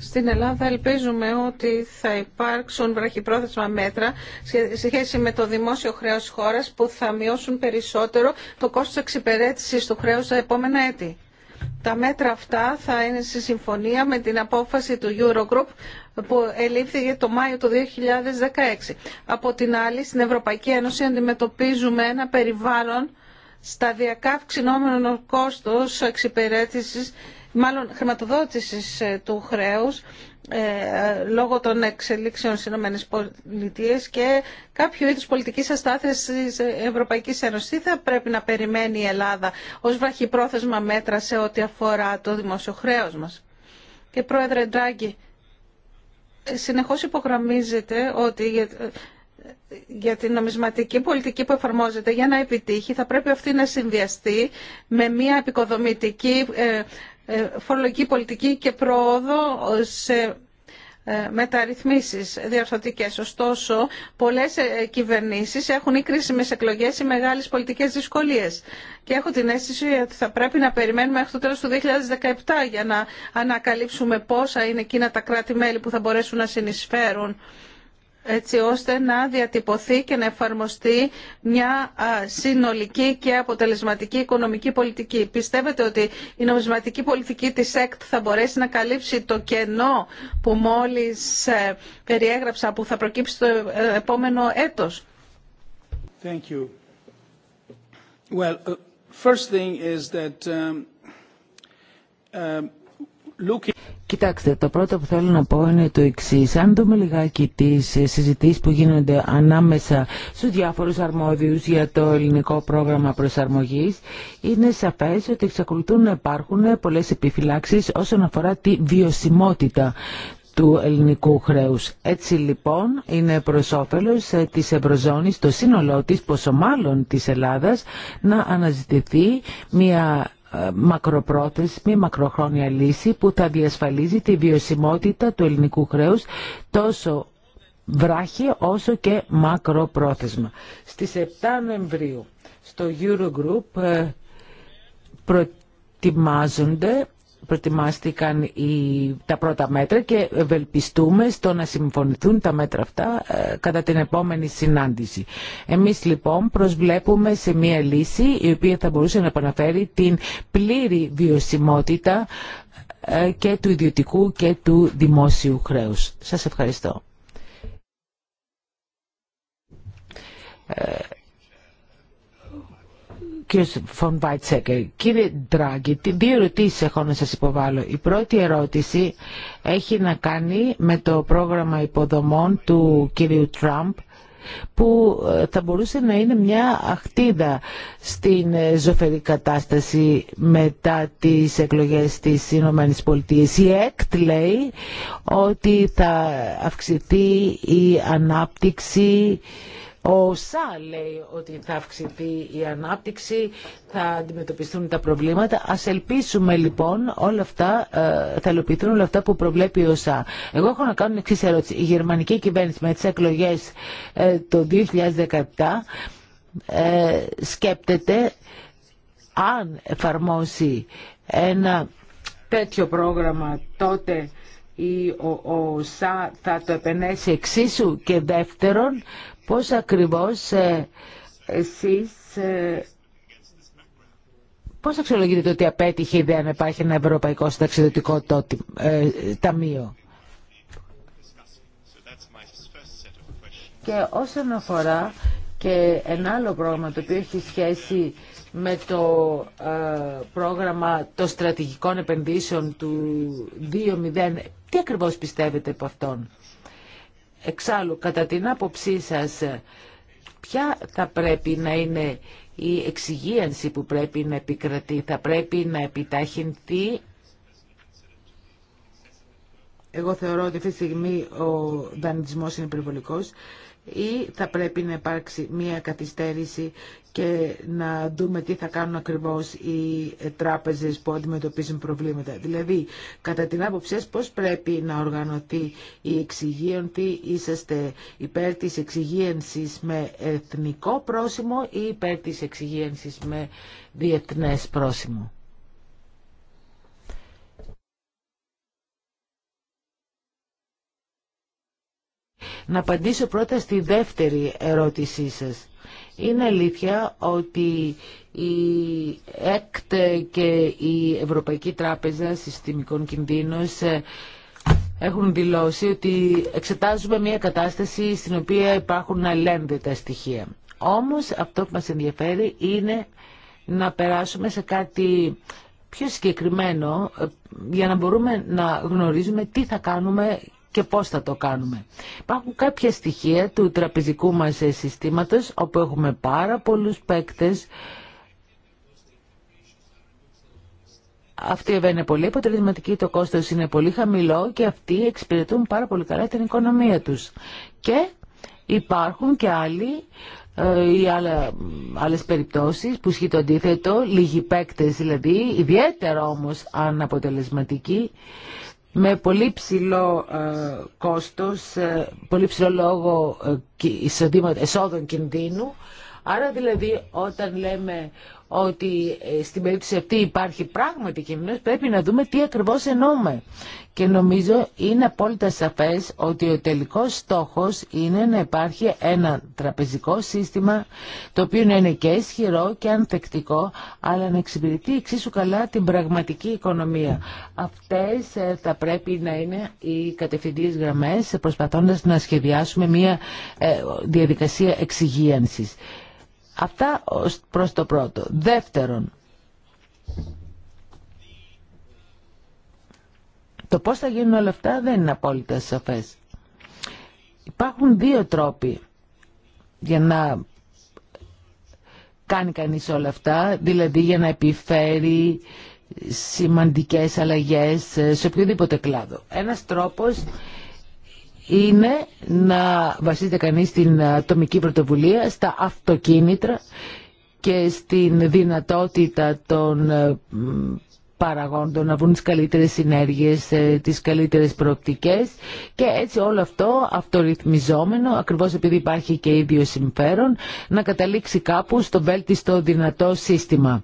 [SPEAKER 1] Στην Ελλάδα ελπίζουμε ότι θα υπάρξουν βραχυπρόθεσμα μέτρα σε σχέση με το δημόσιο χρέος χώρας που θα μειώσουν περισσότερο το κόστος εξυπηρέτησης του χρέους τα επόμενα έτη. Τα μέτρα αυτά θα είναι σε συμφωνία με την απόφαση του Eurogroup που ελήφθηκε το Μάιο του 2016. Από την άλλη, στην Ευρωπαϊκή Ένωση αντιμετωπίζουμε ένα περιβάλλον σταδιακά αυξηνόμενο κόστος εξυπηρέτησης μάλλον χρηματοδότησης ε, του χρέους ε, λόγω των εξελίξεων Ηνωμένες Πολιτείες και κάποιο είδους πολιτικής αστάθειας της Ευρωπαϊκής Ένωσης. Τι θα πρέπει να περιμένει η Ελλάδα ως βραχυπρόθεσμα μέτρα σε ό,τι αφορά το δημόσιο χρέος μας. Και Πρόεδρε Ντράγκη, συνεχώς υπογραμμίζεται ότι για την νομισματική πολιτική που εφαρμόζεται για να επιτύχει θα πρέπει αυτή να συνδυαστεί με μια επικοδομητική ε, ε, φορολογική πολιτική και πρόοδο σε ε, μεταρρυθμίσεις διαρθωτικές. Ωστόσο, πολλές ε, κυβερνήσεις έχουν ή κρίσιμες εκλογές ή μεγάλες πολιτικές δυσκολίες. Και έχω την αίσθηση ότι θα πρέπει να περιμένουμε μέχρι το τέλος του 2017 για να ανακαλύψουμε πόσα είναι εκείνα τα κράτη-μέλη που θα μπορέσουν να συνεισφέρουν έτσι ώστε να διατυπωθεί και να εφαρμοστεί μια συνολική και αποτελεσματική οικονομική πολιτική. Πιστεύετε ότι η νομισματική πολιτική της ΕΚΤ θα μπορέσει να καλύψει το κενό που μόλις ε, περιέγραψα που θα προκύψει το ε, επόμενο έτος.
[SPEAKER 2] Thank you. Well, uh, first thing is um, uh,
[SPEAKER 4] Κοιτάξτε, το πρώτο που θέλω να πω είναι το εξή. Αν δούμε λιγάκι τι συζητήσει που γίνονται ανάμεσα στου διάφορου αρμόδιου για το ελληνικό πρόγραμμα προσαρμογή, είναι σαφέ ότι εξακολουθούν να υπάρχουν πολλέ επιφυλάξει όσον αφορά τη βιωσιμότητα του ελληνικού χρέους. Έτσι λοιπόν είναι προς όφελος ε, της Ευρωζώνης, το σύνολό της, πόσο μάλλον της Ελλάδας, να αναζητηθεί μια ε, μακροπρόθεσμη, μακροχρόνια λύση που θα διασφαλίζει τη βιωσιμότητα του ελληνικού χρέους τόσο βράχη όσο και μακροπρόθεσμα. Στις 7 Νοεμβρίου στο Eurogroup ε, προετοιμάζονται προετοιμάστηκαν τα πρώτα μέτρα και ευελπιστούμε στο να συμφωνηθούν τα μέτρα αυτά ε, κατά την επόμενη συνάντηση. Εμείς λοιπόν προσβλέπουμε σε μία λύση η οποία θα μπορούσε να επαναφέρει την πλήρη βιωσιμότητα ε, και του ιδιωτικού και του δημόσιου χρέους. Σας ευχαριστώ. Ε, κύριος Φον Βάιτσέκερ, κύριε Ντράγκη, δύο ερωτήσει έχω να σας υποβάλω. Η πρώτη ερώτηση έχει να κάνει με το πρόγραμμα υποδομών του κύριου Τραμπ που ε, θα μπορούσε να είναι μια αχτίδα στην ε, ζωφερή κατάσταση μετά τις εκλογές της Ηνωμένης Πολιτείας. Η ΕΚΤ λέει ότι θα αυξηθεί η ανάπτυξη ο ΣΑ λέει ότι θα αυξηθεί η ανάπτυξη, θα αντιμετωπιστούν τα προβλήματα. Ας ελπίσουμε λοιπόν όλα αυτά, ε, θα ελοπιθούν όλα αυτά που προβλέπει ο ΣΑ. Εγώ έχω να κάνω εξή ερώτηση. Η γερμανική κυβέρνηση με τις εκλογές ε, το 2017 ε, σκέπτεται αν εφαρμόσει ένα τέτοιο πρόγραμμα τότε ή ο, ο ΣΑ θα το επενέσει εξίσου και δεύτερον Πώς ακριβώς ε, εσείς ε, Πώς αξιολογείτε το ότι απέτυχε η ιδέα να υπάρχει ένα ευρωπαϊκό συνταξιδοτικό ε, ταμείο. Και όσον αφορά και ένα άλλο πρόγραμμα το οποίο έχει σχέση με το πρόγραμμα των στρατηγικών επενδύσεων του 2.0, τι ακριβώς πιστεύετε από αυτόν. Εξάλλου, κατά την άποψή σας, ποια θα πρέπει να είναι η εξυγίανση που πρέπει να επικρατεί, θα πρέπει να επιταχυνθεί. Εγώ θεωρώ ότι αυτή τη στιγμή ο δανεισμός είναι περιβολικός ή θα πρέπει να υπάρξει μία καθυστέρηση και να δούμε τι θα κάνουν ακριβώς οι τράπεζες που αντιμετωπίζουν προβλήματα. Δηλαδή, κατά την άποψή σας, πώς πρέπει να οργανωθεί η τι είσαστε υπέρ της εξυγίανσης με εθνικό πρόσημο ή υπέρ της εξυγίανσης με διεθνές πρόσημο. Να απαντήσω πρώτα στη δεύτερη ερώτησή σας. Είναι αλήθεια ότι η ΕΚΤ και η Ευρωπαϊκή Τράπεζα Συστημικών Κινδύνων ε, έχουν δηλώσει ότι εξετάζουμε μια κατάσταση στην οποία υπάρχουν τα στοιχεία. Όμως αυτό που μας ενδιαφέρει είναι να περάσουμε σε κάτι πιο συγκεκριμένο ε, για να μπορούμε να γνωρίζουμε τι θα κάνουμε και πώς θα το κάνουμε. Υπάρχουν κάποια στοιχεία του τραπεζικού μας συστήματος όπου έχουμε πάρα πολλούς παίκτες αυτή βέβαια είναι πολύ αποτελεσματική, το κόστος είναι πολύ χαμηλό και αυτοί εξυπηρετούν πάρα πολύ καλά την οικονομία τους. Και υπάρχουν και άλλοι ε, ή άλλα, άλλες περιπτώσεις που ισχύει το αντίθετο, λίγοι παίκτες δηλαδή, ιδιαίτερα όμως αναποτελεσματικοί με πολύ ψηλό ε, κόστος, ε, πολύ ψηλό λόγο ε, εισόδων κινδύνου. Άρα δηλαδή όταν λέμε ότι ε, στην περίπτωση αυτή υπάρχει πράγματι κίνδυνος, πρέπει να δούμε τι ακριβώς εννοούμε. Και νομίζω είναι απόλυτα σαφές ότι ο τελικός στόχος είναι να υπάρχει ένα τραπεζικό σύστημα το οποίο να είναι και ισχυρό και ανθεκτικό αλλά να εξυπηρετεί εξίσου καλά την πραγματική οικονομία. Αυτές ε, θα πρέπει να είναι οι κατευθυντήριες γραμμές προσπαθώντας να σχεδιάσουμε μια ε, διαδικασία εξυγίανσης. Αυτά προς το πρώτο. Δεύτερον, το πώς θα γίνουν όλα αυτά δεν είναι απόλυτα σαφές. Υπάρχουν δύο τρόποι για να κάνει κανείς όλα αυτά, δηλαδή για να επιφέρει σημαντικές αλλαγές σε οποιοδήποτε κλάδο. Ένας τρόπος είναι να βασίζεται κανείς στην ατομική πρωτοβουλία, στα αυτοκίνητρα και στην δυνατότητα των ε, παραγόντων να βγουν τις καλύτερες συνέργειες, ε, τις καλύτερες προοπτικές και έτσι όλο αυτό αυτορυθμιζόμενο, ακριβώς επειδή υπάρχει και ίδιο συμφέρον, να καταλήξει κάπου στο βέλτιστο δυνατό σύστημα.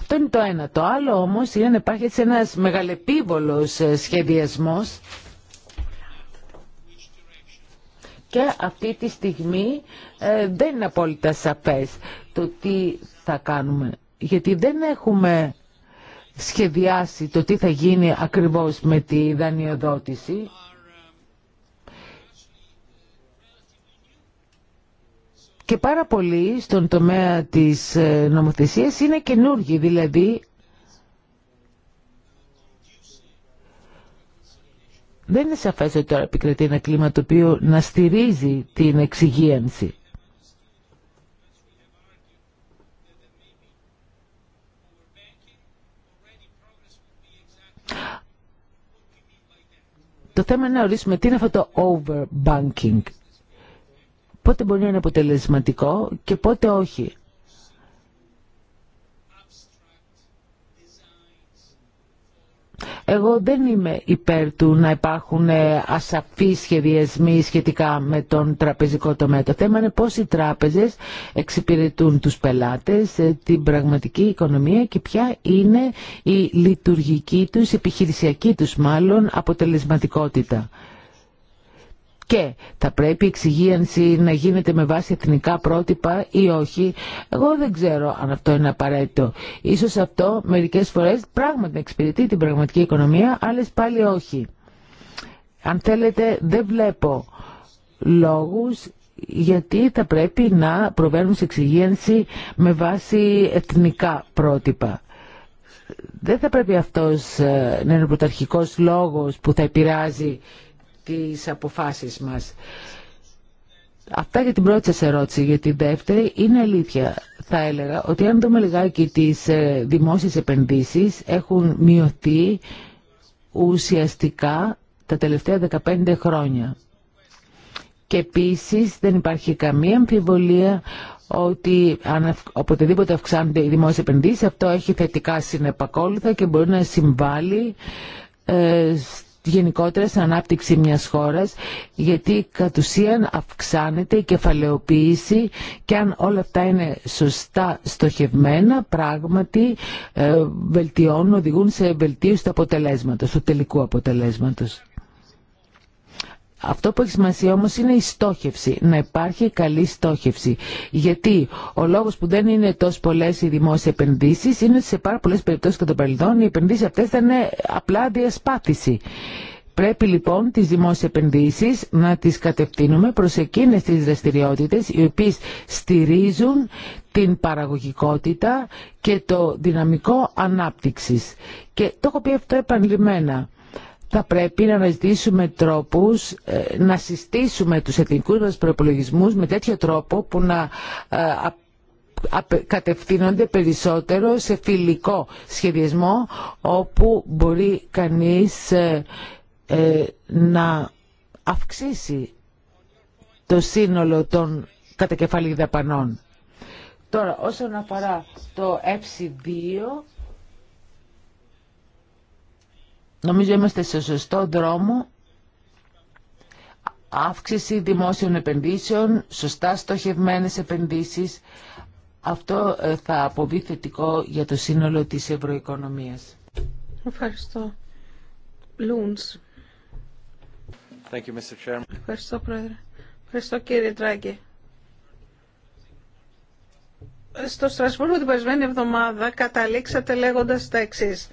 [SPEAKER 4] Αυτό είναι το ένα. Το άλλο όμως είναι να υπάρχει έτσι ένας μεγαλεπίβολος ε, σχεδιασμός και αυτή τη στιγμή ε, δεν είναι απόλυτα σαφές το τι θα κάνουμε. Γιατί δεν έχουμε σχεδιάσει το τι θα γίνει ακριβώς με τη δανειοδότηση. Και πάρα πολλοί στον τομέα της ε, νομοθεσίας είναι καινούργοι, δηλαδή Δεν είναι σαφές ότι τώρα επικρατεί ένα κλίμα το οποίο να στηρίζει την εξυγίανση. Το θέμα είναι να ορίσουμε τι είναι αυτό το overbanking. Πότε μπορεί να είναι αποτελεσματικό και πότε όχι. Εγώ δεν είμαι υπέρ του να υπάρχουν ε, ασαφείς σχεδιασμοί σχετικά με τον τραπεζικό τομέα. Το θέμα είναι πώς οι τράπεζες εξυπηρετούν τους πελάτες, ε, την πραγματική οικονομία και ποια είναι η λειτουργική τους, η επιχειρησιακή τους μάλλον αποτελεσματικότητα και θα πρέπει η εξυγίανση να γίνεται με βάση εθνικά πρότυπα ή όχι. Εγώ δεν ξέρω αν αυτό είναι απαραίτητο. Ίσως αυτό μερικές φορές πράγματι εξυπηρετεί την πραγματική οικονομία, άλλες πάλι όχι. Αν θέλετε δεν βλέπω λόγους γιατί θα πρέπει να προβαίνουν σε εξυγίανση με βάση εθνικά πρότυπα. Δεν θα πρέπει αυτός ε, να είναι ο πρωταρχικός λόγος που θα επηρεάζει τις αποφάσεις μας. Αυτά για την πρώτη σας ερώτηση. Για την δεύτερη είναι αλήθεια. Θα έλεγα ότι αν δούμε λιγάκι τις ε, δημόσιες επενδύσεις έχουν μειωθεί ουσιαστικά τα τελευταία 15 χρόνια. Και επίσης δεν υπάρχει καμία αμφιβολία ότι αν οποτεδήποτε αυξάνονται οι δημόσιες επενδύσεις αυτό έχει θετικά συνεπακόλουθα και μπορεί να συμβάλλει ε, γενικότερα στην ανάπτυξη μιας χώρας γιατί κατ' ουσίαν αυξάνεται η κεφαλαιοποίηση και αν όλα αυτά είναι σωστά στοχευμένα πράγματι ε, βελτιώνουν, οδηγούν σε βελτίωση του αποτελέσματος, του τελικού αποτελέσματος. Αυτό που έχει σημασία όμως είναι η στόχευση, να υπάρχει καλή στόχευση. Γιατί ο λόγος που δεν είναι τόσο πολλές οι δημόσιες επενδύσεις είναι ότι σε πάρα πολλές περιπτώσεις κατά παρελθόν οι επενδύσεις αυτές είναι απλά διασπάθηση. Πρέπει λοιπόν τις δημόσιες επενδύσεις να τις κατευθύνουμε προς εκείνες τις δραστηριότητες οι οποίες στηρίζουν την παραγωγικότητα και το δυναμικό ανάπτυξης. Και το έχω πει αυτό επανειλημμένα θα πρέπει να αναζητήσουμε τρόπους ε, να συστήσουμε τους εθνικούς μας προπολογισμού με τέτοιο τρόπο που να ε, κατευθύνονται περισσότερο σε φιλικό σχεδιασμό όπου μπορεί κανείς ε, να αυξήσει το σύνολο των κατακεφαλή δαπανών. Τώρα, όσον αφορά το FC2, Νομίζω είμαστε στο σωστό δρόμο. Αύξηση δημόσιων επενδύσεων, σωστά στοχευμένες επενδύσεις. Αυτό ε, θα αποβεί θετικό για το σύνολο της ευρωοικονομίας.
[SPEAKER 1] Ευχαριστώ. Λούντς. Ευχαριστώ, Πρόεδρε. Ευχαριστώ, κύριε Τράγκη. Ε, στο Στρασβούργο την περασμένη εβδομάδα καταλήξατε λέγοντας τα εξής.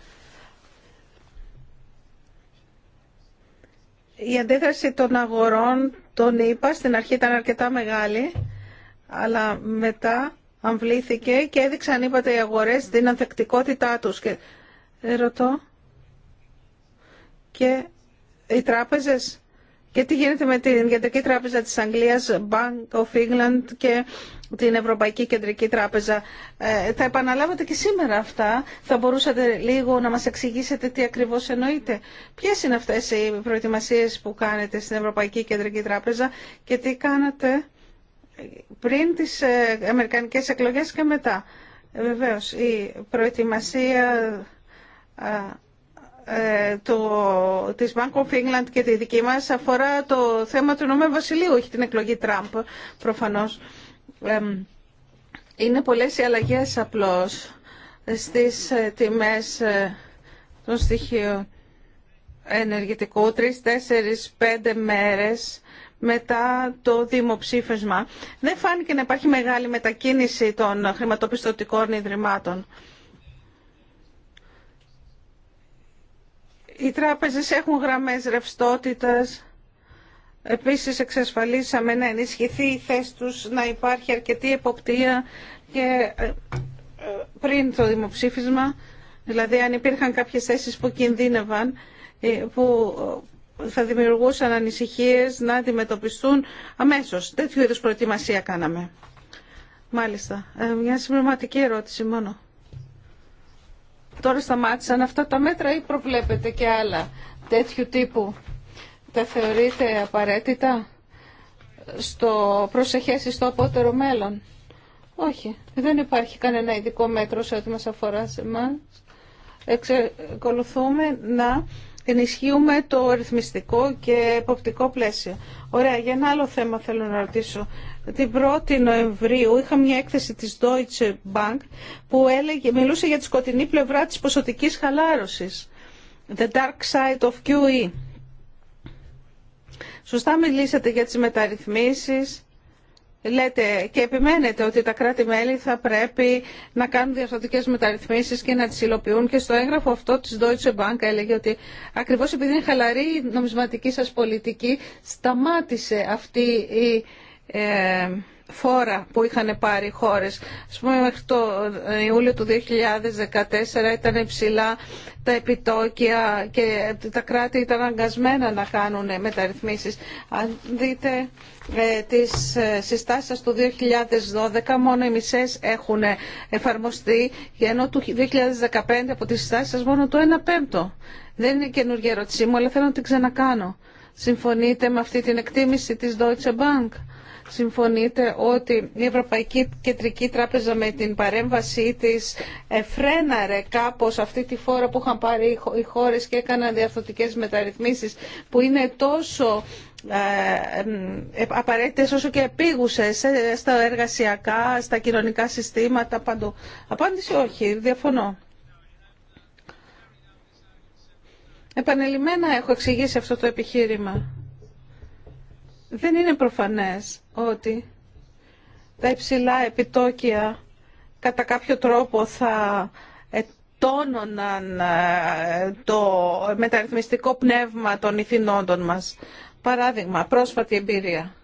[SPEAKER 1] Η αντίδραση των αγορών, τον είπα, στην αρχή ήταν αρκετά μεγάλη, αλλά μετά αμβλήθηκε και έδειξαν, είπατε, οι αγορές την ανθεκτικότητά τους. Και ε, ρωτώ, και οι τράπεζες γιατί γίνεται με την Κεντρική Τράπεζα της Αγγλίας, Bank of England και την Ευρωπαϊκή Κεντρική Τράπεζα. Ε, τα επαναλάβατε και σήμερα αυτά. Θα μπορούσατε λίγο να μας εξηγήσετε τι ακριβώς εννοείτε. Ποιες είναι αυτές οι προετοιμασίες που κάνετε στην Ευρωπαϊκή Κεντρική Τράπεζα και τι κάνατε πριν τις ε, Αμερικανικές εκλογές και μετά. Βεβαίως, η προετοιμασία ε, ε, το, της Bank of England και τη δική μας αφορά το θέμα του Ηνωμένου Βασιλείου, όχι την εκλογή Τραμπ προφανώς. είναι πολλές οι αλλαγές απλώς στις ε, τιμές ε, των στοιχείων ενεργητικού, τρεις, τέσσερις, πέντε μέρες μετά το δημοψήφισμα. Δεν φάνηκε να υπάρχει μεγάλη μετακίνηση των χρηματοπιστωτικών ιδρυμάτων. Οι τράπεζες έχουν γραμμές ρευστότητας. Επίσης εξασφαλίσαμε να ενισχυθεί η θέση τους, να υπάρχει αρκετή εποπτεία και ε, πριν το δημοψήφισμα, δηλαδή αν υπήρχαν κάποιες θέσεις που κινδύνευαν, ε, που ε, θα δημιουργούσαν ανησυχίες να αντιμετωπιστούν αμέσως. Τέτοιου είδους προετοιμασία κάναμε. Μάλιστα. Μια συμπληρωματική ερώτηση μόνο. Τώρα σταμάτησαν αυτά τα μέτρα ή προβλέπετε και άλλα τέτοιου τύπου. Τα θεωρείτε απαραίτητα στο προσεχές στο απότερο μέλλον. Όχι, δεν υπάρχει κανένα ειδικό μέτρο σε ό,τι μας αφορά σε να ενισχύουμε το ρυθμιστικό και εποπτικό πλαίσιο. Ωραία, για ένα άλλο θέμα θέλω να ρωτήσω την 1η Νοεμβρίου είχα μια έκθεση της Deutsche Bank που έλεγε, μιλούσε για τη σκοτεινή πλευρά της ποσοτικής χαλάρωσης. The dark side of QE. Σωστά μιλήσατε για τις μεταρρυθμίσεις. Λέτε και επιμένετε ότι τα κράτη-μέλη θα πρέπει να κάνουν διαφορετικές μεταρρυθμίσεις και να τις υλοποιούν και στο έγγραφο αυτό της Deutsche Bank έλεγε ότι ακριβώς επειδή είναι χαλαρή η νομισματική σας πολιτική σταμάτησε αυτή η ε, φόρα που είχαν πάρει χώρες. Ας πούμε μέχρι το Ιούλιο του 2014 ήταν υψηλά τα επιτόκια και τα κράτη ήταν αγκασμένα να κάνουν μεταρρυθμίσεις. Αν δείτε ε, τις ε, συστάσεις του 2012 μόνο οι μισές έχουν εφαρμοστεί ενώ του 2015 από τις συστάσεις μόνο το 1 πέμπτο. Δεν είναι καινούργια ερώτησή μου αλλά θέλω να την ξανακάνω. Συμφωνείτε με αυτή την εκτίμηση της Deutsche Bank συμφωνείτε ότι η Ευρωπαϊκή Κεντρική Τράπεζα με την παρέμβασή της φρέναρε κάπως αυτή τη φόρα που είχαν πάρει οι χώρες και έκαναν διαρθωτικές μεταρρυθμίσεις που είναι τόσο ε, απαραίτητες όσο και επίγουσες ε, στα εργασιακά, στα κοινωνικά συστήματα, παντού. Απάντηση όχι, διαφωνώ. Επανελειμμένα έχω εξηγήσει αυτό το επιχείρημα δεν είναι προφανές ότι τα υψηλά επιτόκια κατά κάποιο τρόπο θα τόνωναν ε, το μεταρρυθμιστικό πνεύμα των ηθινόντων μας. Παράδειγμα, πρόσφατη εμπειρία.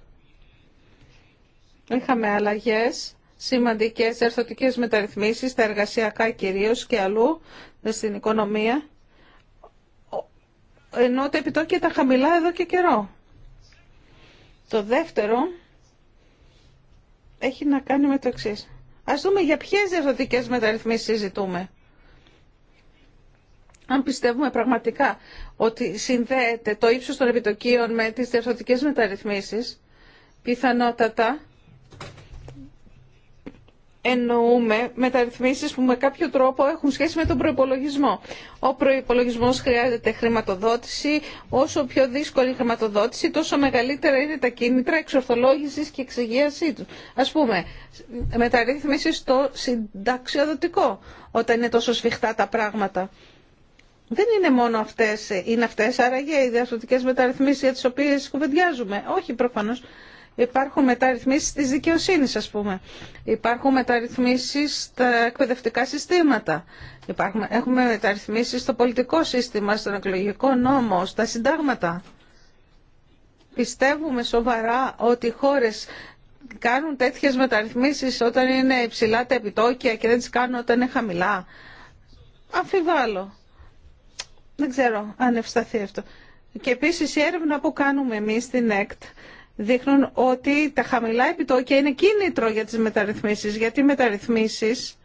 [SPEAKER 1] Είχαμε αλλαγές, σημαντικές ερθωτικές μεταρρυθμίσεις στα εργασιακά κυρίως και αλλού στην οικονομία, ενώ τα επιτόκια τα χαμηλά εδώ και καιρό. Το δεύτερο έχει να κάνει με το εξή. Ας δούμε για ποιες διευθυντικές μεταρρυθμίσεις συζητούμε. Αν πιστεύουμε πραγματικά ότι συνδέεται το ύψος των επιτοκίων με τις διευθυντικές μεταρρυθμίσεις, πιθανότατα εννοούμε μεταρρυθμίσεις που με κάποιο τρόπο έχουν σχέση με τον προϋπολογισμό. Ο προϋπολογισμός χρειάζεται χρηματοδότηση. Όσο πιο δύσκολη η χρηματοδότηση, τόσο μεγαλύτερα είναι τα κίνητρα εξορθολόγησης και εξηγίασή του. Ας πούμε, μεταρρύθμιση στο συνταξιοδοτικό, όταν είναι τόσο σφιχτά τα πράγματα. Δεν είναι μόνο αυτές, είναι αυτές άραγε οι διαστοτικές μεταρρυθμίσεις για τις οποίες κουβεντιάζουμε. Όχι προφανώς. Υπάρχουν μεταρρυθμίσεις της δικαιοσύνης, ας πούμε. Υπάρχουν μεταρρυθμίσεις στα εκπαιδευτικά συστήματα. έχουμε μεταρρυθμίσεις στο πολιτικό σύστημα, στον εκλογικό νόμο, στα συντάγματα. Πιστεύουμε σοβαρά ότι οι χώρες κάνουν τέτοιες μεταρρυθμίσεις όταν είναι υψηλά τα επιτόκια και δεν τις κάνουν όταν είναι χαμηλά. Αμφιβάλλω. Δεν ξέρω αν ευσταθεί αυτό. Και επίσης η έρευνα που κάνουμε εμείς στην ΕΚΤ δείχνουν ότι τα χαμηλά επιτόκια είναι κίνητρο για τις μεταρρυθμίσεις, γιατί οι μεταρρυθμίσεις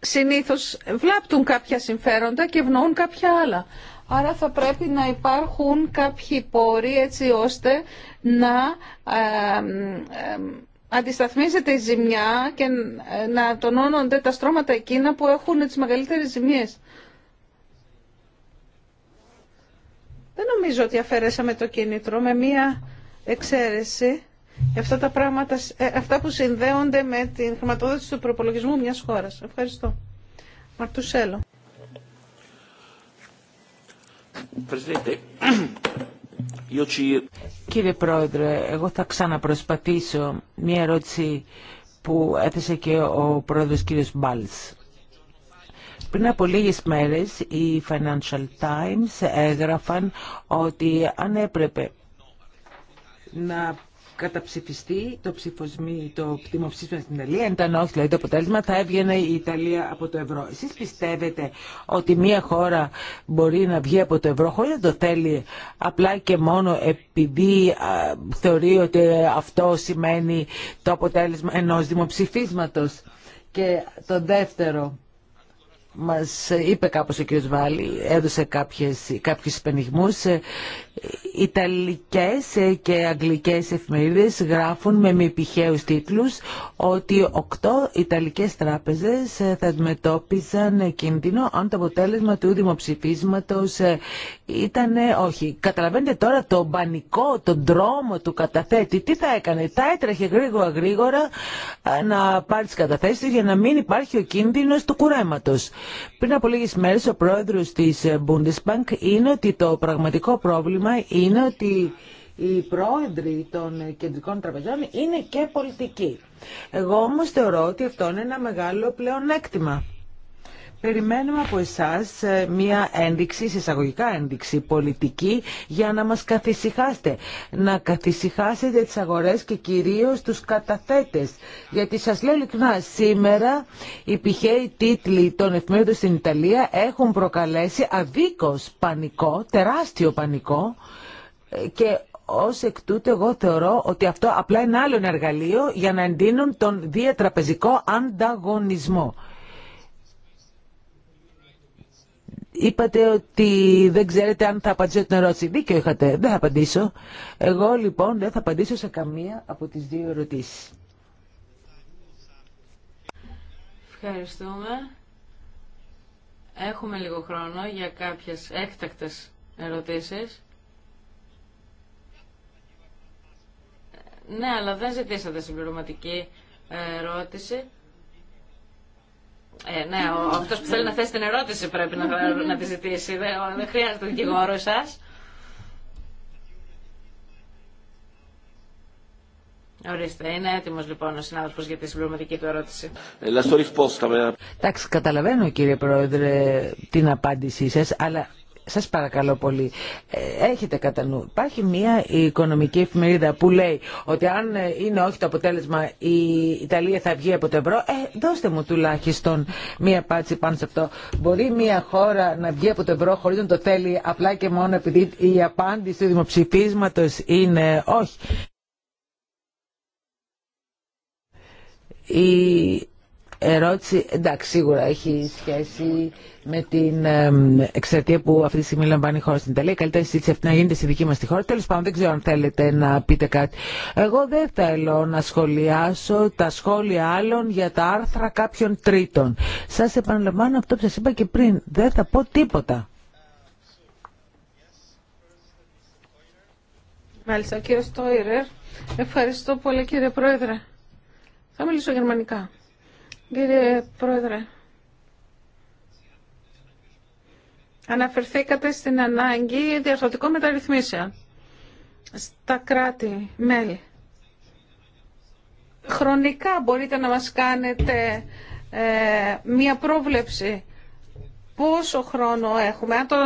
[SPEAKER 1] συνήθως βλάπτουν κάποια συμφέροντα και ευνοούν κάποια άλλα. Άρα θα πρέπει να υπάρχουν κάποιοι πόροι έτσι ώστε να αντισταθμίζεται η ζημιά και να τονώνονται τα στρώματα εκείνα που έχουν τις μεγαλύτερες ζημίες. Δεν νομίζω ότι αφαιρέσαμε το κίνητρο με μία εξαίρεση αυτά τα πράγματα, ε, αυτά που συνδέονται με την χρηματοδότηση του προπολογισμού μιας χώρας. Ευχαριστώ. Μαρτουσέλο.
[SPEAKER 4] Κύριε Πρόεδρε, εγώ θα ξαναπροσπαθήσω μία ερώτηση που έθεσε και ο Πρόεδρος κύριος Μπάλς. Πριν από λίγες μέρες οι Financial Times έγραφαν ότι αν έπρεπε να καταψηφιστεί το, ψηφοσμί, το δημοψήφισμα στην Ιταλία. Αν ήταν όχι, δηλαδή το αποτέλεσμα, θα έβγαινε η Ιταλία από το ευρώ. Εσεί πιστεύετε ότι μια χώρα μπορεί να βγει από το ευρώ χωρίς να το θέλει, απλά και μόνο επειδή θεωρεί ότι αυτό σημαίνει το αποτέλεσμα ενός δημοψηφίσματος Και το δεύτερο, μας είπε κάπως ο κ. Βάλλη, έδωσε κάποιες, κάποιους ε, Ιταλικές και αγγλικές εφημερίδες γράφουν με μη επιχαίους τίτλους ότι οκτώ Ιταλικές τράπεζες θα αντιμετώπιζαν κίνδυνο αν το αποτέλεσμα του δημοψηφίσματος ήταν όχι. Καταλαβαίνετε τώρα το πανικό, τον τρόμο του καταθέτη. Τι θα έκανε, θα έτρεχε γρήγορα γρήγορα ε, να πάρει τις καταθέσεις για να μην υπάρχει ο κίνδυνος του κουρέματος. Πριν από λίγες μέρες ο πρόεδρος της Bundesbank είναι ότι το πραγματικό πρόβλημα πρόβλημα είναι ότι οι πρόεδροι των κεντρικών τραπεζών είναι και πολιτικοί. Εγώ όμως θεωρώ ότι αυτό είναι ένα μεγάλο πλεονέκτημα. Περιμένουμε από εσάς ε, μία ένδειξη, εισαγωγικά ένδειξη πολιτική για να μας καθησυχάσετε. Να καθησυχάσετε τις αγορές και κυρίως τους καταθέτες. Γιατί σας λέω ειλικρινά, σήμερα οι πηχαίοι τίτλοι των εφημερίδων στην Ιταλία έχουν προκαλέσει αδίκως πανικό, τεράστιο πανικό και Ω εκ τούτου εγώ θεωρώ ότι αυτό απλά είναι άλλο εργαλείο για να εντείνουν τον διατραπεζικό ανταγωνισμό. Είπατε ότι δεν ξέρετε αν θα απαντήσω την ερώτηση. Δίκιο είχατε. Δεν θα απαντήσω. Εγώ λοιπόν δεν θα απαντήσω σε καμία από τις δύο ερωτήσεις.
[SPEAKER 3] Ευχαριστούμε. Έχουμε λίγο χρόνο για κάποιες έκτακτες ερωτήσεις. Ναι, αλλά δεν ζητήσατε συμπληρωματική ε, ερώτηση. Ε, ναι, ο, αυτός που θέλει να θέσει την ερώτηση πρέπει να, να τη ζητήσει. Δεν, δεν χρειάζεται δικηγόρο σας. Ορίστε, είναι έτοιμος λοιπόν ο συνάδελφος για τη συμπληρωματική του ερώτηση.
[SPEAKER 5] Ε, Εντάξει,
[SPEAKER 4] καταλαβαίνω κύριε Πρόεδρε την απάντησή σας, αλλά σας παρακαλώ πολύ, ε, έχετε κατά νου. Υπάρχει μια οικονομική εφημερίδα που λέει ότι αν ε, είναι όχι το αποτέλεσμα η Ιταλία θα βγει από το ευρώ. Ε, δώστε μου τουλάχιστον μια πάτση πάνω σε αυτό. Μπορεί μια χώρα να βγει από το ευρώ χωρίς να το θέλει απλά και μόνο επειδή η απάντηση του δημοψηφίσματος είναι όχι. Η ερώτηση, εντάξει, σίγουρα έχει σχέση με την εξαρτία που αυτή τη στιγμή λαμβάνει η χώρα στην Ιταλία. Καλύτερα αυτή να γίνεται στη δική μα τη χώρα. Τέλο πάντων, δεν ξέρω αν θέλετε να πείτε κάτι. Εγώ δεν θέλω να σχολιάσω τα σχόλια άλλων για τα άρθρα κάποιων τρίτων. Σα επαναλαμβάνω αυτό που σα είπα και πριν. Δεν θα πω τίποτα.
[SPEAKER 1] Μάλιστα, κύριο Στόιρερ. Ευχαριστώ πολύ, κύριε Πρόεδρε. Θα μιλήσω γερμανικά. Κύριε Πρόεδρε, Αναφερθήκατε στην ανάγκη διαρθρωτικών μεταρρυθμίσεων στα κράτη-μέλη. Χρονικά μπορείτε να μας κάνετε ε, μία πρόβλεψη πόσο χρόνο έχουμε. Αν το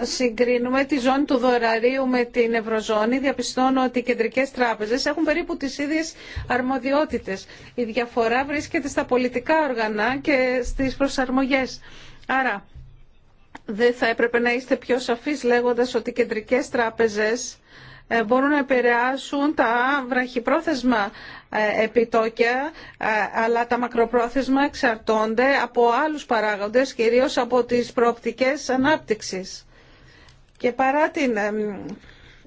[SPEAKER 1] ε, συγκρίνουμε τη ζώνη του δωραρίου με την Ευρωζώνη, διαπιστώνω ότι οι κεντρικές τράπεζες έχουν περίπου τις ίδιες αρμοδιότητες. Η διαφορά βρίσκεται στα πολιτικά όργανα και στις προσαρμογές. Άρα, δεν θα έπρεπε να είστε πιο σαφείς λέγοντας ότι οι κεντρικές τράπεζες ε, μπορούν να επηρεάσουν τα βραχυπρόθεσμα ε, επιτόκια, ε, αλλά τα μακροπρόθεσμα εξαρτώνται από άλλους παράγοντες, κυρίως από τις προοπτικές ανάπτυξης. Και παρά την,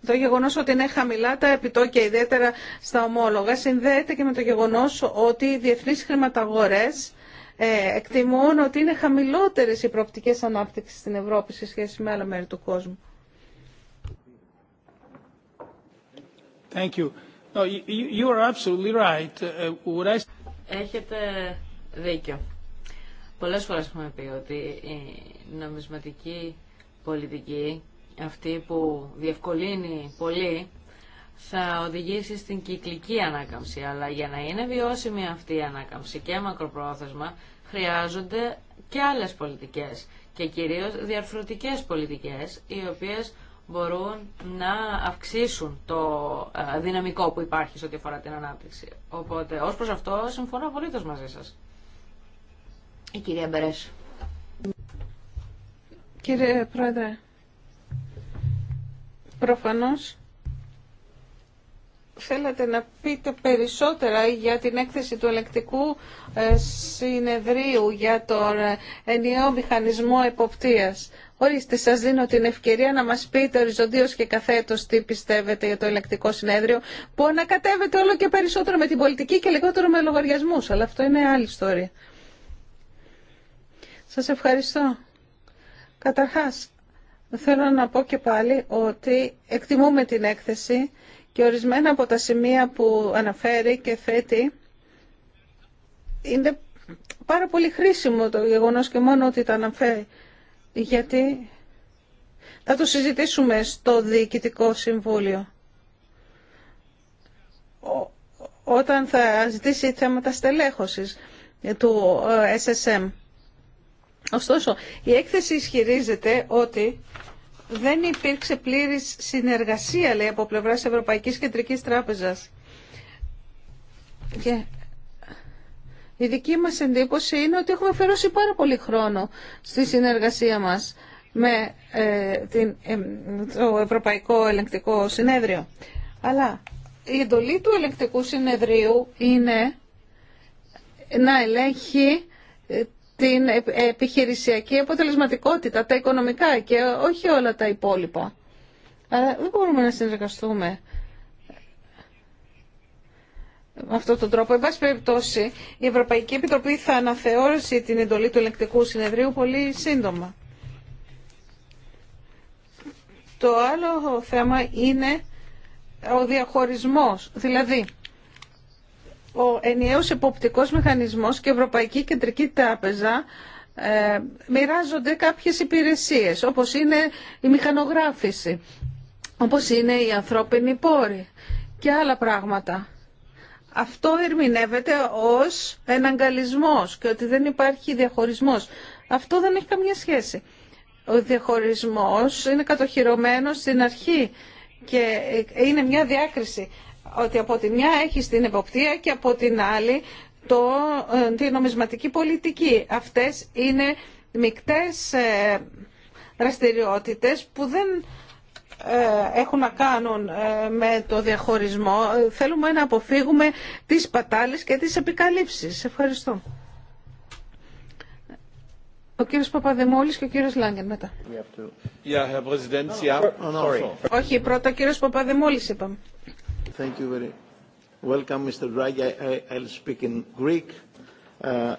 [SPEAKER 1] το γεγονός ότι είναι χαμηλά τα επιτόκια, ιδιαίτερα στα ομόλογα, συνδέεται και με το γεγονός ότι οι διεθνείς χρηματαγορές ε, εκτιμούν ότι είναι χαμηλότερες οι προοπτικές ανάπτυξης στην Ευρώπη σε σχέση με άλλα μέρη του κόσμου.
[SPEAKER 3] Έχετε δίκιο. Πολλές φορές έχουμε πει ότι η νομισματική πολιτική αυτή που διευκολύνει πολύ θα οδηγήσει στην κυκλική ανάκαμψη. Αλλά για να είναι βιώσιμη αυτή η ανάκαμψη και μακροπρόθεσμα χρειάζονται και άλλες πολιτικές και κυρίως διαρθρωτικές πολιτικές οι οποίες μπορούν να αυξήσουν το ε, δυναμικό που υπάρχει σε ό,τι αφορά την ανάπτυξη. Οπότε ως προς αυτό συμφωνώ απολύτως μαζί σας.
[SPEAKER 1] Η κυρία Μπερέσου. Κύριε Πρόεδρε, προφανώς θέλατε να πείτε περισσότερα για την έκθεση του ελεκτικού ε, συνεδρίου για τον ε, ενιαίο μηχανισμό εποπτείας. Ορίστε, σας δίνω την ευκαιρία να μας πείτε οριζοντίως και καθέτος τι πιστεύετε για το ελεκτικό συνέδριο που ανακατεύεται όλο και περισσότερο με την πολιτική και λιγότερο με λογαριασμούς, αλλά αυτό είναι άλλη ιστορία. Σας ευχαριστώ. Καταρχάς, θέλω να πω και πάλι ότι εκτιμούμε την έκθεση και ορισμένα από τα σημεία που αναφέρει και θέτει είναι πάρα πολύ χρήσιμο το γεγονός και μόνο ότι τα αναφέρει. Γιατί θα το συζητήσουμε στο Διοικητικό Συμβούλιο. Όταν θα ζητήσει θέματα στελέχωσης του ε, SSM. Ωστόσο, η έκθεση ισχυρίζεται ότι δεν υπήρξε πλήρης συνεργασία, λέει, από πλευράς Ευρωπαϊκής Κεντρικής Τράπεζας. Και η δική μας εντύπωση είναι ότι έχουμε αφαιρώσει πάρα πολύ χρόνο στη συνεργασία μας με ε, την, ε, το Ευρωπαϊκό Ελεγκτικό Συνέδριο. Αλλά η εντολή του Ελεγκτικού Συνεδρίου είναι να ελέγχει ε, την ε, επιχειρησιακή αποτελεσματικότητα, τα οικονομικά και όχι όλα τα υπόλοιπα. Αλλά δεν μπορούμε να συνεργαστούμε με αυτόν τον τρόπο. Εν πάση περιπτώσει, η Ευρωπαϊκή Επιτροπή θα αναθεώρησει την εντολή του ελεκτικού συνεδρίου πολύ σύντομα. Το άλλο θέμα είναι ο διαχωρισμός. Δηλαδή, ο ενιαίος εποπτικός μηχανισμός και η Ευρωπαϊκή Κεντρική Τράπεζα ε, μοιράζονται κάποιες υπηρεσίες, όπως είναι η μηχανογράφηση, όπως είναι η ανθρώπινη πόρη και άλλα πράγματα. Αυτό ερμηνεύεται ως εναγκαλισμός και ότι δεν υπάρχει διαχωρισμός. Αυτό δεν έχει καμία σχέση. Ο διαχωρισμός είναι κατοχυρωμένος στην αρχή και είναι μια διάκριση ότι από τη μια έχει την εποπτεία και από την άλλη το, ε, την νομισματική πολιτική. Αυτές είναι μικτές ε, δραστηριότητες που δεν ε, έχουν να κάνουν ε, με το διαχωρισμό. Θέλουμε να αποφύγουμε τις πατάλες και τις επικαλύψεις. Ευχαριστώ. Ο κύριος Παπαδημόλης και ο κύριος Λάγκεν μετά.
[SPEAKER 5] Herr
[SPEAKER 1] Όχι, πρώτα ο κύριος Παπαδημόλης είπαμε.
[SPEAKER 5] Thank you very welcome, Mr. Draghi. I'll speak in Greek. Uh,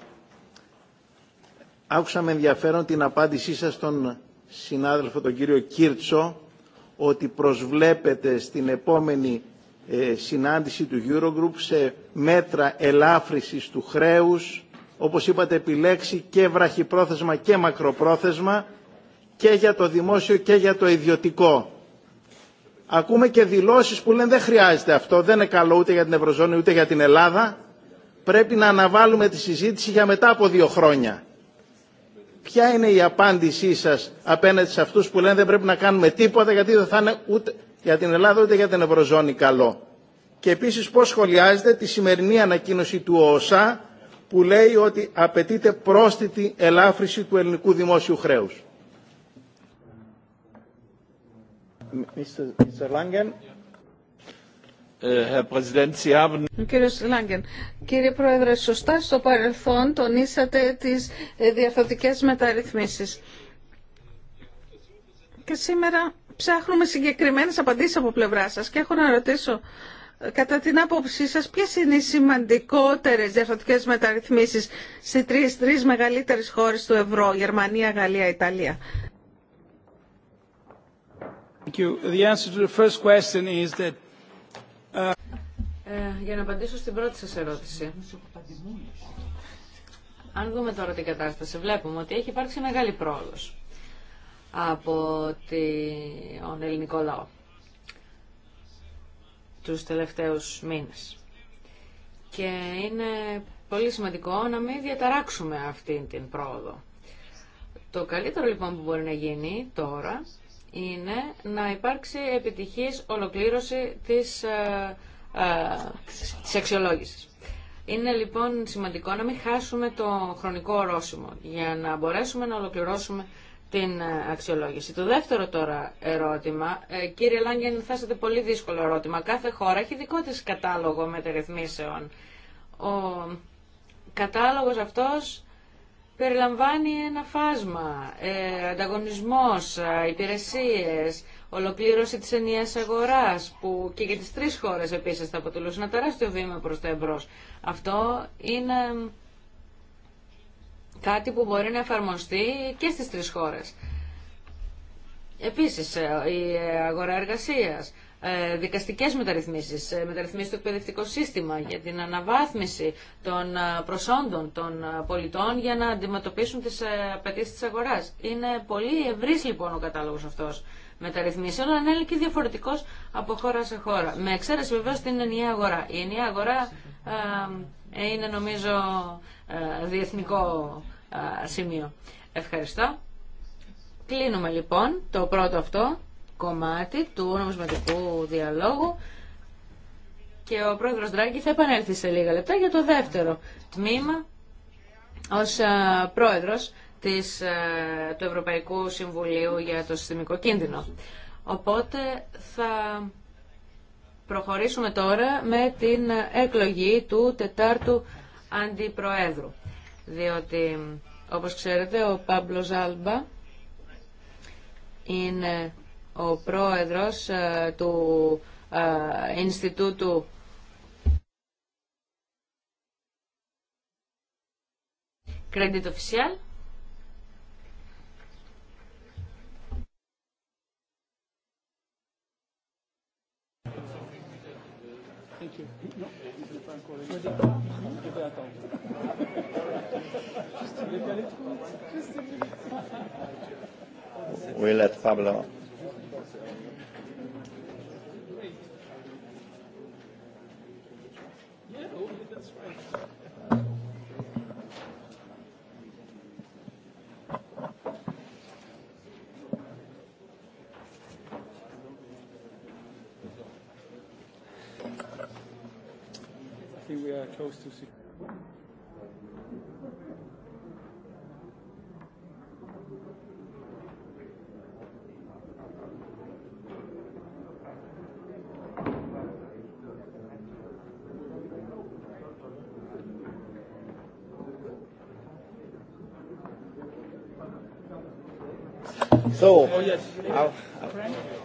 [SPEAKER 5] άκουσα με ενδιαφέρον την απάντησή σας στον συνάδελφο τον κύριο Κίρτσο ότι προσβλέπετε στην επόμενη ε, συνάντηση του Eurogroup σε μέτρα ελάφρυσης του χρέους, όπως είπατε επιλέξει και βραχυπρόθεσμα και μακροπρόθεσμα και για το δημόσιο και για το ιδιωτικό. Ακούμε και δηλώσεις που λένε δεν χρειάζεται αυτό, δεν είναι καλό ούτε για την Ευρωζώνη ούτε για την Ελλάδα. Πρέπει να αναβάλουμε τη συζήτηση για μετά από δύο χρόνια. Ποια είναι η απάντησή σας απέναντι σε αυτούς που λένε δεν πρέπει να κάνουμε τίποτα γιατί δεν θα είναι ούτε για την Ελλάδα ούτε για την Ευρωζώνη καλό. Και επίσης πώς σχολιάζεται τη σημερινή ανακοίνωση του ΟΟΣΑ που λέει ότι απαιτείται πρόσθετη ελάφρυση του ελληνικού δημόσιου χρέους. Ε,
[SPEAKER 1] κύριε Λάγκεν, κύριε Πρόεδρε, σωστά στο παρελθόν τονίσατε τις ε, διαφορετικές μεταρρυθμίσεις. Και σήμερα ψάχνουμε συγκεκριμένες απαντήσεις από πλευρά σας και έχω να ρωτήσω ε, κατά την άποψή σας ποιες είναι οι σημαντικότερες διαφορετικές μεταρρυθμίσεις στις τρεις, τρεις μεγαλύτερες χώρες του ευρώ, Γερμανία, Γαλλία, Ιταλία. Ε, για να απαντήσω στην πρώτη σας
[SPEAKER 3] ερώτηση. Αν δούμε τώρα την κατάσταση, βλέπουμε ότι έχει υπάρξει μεγάλη πρόοδος από τον ελληνικό λαό τους τελευταίους μήνες. Και είναι πολύ σημαντικό να μην διαταράξουμε αυτή την πρόοδο. Το καλύτερο λοιπόν που μπορεί να γίνει τώρα είναι να υπάρξει επιτυχής ολοκλήρωση της, ε, ε, της αξιολόγησης. Είναι λοιπόν σημαντικό να μην χάσουμε το χρονικό ορόσημο για να μπορέσουμε να ολοκληρώσουμε την ε, αξιολόγηση. Το δεύτερο τώρα ερώτημα, κύριε Λάγκεν, θέσατε πολύ δύσκολο ερώτημα. Κάθε χώρα έχει δικό της κατάλογο μεταρρυθμίσεων. Ο κατάλογος αυτός περιλαμβάνει ένα φάσμα, ε, ανταγωνισμός, ε, υπηρεσίες, ολοκλήρωση της ενιαίας αγοράς που και για τις τρεις χώρες επίσης θα αποτελούσε ένα τεράστιο βήμα προς τα εμπρός. Αυτό είναι κάτι που μπορεί να εφαρμοστεί και στις τρεις χώρες. Επίσης, ε, η αγορά εργασίας. Ε, δικαστικές μεταρρυθμίσεις, ε, μεταρρυθμίσεις στο εκπαιδευτικό σύστημα για την αναβάθμιση των ε, προσόντων των πολιτών για να αντιμετωπίσουν τις απαιτήσει της αγοράς. Είναι πολύ ευρύς λοιπόν ο κατάλογος αυτός μεταρρυθμίσεων, αλλά είναι και διαφορετικός από χώρα σε χώρα. Με εξαίρεση βεβαίως την ενιαία αγορά. Η ενιαία αγορά είναι νομίζω διεθνικό σημείο. Ευχαριστώ. Κλείνουμε λοιπόν το πρώτο αυτό κομμάτι του νομισματικού διαλόγου και ο πρόεδρος Δράγκη θα επανέλθει σε λίγα λεπτά για το δεύτερο τμήμα ως ε, πρόεδρος της, ε, του Ευρωπαϊκού Συμβουλίου για το Συστημικό Κίνδυνο. Οπότε θα προχωρήσουμε τώρα με την εκλογή του τετάρτου αντιπροέδρου. Διότι, όπως ξέρετε, ο Πάμπλο Ζάλμπα είναι ο πρόεδρος ε, του ε, Ινστιτούτου Credit Official.
[SPEAKER 5] We let Pablo
[SPEAKER 6] uh, close to see. So, oh, yes.
[SPEAKER 5] I'll, I'll.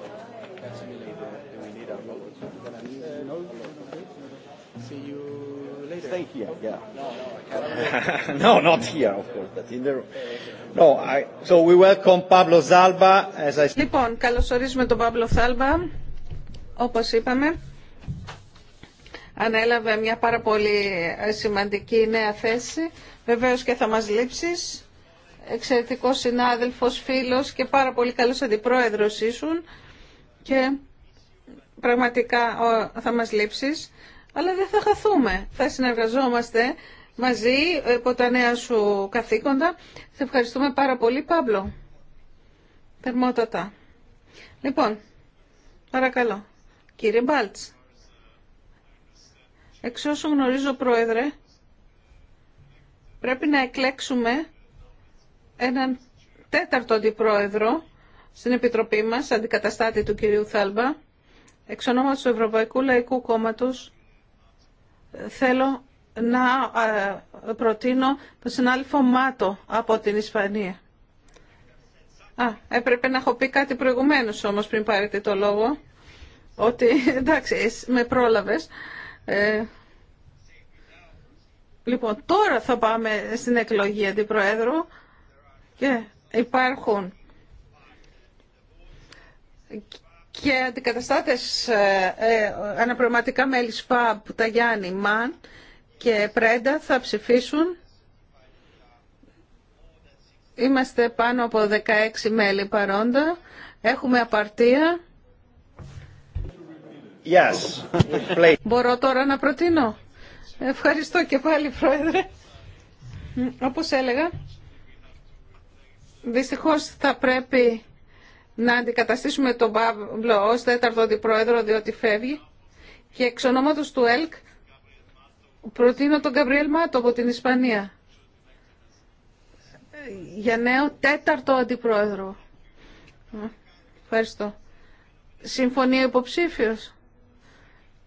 [SPEAKER 5] stay <laughs>
[SPEAKER 1] Λοιπόν, καλωσορίζουμε τον Παύλο Θάλμπα, όπως είπαμε. Ανέλαβε μια πάρα πολύ ε, σημαντική νέα θέση. Βεβαίως και θα μας λείψεις. Εξαιρετικός συνάδελφος, φίλος και πάρα πολύ καλός αντιπρόεδρος ήσουν. Και πραγματικά θα μας λείψεις αλλά δεν θα χαθούμε. Θα συνεργαζόμαστε μαζί ε, από τα νέα σου καθήκοντα. Σε ευχαριστούμε πάρα πολύ, Παύλο. Θερμότατα. Λοιπόν, παρακαλώ. Κύριε Μπάλτς. Εξ όσου γνωρίζω, Πρόεδρε, πρέπει να εκλέξουμε έναν τέταρτο αντιπρόεδρο στην Επιτροπή μας, αντικαταστάτη του κυρίου Θάλμπα, εξ ονόματος του Ευρωπαϊκού Λαϊκού Κόμματος, θέλω να ε, προτείνω τον συνάδελφο Μάτο από την Ισπανία. Α, έπρεπε να έχω πει κάτι προηγουμένως όμως πριν πάρετε το λόγο. Ότι, εντάξει, με πρόλαβες. Ε, λοιπόν, τώρα θα πάμε στην εκλογή αντιπροέδρου και υπάρχουν και αντικαταστάτες ε, ε, μέλη ΣΠΑ που τα Γιάννη Μαν και Πρέντα θα ψηφίσουν. Είμαστε πάνω από 16 μέλη παρόντα. Έχουμε απαρτία. Yes. Μπορώ τώρα να προτείνω. Ευχαριστώ και πάλι, Πρόεδρε. Όπως έλεγα, δυστυχώς θα πρέπει να αντικαταστήσουμε τον Παύλο ως τέταρτο αντιπρόεδρο διότι φεύγει και εξ ονόματο του ΕΛΚ προτείνω τον Καμπριέλ Μάτο από την Ισπανία για νέο τέταρτο αντιπρόεδρο. Ευχαριστώ. Συμφωνία ο υποψήφιος.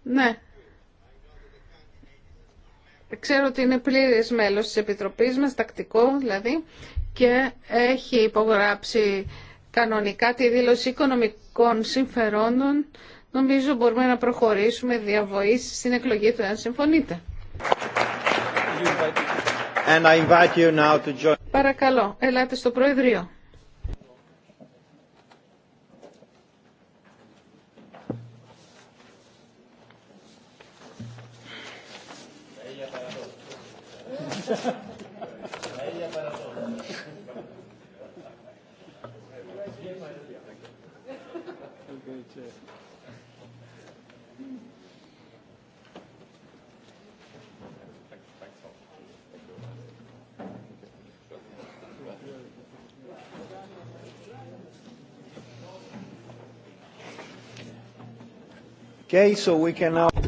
[SPEAKER 1] Ναι. Ξέρω ότι είναι πλήρες μέλος της Επιτροπής μας, τακτικό δηλαδή, και έχει υπογράψει κανονικά τη δήλωση οικονομικών συμφερόντων, νομίζω μπορούμε να προχωρήσουμε διαβοήσει στην εκλογή του, αν συμφωνείτε. Παρακαλώ, ελάτε στο Προεδρείο. <laughs>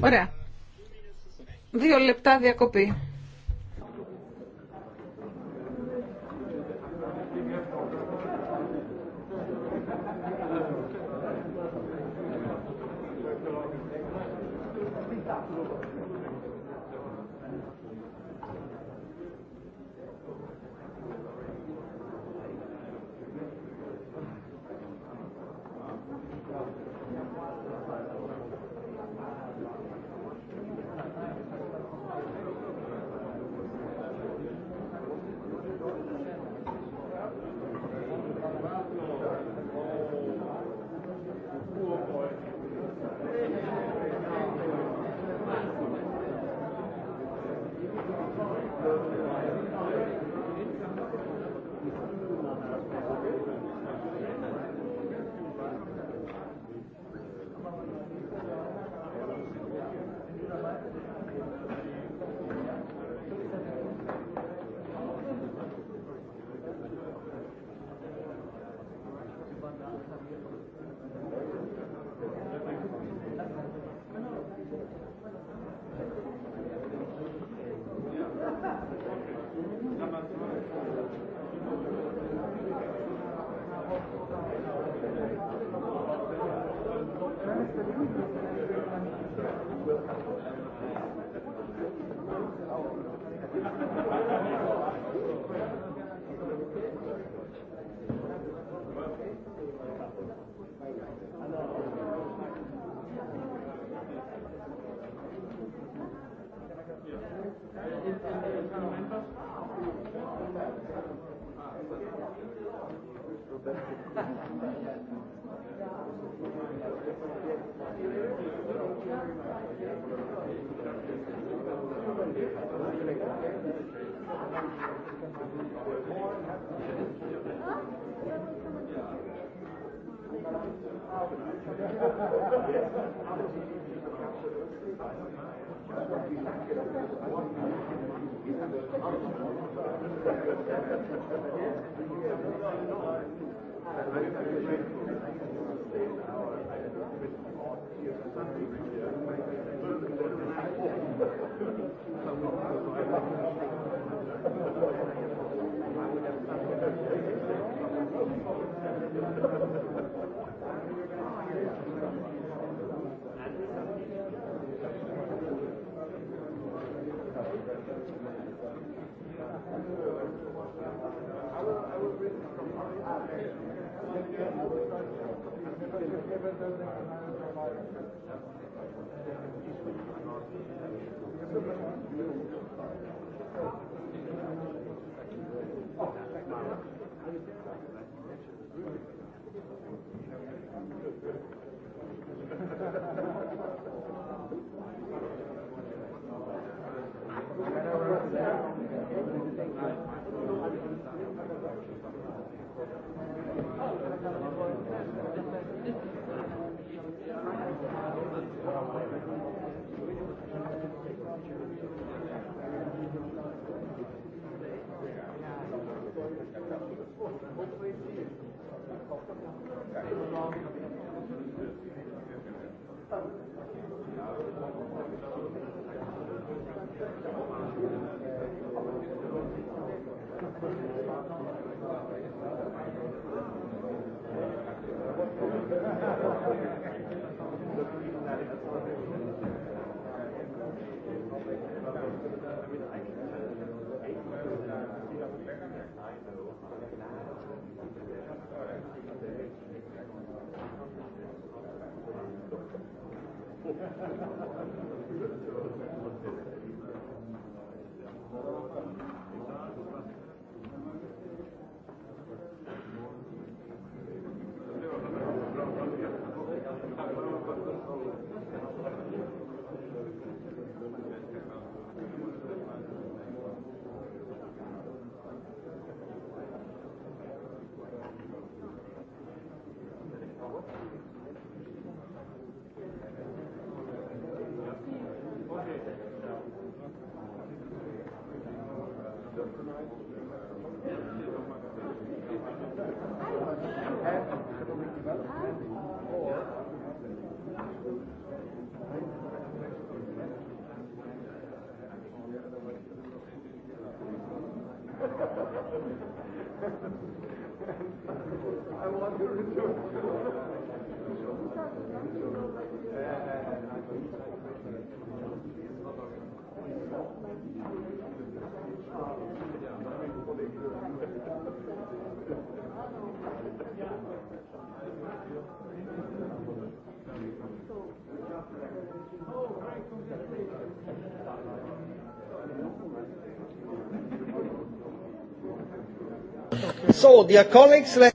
[SPEAKER 1] Ωραία. Δύο λεπτά διακοπή.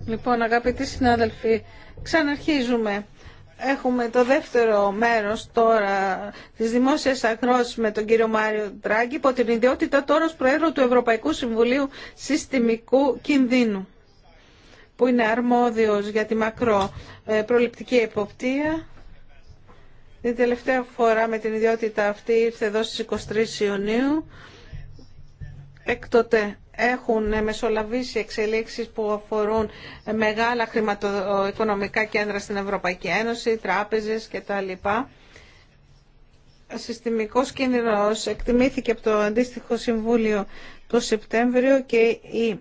[SPEAKER 1] Λοιπόν, αγαπητοί συνάδελφοι, ξαναρχίζουμε. Έχουμε το δεύτερο μέρος τώρα της δημόσιας ακρόσης με τον κύριο Μάριο Τράγκη υπό την ιδιότητα τώρα ως προέδρου του Ευρωπαϊκού Συμβουλίου Συστημικού Κινδύνου που είναι αρμόδιος για τη μακρό ε, προληπτική εποπτεία. Την τελευταία φορά με την ιδιότητα αυτή ήρθε εδώ στις 23 Ιουνίου. Έκτοτε έχουν μεσολαβήσει εξελίξεις που αφορούν μεγάλα χρηματοοικονομικά κέντρα στην Ευρωπαϊκή Ένωση, τράπεζες κτλ. Συστημικός κίνδυνος εκτιμήθηκε από το αντίστοιχο Συμβούλιο το Σεπτέμβριο και η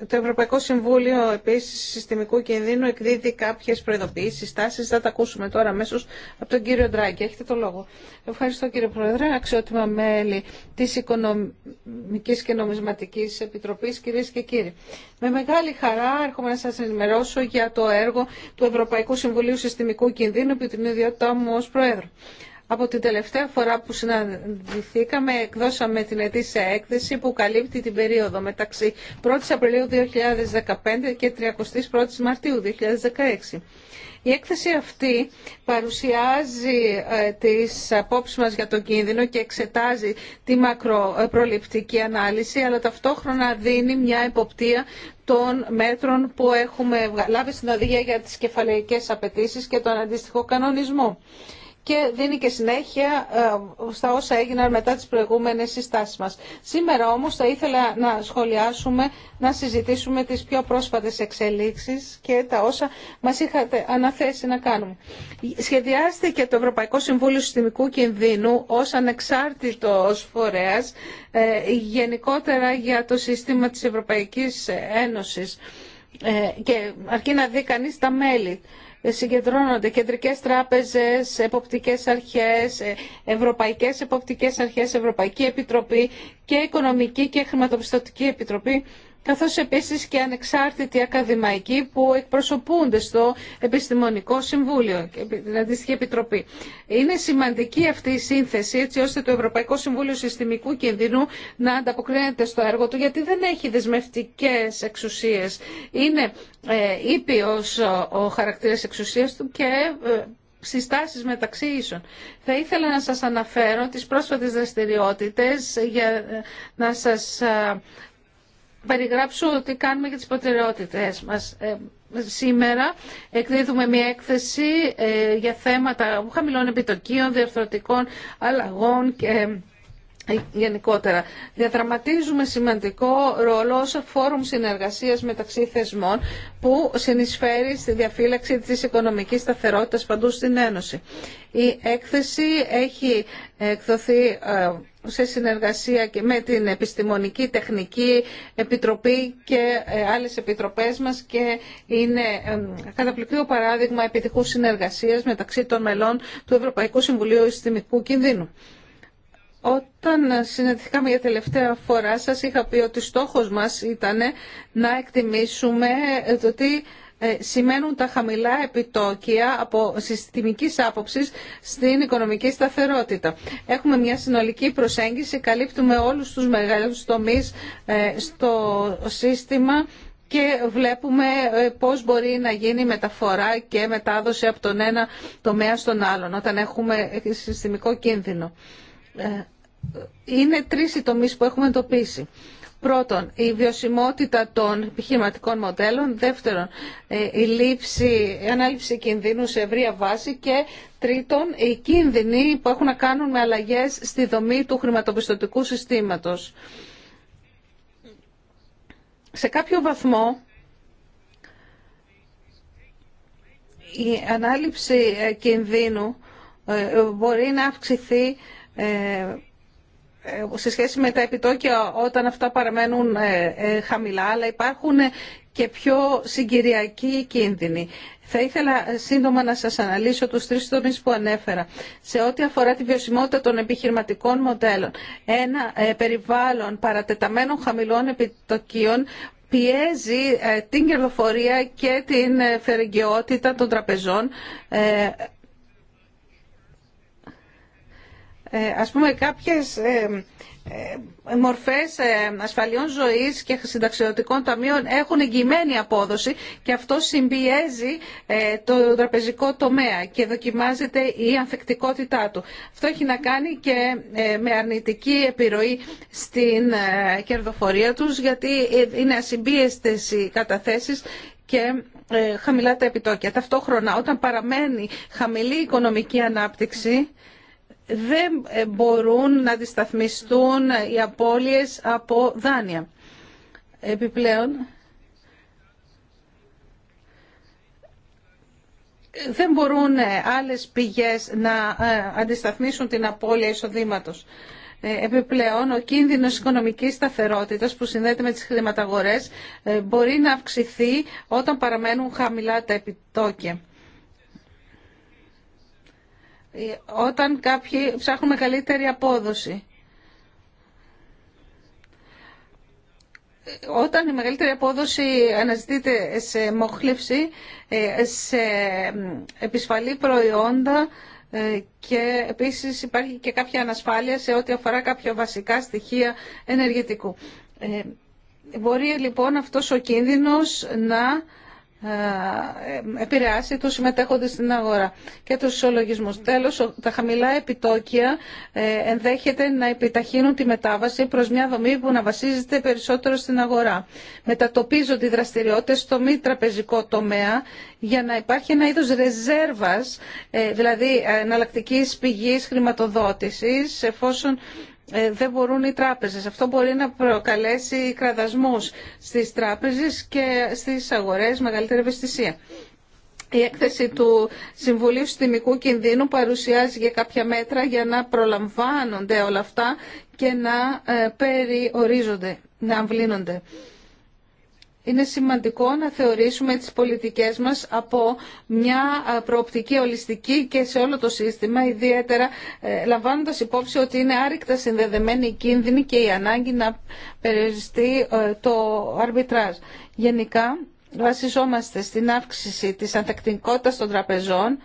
[SPEAKER 1] ε, το Ευρωπαϊκό Συμβούλιο επίσης συστημικού κινδύνου εκδίδει κάποιες προειδοποιήσει τάσει. Θα τα ακούσουμε τώρα αμέσω από τον κύριο Ντράγκη. Έχετε το λόγο. Ευχαριστώ κύριε Πρόεδρε. Αξιότιμα μέλη τη οικονομική και νομισματική επιτροπή, κύριε και κύριοι. Με μεγάλη χαρά έρχομαι να σας ενημερώσω για το έργο του Ευρωπαϊκού Συμβουλίου Συστημικού Κινδύνου επί την ιδιότητά μου ω Πρόεδρο. Από την τελευταία φορά που συναντηθήκαμε εκδώσαμε την ετήσια έκθεση που καλύπτει την περίοδο μεταξύ 1η Απριλίου 2015 και 31η Μαρτίου 2016. Η έκθεση αυτή παρουσιάζει ε, τις απόψεις μας για τον κίνδυνο και εξετάζει τη μακροπροληπτική ανάλυση, αλλά ταυτόχρονα δίνει μια εποπτεία των μέτρων που έχουμε λάβει στην οδηγία για τις κεφαλαϊκές απαιτήσεις και τον αντίστοιχο κανονισμό και δίνει και συνέχεια ε, στα όσα έγιναν μετά τις προηγούμενες συστάσεις μας. Σήμερα όμως θα ήθελα να σχολιάσουμε, να συζητήσουμε τις πιο πρόσφατες εξελίξεις και τα όσα μας είχατε αναθέσει να κάνουμε. Σχεδιάστηκε το Ευρωπαϊκό Συμβούλιο Συστημικού Κινδύνου ως ανεξάρτητος φορέας ε, γενικότερα για το σύστημα της Ευρωπαϊκής Ένωσης ε, και αρκεί να δει κανείς τα μέλη συγκεντρώνονται κεντρικές τράπεζες, εποπτικές αρχές, ε, ευρωπαϊκές εποπτικές αρχές, Ευρωπαϊκή Επιτροπή και Οικονομική και Χρηματοπιστωτική Επιτροπή καθώς επίσης και ανεξάρτητοι ακαδημαϊκοί που εκπροσωπούνται στο Επιστημονικό Συμβούλιο, δηλαδή την αντίστοιχη επιτροπή. Είναι σημαντική αυτή η σύνθεση έτσι ώστε το Ευρωπαϊκό Συμβούλιο Συστημικού Κινδυνού να ανταποκρίνεται στο έργο του γιατί δεν έχει δεσμευτικές εξουσίες. Είναι ε, ήπιος ο χαρακτήρας εξουσίας του και ε, συστάσεις μεταξύ ίσων. Θα ήθελα να σας αναφέρω τις πρόσφατες δραστηριότητες για να σας ε, περιγράψω τι κάνουμε για τις προτεραιότητες μας. Ε, σήμερα εκδίδουμε μια έκθεση ε, για θέματα χαμηλών επιτοκίων, διαρθρωτικών αλλαγών και ε, γενικότερα. Διαδραματίζουμε σημαντικό ρόλο ως φόρουμ συνεργασίας μεταξύ θεσμών που συνεισφέρει στη διαφύλαξη της οικονομικής σταθερότητας παντού στην Ένωση. Η έκθεση έχει εκδοθεί σε συνεργασία και με την Επιστημονική Τεχνική Επιτροπή και ε, άλλες επιτροπές μας και είναι καταπληκτικό παράδειγμα επιτυχούς συνεργασίας μεταξύ των μελών του Ευρωπαϊκού Συμβουλίου Ιστημικού Κινδύνου. Όταν συναντηθήκαμε για τελευταία φορά σας είχα πει ότι στόχος μας ήταν να εκτιμήσουμε το τι ε, σημαίνουν τα χαμηλά επιτόκια από συστημικής άποψης στην οικονομική σταθερότητα. Έχουμε μια συνολική προσέγγιση, καλύπτουμε όλους τους μεγάλους τομείς ε, στο σύστημα και βλέπουμε ε, πώς μπορεί να γίνει μεταφορά και μετάδοση από τον ένα τομέα στον άλλον όταν έχουμε συστημικό κίνδυνο. Είναι τρεις οι τομείς που έχουμε εντοπίσει. Πρώτον, η βιωσιμότητα των επιχειρηματικών μοντέλων. Δεύτερον, ε, η λήψη, η ανάληψη κινδύνου σε ευρεία βάση. Και τρίτον, οι κίνδυνοι που έχουν να κάνουν με αλλαγές στη δομή του χρηματοπιστωτικού συστήματος. Σε κάποιο βαθμό, η ανάληψη ε, κινδύνου ε, μπορεί να αυξηθεί ε, σε σχέση με τα επιτόκια όταν αυτά παραμένουν ε, ε, χαμηλά, αλλά υπάρχουν και πιο συγκυριακοί κίνδυνοι. Θα ήθελα σύντομα να σας αναλύσω τους τρεις τομείς που ανέφερα. Σε ό,τι αφορά τη βιωσιμότητα των επιχειρηματικών μοντέλων, ένα περιβάλλον παρατεταμένων χαμηλών επιτοκίων πιέζει την κερδοφορία και την φερεγγιότητα των τραπεζών Ε, ας πούμε κάποιες ε, ε, μορφές ασφαλιών ζωής και συνταξιωτικών ταμείων έχουν εγγυημένη απόδοση και αυτό συμπιέζει το τραπεζικό τομέα και δοκιμάζεται η ανθεκτικότητά του. Αυτό έχει να κάνει και με αρνητική επιρροή στην κερδοφορία τους γιατί είναι ασυμπίεστες οι καταθέσεις και χαμηλά τα επιτόκια. Ταυτόχρονα όταν παραμένει χαμηλή οικονομική ανάπτυξη δεν ε, μπορούν να αντισταθμιστούν οι απώλειες από δάνεια. Επιπλέον, δεν μπορούν ε, άλλες πηγές να ε, αντισταθμίσουν την απώλεια εισοδήματος. Επιπλέον, ο κίνδυνος οικονομικής σταθερότητας που συνδέεται με τις χρηματαγορές μπορεί να αυξηθεί όταν παραμένουν χαμηλά τα επιτόκια όταν κάποιοι ψάχνουν καλύτερη απόδοση. Όταν η μεγαλύτερη απόδοση αναζητείται σε μοχλεύση, ε, σε επισφαλή προϊόντα ε, και επίσης υπάρχει και κάποια ανασφάλεια σε ό,τι αφορά κάποια βασικά στοιχεία ενεργητικού. Ε, μπορεί λοιπόν αυτός ο κίνδυνος να ε, επηρεάσει τους συμμετέχοντες στην αγορά και τους ισολογισμούς. Τέλος, τα χαμηλά επιτόκια ε, ενδέχεται να επιταχύνουν τη μετάβαση προς μια δομή που να βασίζεται περισσότερο στην αγορά. Μετατοπίζονται οι δραστηριότητες στο μη τραπεζικό τομέα για να υπάρχει ένα είδος ρεζέρβας, ε, δηλαδή εναλλακτική πηγής χρηματοδότησης, εφόσον ε, δεν μπορούν οι τράπεζες. Αυτό μπορεί να προκαλέσει κραδασμούς στις τράπεζες και στις αγορές μεγαλύτερη ευαισθησία. Η έκθεση του Συμβουλίου Συστημικού Κινδύνου παρουσιάζει για κάποια μέτρα για να προλαμβάνονται όλα αυτά και να ε, περιορίζονται, να αμβλύνονται είναι σημαντικό να θεωρήσουμε τις πολιτικές μας από μια προοπτική ολιστική και σε όλο το σύστημα, ιδιαίτερα ε, λαμβάνοντας υπόψη ότι είναι άρρηκτα συνδεδεμένη η κίνδυνη και η ανάγκη να περιοριστεί ε, το αρμπιτράζ. Γενικά, βασιζόμαστε στην αύξηση της ανθεκτικότητας των τραπεζών,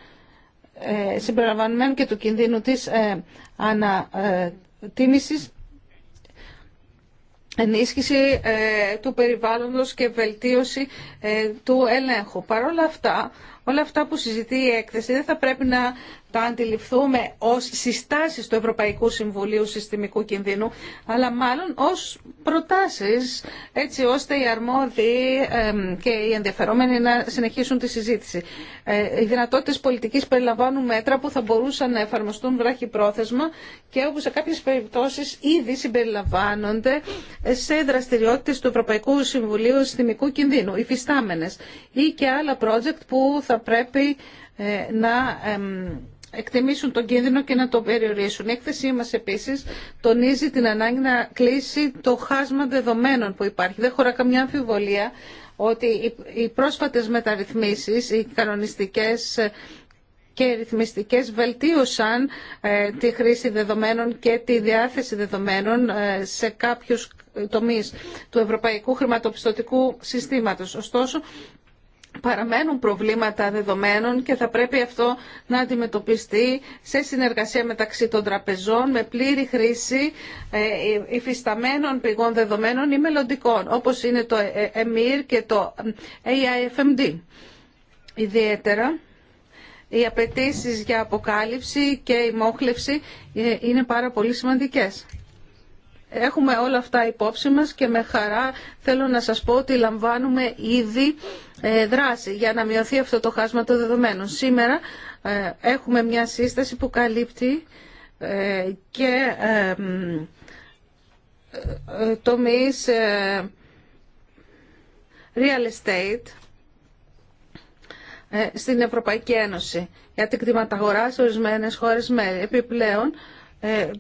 [SPEAKER 1] ε, συμπεριλαμβανομένου και του κινδύνου της ανατίμησης ενίσχυση ε, του περιβάλλοντος και βελτίωση ε, του ελέγχου. Παρ' όλα αυτά, όλα αυτά που συζητεί η έκθεση δεν θα πρέπει να τα αντιληφθούμε ως συστάσεις του Ευρωπαϊκού Συμβουλίου Συστημικού Κινδύνου, αλλά μάλλον ως προτάσεις, έτσι ώστε οι αρμόδιοι και οι ενδιαφερόμενοι να συνεχίσουν τη συζήτηση. Ε, οι δυνατότητες πολιτικής περιλαμβάνουν μέτρα που θα μπορούσαν να εφαρμοστούν βράχη πρόθεσμα και όπου σε κάποιες περιπτώσεις ήδη συμπεριλαμβάνονται σε δραστηριότητες του Ευρωπαϊκού Συμβουλίου Συστημικού Κινδύνου, υφιστάμενες ή και άλλα project που θα πρέπει ε, να εκτιμήσουν τον κίνδυνο και να τον περιορίσουν. Η έκθεσή μα επίση, τονίζει την ανάγκη να κλείσει το χάσμα δεδομένων που υπάρχει. Δεν χωρά καμιά αμφιβολία ότι οι πρόσφατες μεταρρυθμίσεις, οι κανονιστικές και ρυθμιστικές βελτίωσαν ε, τη χρήση δεδομένων και τη διάθεση δεδομένων ε, σε κάποιους τομείς του ευρωπαϊκού χρηματοπιστωτικού συστήματος. Ωστόσο, παραμένουν προβλήματα δεδομένων και θα πρέπει αυτό να αντιμετωπιστεί σε συνεργασία μεταξύ των τραπεζών με πλήρη χρήση ε, υφισταμένων πηγών δεδομένων ή μελλοντικών, όπως είναι το EMIR και το AIFMD. Ιδιαίτερα, οι απαιτήσει για αποκάλυψη και η μόχλευση ε, είναι πάρα πολύ σημαντικές. Έχουμε όλα αυτά υπόψη μας και με χαρά θέλω να σας πω ότι λαμβάνουμε ήδη ε, δράση για να μειωθεί αυτό το χάσμα των δεδομένων. Σήμερα ε, έχουμε μια σύσταση που καλύπτει ε, και τομείς real estate στην Ευρωπαϊκή Ένωση για την κτηματαγορά σε ορισμένες χώρες μέλη. Επιπλέον,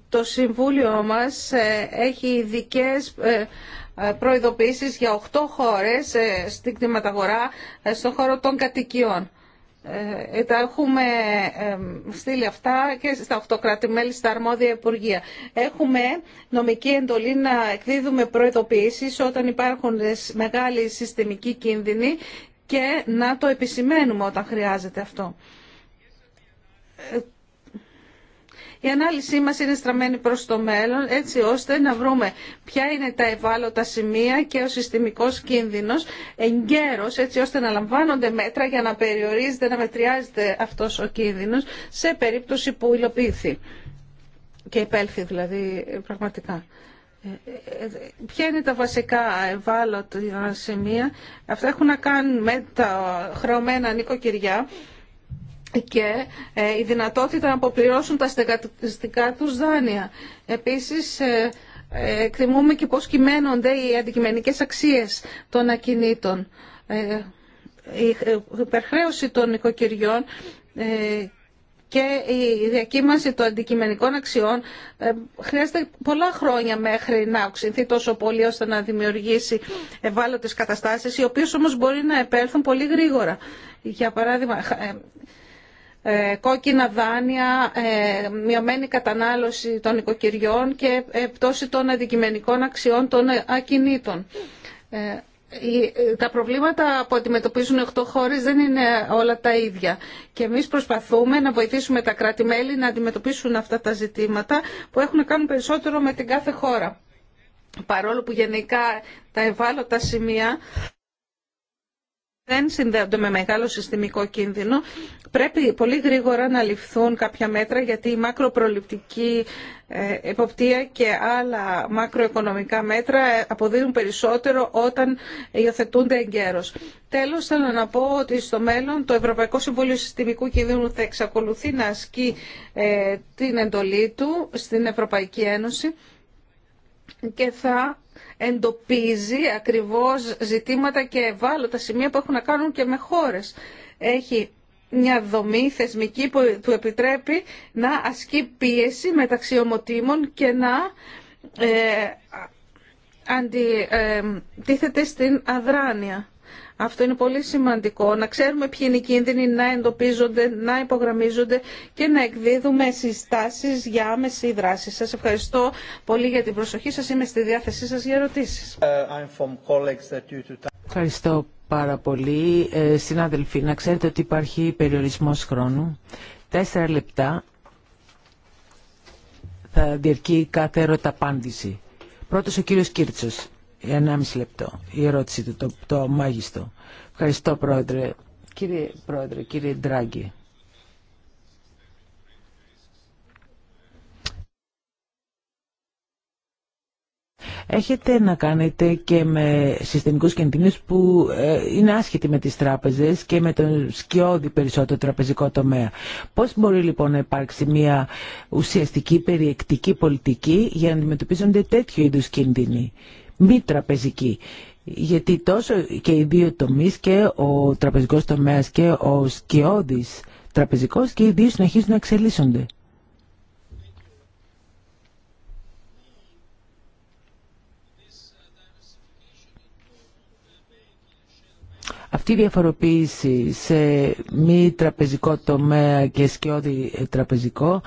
[SPEAKER 1] το Συμβούλιο μας έχει ειδικέ ε, προειδοποιήσεις για 8 χώρες ε, στην κτηματαγορά ε, στον χώρο των κατοικιών. Ε, τα έχουμε ε, στείλει αυτά και στα 8 μελη στα αρμόδια υπουργεία. Έχουμε νομική εντολή να εκδίδουμε προειδοποιήσεις όταν υπάρχουν μεγάλη συστημικοί κίνδυνοι και να το επισημαίνουμε όταν χρειάζεται αυτό. Η ανάλυση μας είναι στραμμένη προς το μέλλον έτσι ώστε να βρούμε ποια είναι τα ευάλωτα σημεία και ο συστημικός κίνδυνος εγκαίρως έτσι ώστε να λαμβάνονται μέτρα για να περιορίζεται, να μετριάζεται αυτός ο κίνδυνος σε περίπτωση που υλοποιηθεί και υπέλθει δηλαδή πραγματικά. Ποια είναι τα βασικά ευάλωτα σημεία. Αυτά έχουν να κάνουν με τα χρεωμένα νοικοκυριά και ε, η δυνατότητα να αποπληρώσουν τα στεγαστικά τους δάνεια. Επίσης, ε, ε, εκτιμούμε και πώς κυμαίνονται οι αντικειμενικές αξίες των ακινήτων. Η υπερχρέωση των οικοκυριών και η διακύμανση των αντικειμενικών αξιών χρειάζεται πολλά χρόνια μέχρι να οξυνθεί τόσο πολύ ώστε να δημιουργήσει ευάλωτες καταστάσεις, οι οποίες όμως μπορεί να επέλθουν πολύ γρήγορα. Για παράδειγμα, ε, κόκκινα δάνεια, ε, μειωμένη κατανάλωση των οικοκυριών και ε, πτώση των αντικειμενικών αξιών των ακινήτων. Τα προβλήματα που αντιμετωπίζουν 8 χώρε δεν είναι όλα τα ίδια. Και εμεί προσπαθούμε να βοηθήσουμε τα κράτη-μέλη να αντιμετωπίσουν αυτά τα ζητήματα που έχουν να κάνουν περισσότερο με την κάθε χώρα. Παρόλο που γενικά τα ευάλωτα σημεία δεν συνδέονται με μεγάλο συστημικό κίνδυνο. Πρέπει πολύ γρήγορα να ληφθούν κάποια μέτρα γιατί η μακροπροληπτική ε, εποπτεία και άλλα μακροοικονομικά μέτρα ε, αποδίδουν περισσότερο όταν υιοθετούνται εγκαίρως. Τέλος, θέλω να πω ότι στο μέλλον το Ευρωπαϊκό Συμβούλιο Συστημικού Κινδύνου θα εξακολουθεί να ασκεί ε, την εντολή του στην Ευρωπαϊκή Ένωση και θα εντοπίζει ακριβώς ζητήματα και ευάλωτα σημεία που έχουν να κάνουν και με χώρες. Έχει μια δομή θεσμική που του επιτρέπει να ασκεί πίεση μεταξύ ομοτήμων και να ε, αντιτίθεται ε, στην αδράνεια. Αυτό είναι πολύ σημαντικό, να ξέρουμε ποιοι είναι οι κίνδυνοι, να εντοπίζονται, να υπογραμμίζονται και να εκδίδουμε συστάσεις για άμεση δράση. Σας ευχαριστώ πολύ για την προσοχή σας. Είμαι στη διάθεσή σας για ερωτήσεις.
[SPEAKER 5] Ε,
[SPEAKER 4] ευχαριστώ πάρα πολύ. Ε, συνάδελφοι, να ξέρετε ότι υπάρχει περιορισμός χρόνου. Τέσσερα λεπτά θα διερκει κάθε ερώτα απάντηση. Πρώτος ο κύριος Κίρτσος. 1,5 λεπτό. Η ερώτηση του, το, το μάγιστο. Ευχαριστώ πρόεδρε. Κύριε πρόεδρε, κύριε Ντράγκη. Έχετε να κάνετε και με συστημικούς κινδύνους που ε, είναι άσχετοι με τις τράπεζες και με τον σκιώδη περισσότερο τραπεζικό τομέα. Πώς μπορεί λοιπόν να υπάρξει μια ουσιαστική περιεκτική πολιτική για να αντιμετωπίζονται τέτοιου είδους κίνδυνοι μη τραπεζική. Γιατί τόσο και οι δύο τομείς και ο τραπεζικός τομέας και ο σκιώδης τραπεζικός και οι δύο συνεχίζουν να εξελίσσονται. Αυτή η διαφοροποίηση σε μη τραπεζικό τομέα και σκιώδη τραπεζικό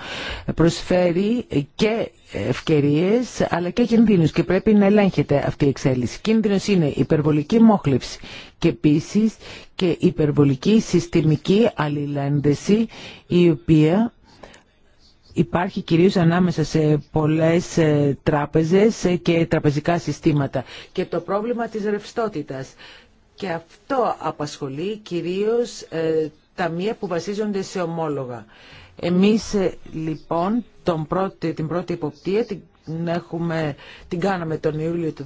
[SPEAKER 4] προσφέρει και ευκαιρίες αλλά και κινδύνους και πρέπει να ελέγχεται αυτή η εξέλιξη. Κίνδυνος είναι υπερβολική μόχλευση και επίση και υπερβολική συστημική αλληλένδεση η οποία υπάρχει κυρίως ανάμεσα σε πολλές ε, τράπεζες και τραπεζικά συστήματα και το πρόβλημα της ρευστότητας. Και αυτό απασχολεί κυρίως ε, τα μία που βασίζονται σε ομόλογα. Εμείς ε, λοιπόν τον πρώτη, την πρώτη υποπτία την, έχουμε, την κάναμε τον Ιούλιο του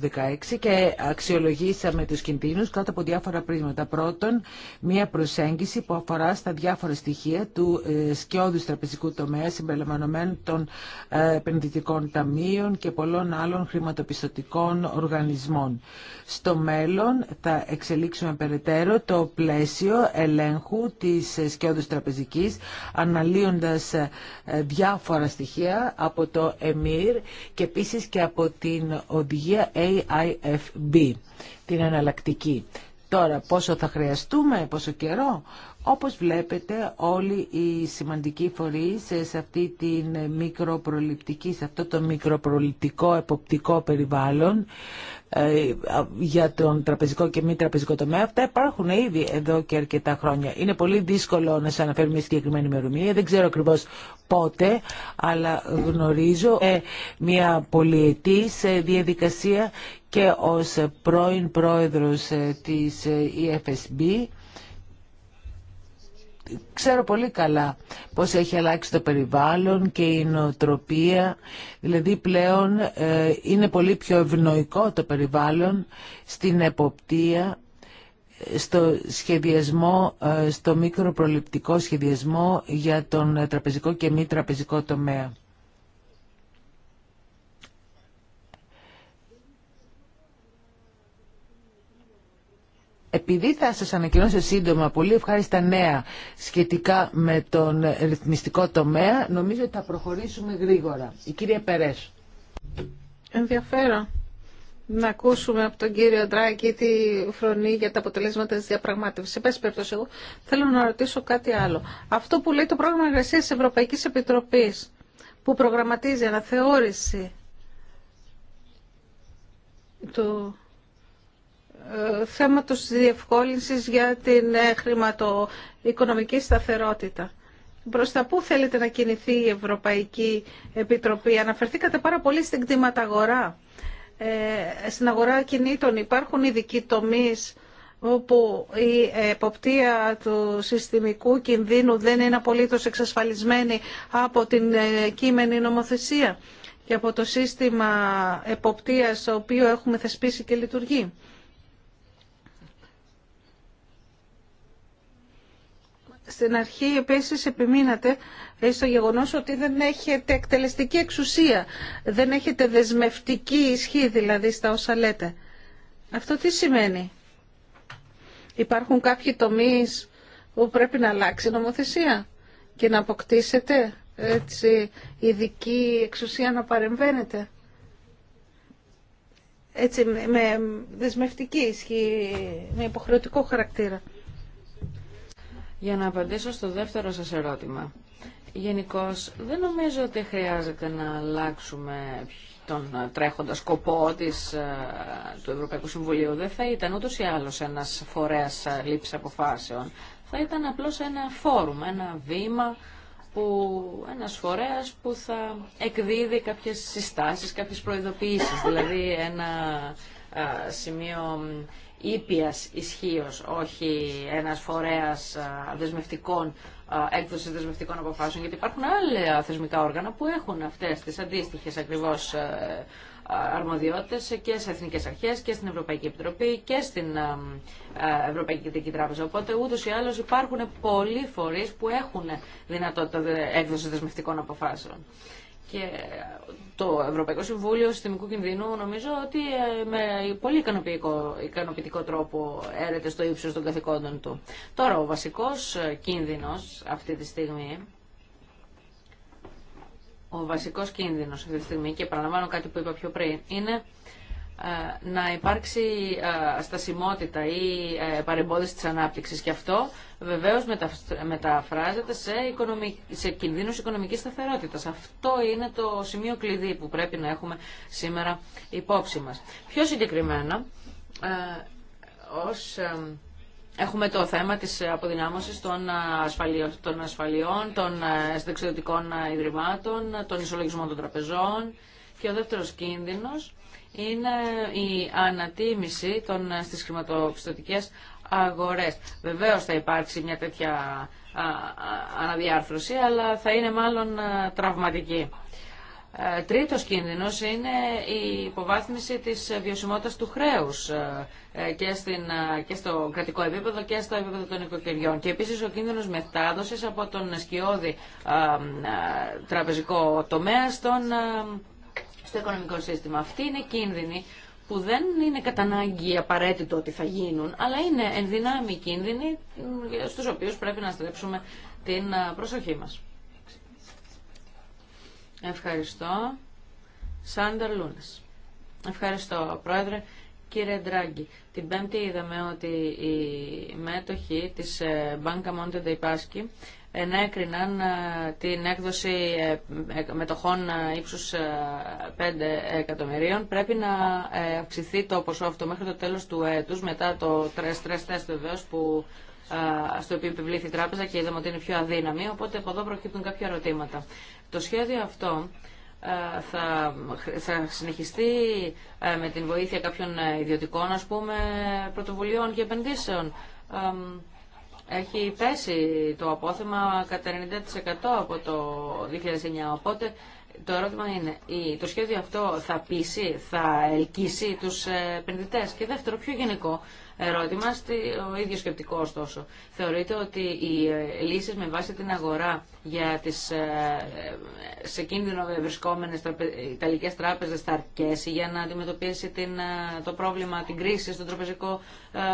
[SPEAKER 4] 2016 και αξιολογήσαμε τους κινδύνους κάτω από διάφορα πρίσματα. Πρώτον, μία προσέγγιση που αφορά στα διάφορα στοιχεία του ε, σκιώδους τραπεζικού τομέα συμπεριλαμβανομένου των ε, επενδυτικών ταμείων και πολλών άλλων χρηματοπιστωτικών οργανισμών. Στο μέλλον θα εξελίξουμε περαιτέρω το πλαίσιο ελέγχου της σκιώδους τραπεζικής αναλύοντας ε, διάφορα στοιχεία από το ΕΜΙΡ και επίσης και από την οδηγία AIFB, την εναλλακτική. Τώρα πόσο θα χρειαστούμε, πόσο καιρό. Όπως βλέπετε όλοι οι σημαντικοί φορείς σε αυτή την μικροπροληπτική, σε αυτό το μικροπροληπτικό εποπτικό περιβάλλον ε, για τον τραπεζικό και μη τραπεζικό τομέα. Αυτά υπάρχουν ήδη εδώ και αρκετά χρόνια. Είναι πολύ δύσκολο να σα αναφέρω μια συγκεκριμένη ημερομηνία. Δεν ξέρω ακριβώ πότε, αλλά γνωρίζω ε, μια πολυετή διαδικασία και ως πρώην πρόεδρος ε, της EFSB ξέρω πολύ καλά πώς έχει αλλάξει το περιβάλλον και η νοοτροπία. Δηλαδή πλέον ε, είναι πολύ πιο ευνοϊκό το περιβάλλον στην εποπτεία, στο σχεδιασμό, ε, στο μικροπροληπτικό σχεδιασμό για τον τραπεζικό και μη τραπεζικό τομέα. Επειδή θα σας ανακοινώσω σύντομα πολύ ευχάριστα νέα σχετικά με τον ρυθμιστικό τομέα, νομίζω ότι θα προχωρήσουμε γρήγορα. Η κυρία Περές.
[SPEAKER 1] Ενδιαφέρον να ακούσουμε από τον κύριο Ντράκη τη φρονή για τα αποτελέσματα της διαπραγμάτευσης. Σε πάση εγώ θέλω να ρωτήσω κάτι άλλο. Αυτό που λέει το πρόγραμμα εργασία της Ευρωπαϊκής Επιτροπής, που προγραμματίζει αναθεώρηση του ε, θέματος τη διευκόλυνσης για την ε, χρηματοοικονομική σταθερότητα. Προς τα πού θέλετε να κινηθεί η Ευρωπαϊκή Επιτροπή. Αναφερθήκατε πάρα πολύ στην κτηματαγορά. Ε, στην αγορά κινήτων υπάρχουν ειδικοί τομείς όπου η εποπτεία του συστημικού κινδύνου δεν είναι απολύτως εξασφαλισμένη από την ε, κείμενη νομοθεσία και από το σύστημα εποπτείας το οποίο έχουμε θεσπίσει και λειτουργεί. Στην αρχή επίση επιμείνατε στο γεγονός ότι δεν έχετε εκτελεστική εξουσία, δεν έχετε δεσμευτική ισχύ δηλαδή στα όσα λέτε. Αυτό τι σημαίνει. Υπάρχουν κάποιοι τομεί που πρέπει να αλλάξει νομοθεσία και να αποκτήσετε έτσι, ειδική εξουσία να παρεμβαίνετε. Έτσι, με δεσμευτική ισχύ, με υποχρεωτικό χαρακτήρα
[SPEAKER 3] για να απαντήσω στο δεύτερο σας ερώτημα. Γενικώ δεν νομίζω ότι χρειάζεται να αλλάξουμε τον τρέχοντα σκοπό της, ε, του Ευρωπαϊκού Συμβουλίου. Δεν θα ήταν ούτως ή άλλως ένας φορέας ε, λήψης αποφάσεων. Θα ήταν απλώς ένα φόρουμ, ένα βήμα, που, ένας φορέας που θα εκδίδει κάποιες συστάσεις, κάποιες προειδοποιήσεις, δηλαδή ένα ε, σημείο ήπιας ισχύω, όχι ένας φορέας δεσμευτικών, έκδοση δεσμευτικών αποφάσεων, γιατί υπάρχουν άλλα θεσμικά όργανα που έχουν αυτές τις αντίστοιχες ακριβώς ε, αρμοδιότητες και σε εθνικές αρχές και στην Ευρωπαϊκή Επιτροπή και στην Ευρωπαϊκή Κεντρική Τράπεζα. Οπότε ούτως ή άλλως υπάρχουν πολλοί φορείς που έχουν δυνατότητα έκδοση δεσμευτικών αποφάσεων. Και το Ευρωπαϊκό Συμβούλιο Συστημικού Κινδύνου νομίζω ότι ε, με πολύ ικανοποιητικό, ικανοποιητικό τρόπο έρεται στο ύψος των καθηκόντων του. Τώρα, ο βασικός ε, κίνδυνος αυτή τη στιγμή, ο βασικός κίνδυνος αυτή τη στιγμή, και παραλαμβάνω κάτι που είπα πιο πριν, είναι ε, να υπάρξει ε, στασιμότητα ή ε, παρεμπόδιση της ανάπτυξης και αυτό βεβαίως μεταφράζεται σε, οικονομικ... σε κινδύνους οικονομικής σταθερότητας. Αυτό είναι το σημείο κλειδί που πρέπει να έχουμε σήμερα υπόψη μας. Πιο συγκεκριμένα, ως... Έχουμε το θέμα της αποδυνάμωσης των, ασφαλιών, των ασφαλιών, των ιδρυμάτων, των ισολογισμών των τραπεζών και ο δεύτερος κίνδυνος είναι η ανατίμηση των, ε, στις χρηματοπιστωτικές αγορές. Βεβαίως θα υπάρξει μια τέτοια αναδιάρθρωση, αλλά θα είναι μάλλον ε, τραυματική. Ε, τρίτος κίνδυνος είναι η υποβάθμιση της βιωσιμότητας του χρέους και, στην, και στο κρατικό επίπεδο και στο επίπεδο των οικοκυριών. Και επίσης ο κίνδυνος μετάδοσης από τον σκιώδη τραπεζικό τομέα στον στο οικονομικό σύστημα. Αυτή είναι κίνδυνοι που δεν είναι κατά ανάγκη απαραίτητο ότι θα γίνουν, αλλά είναι ενδυνάμει κίνδυνοι ε, στους οποίους πρέπει να στρέψουμε την ε, προσοχή μας. Ευχαριστώ. Σάντερ Λούνες. Ευχαριστώ, Πρόεδρε. Κύριε Ντράγκη, την Πέμπτη είδαμε ότι οι μέτοχοι της ε, Banca Monte dei Paschi ενέκριναν ε, την έκδοση ε, ε, μετοχών ύψους 5 εκατομμυρίων. Πρέπει να αυξηθεί το ποσό αυτό μέχρι το τέλος του έτους, μετά το stress βεβαίως που στο οποίο επιβλήθη η τράπεζα και είδαμε ότι είναι πιο αδύναμη, οπότε από εδώ προκύπτουν κάποια ερωτήματα. Το σχέδιο αυτό θα, συνεχιστεί με την βοήθεια κάποιων ιδιωτικών ας πούμε, πρωτοβουλειών και επενδύσεων έχει πέσει το απόθεμα κατά 90% από το 2009. Οπότε το ερώτημα είναι, το σχέδιο αυτό θα πείσει, θα ελκύσει τους ε, επενδυτές. Και δεύτερο, πιο γενικό, ερώτημα, ο ίδιο σκεπτικό ωστόσο. Θεωρείτε ότι οι ε, λύσει με βάση την αγορά για τις ε, ε, σε κίνδυνο βρισκόμενες Ιταλικέ τράπεζε θα αρκέσει για να αντιμετωπίσει την, το πρόβλημα, την κρίση στον τραπεζικό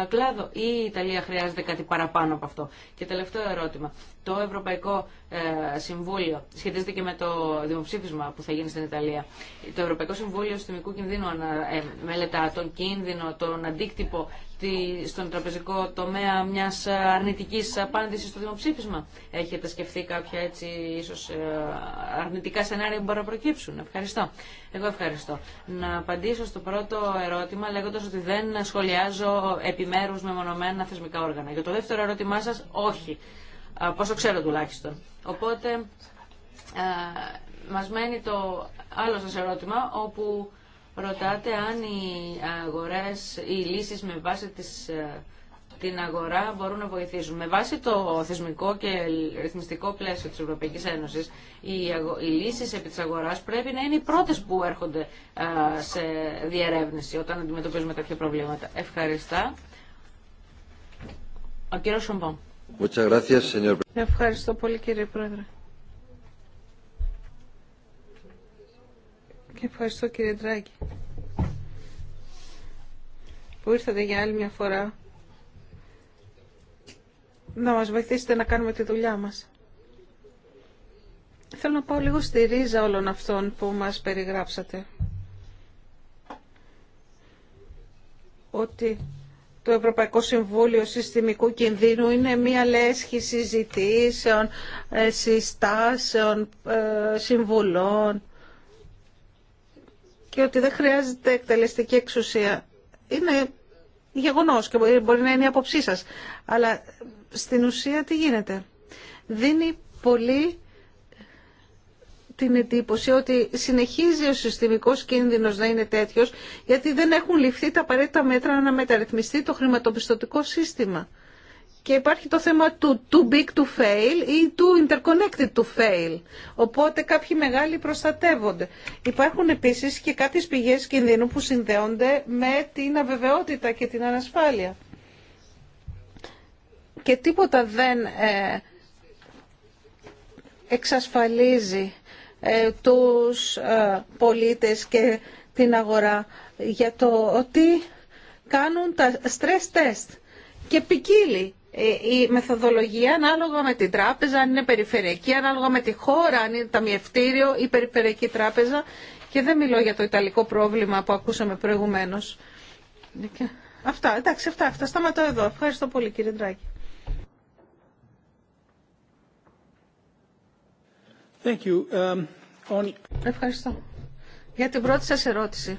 [SPEAKER 3] κλάδο ή η Ιταλία χρειάζεται κάτι παραπάνω από αυτό. Και τελευταίο ερώτημα. Το Ευρωπαϊκό Συμβούλιο σχετίζεται και με το δημοψήφισμα που θα γίνει στην Ιταλία. Το Ευρωπαϊκό Συμβούλιο Συστημικού Κινδύνου μελετά τον κίνδυνο, τον αντίκτυπο στη, στον τραπεζικό τομέα μιας ε, αρνητικής απάντησης στο δημοψήφισμα. Έχετε σκεφτεί κάποια έτσι ίσως ε, αρνητικά σενάρια που προκύψουν Ευχαριστώ. Εγώ ευχαριστώ. Να απαντήσω στο πρώτο ερώτημα λέγοντας ότι δεν σχολιάζω επιμέρους μεμονωμένα θεσμικά όργανα. Για το δεύτερο ερώτημά σας, όχι. Πόσο ξέρω τουλάχιστον. Οπότε, ε, μας μένει το άλλο σας ερώτημα, όπου ρωτάτε αν οι αγορές, οι λύσεις με βάση ε, την αγορά μπορούν να βοηθήσουν. Με βάση το θεσμικό και ρυθμιστικό πλαίσιο της Ευρωπαϊκής Ένωσης, οι, αγο, οι λύσεις επί της αγοράς πρέπει να είναι οι πρώτες που έρχονται ε, σε διερεύνηση όταν αντιμετωπίζουμε τέτοια προβλήματα. Ευχαριστώ.
[SPEAKER 1] Ο κύριος Σομπό. Ευχαριστώ πολύ κύριε Πρόεδρε. Ευχαριστώ κύριε Ντράγκη που ήρθατε για άλλη μια φορά να μας βοηθήσετε να κάνουμε τη δουλειά μας. Θέλω να πάω λίγο στη ρίζα όλων αυτών που μας περιγράψατε. Ότι το Ευρωπαϊκό Συμβούλιο Συστημικού Κινδύνου είναι μία λέσχη συζητήσεων, ε, συστάσεων, ε, συμβουλών και ότι δεν χρειάζεται εκτελεστική εξουσία. Είναι γεγονός και μπορεί να είναι η άποψή σα. Αλλά στην ουσία τι γίνεται. Δίνει πολύ την εντύπωση ότι συνεχίζει ο συστημικός κίνδυνος να είναι τέτοιος γιατί δεν έχουν ληφθεί τα απαραίτητα μέτρα να μεταρρυθμιστεί το χρηματοπιστωτικό σύστημα. Και υπάρχει το θέμα του too big to fail ή του interconnected to fail. Οπότε κάποιοι μεγάλοι προστατεύονται. Υπάρχουν επίσης και κάποιες πηγές κινδύνου που συνδέονται με την αβεβαιότητα και την ανασφάλεια. Και τίποτα δεν ε, εξασφαλίζει ε, τους ε, πολίτες και την αγορά για το ότι κάνουν τα stress test και ποικίλει ε, η μεθοδολογία ανάλογα με την τράπεζα, αν είναι περιφερειακή, ανάλογα με τη χώρα, αν είναι ταμιευτήριο ή περιφερειακή τράπεζα. Και δεν μιλώ για το ιταλικό πρόβλημα που ακούσαμε προηγουμένω. Αυτά, εντάξει, αυτά, Σταματώ εδώ. Ευχαριστώ πολύ κύριε Ντράκη.
[SPEAKER 2] Thank you. Um,
[SPEAKER 1] on... Ευχαριστώ. Για την πρώτη σας ερώτηση.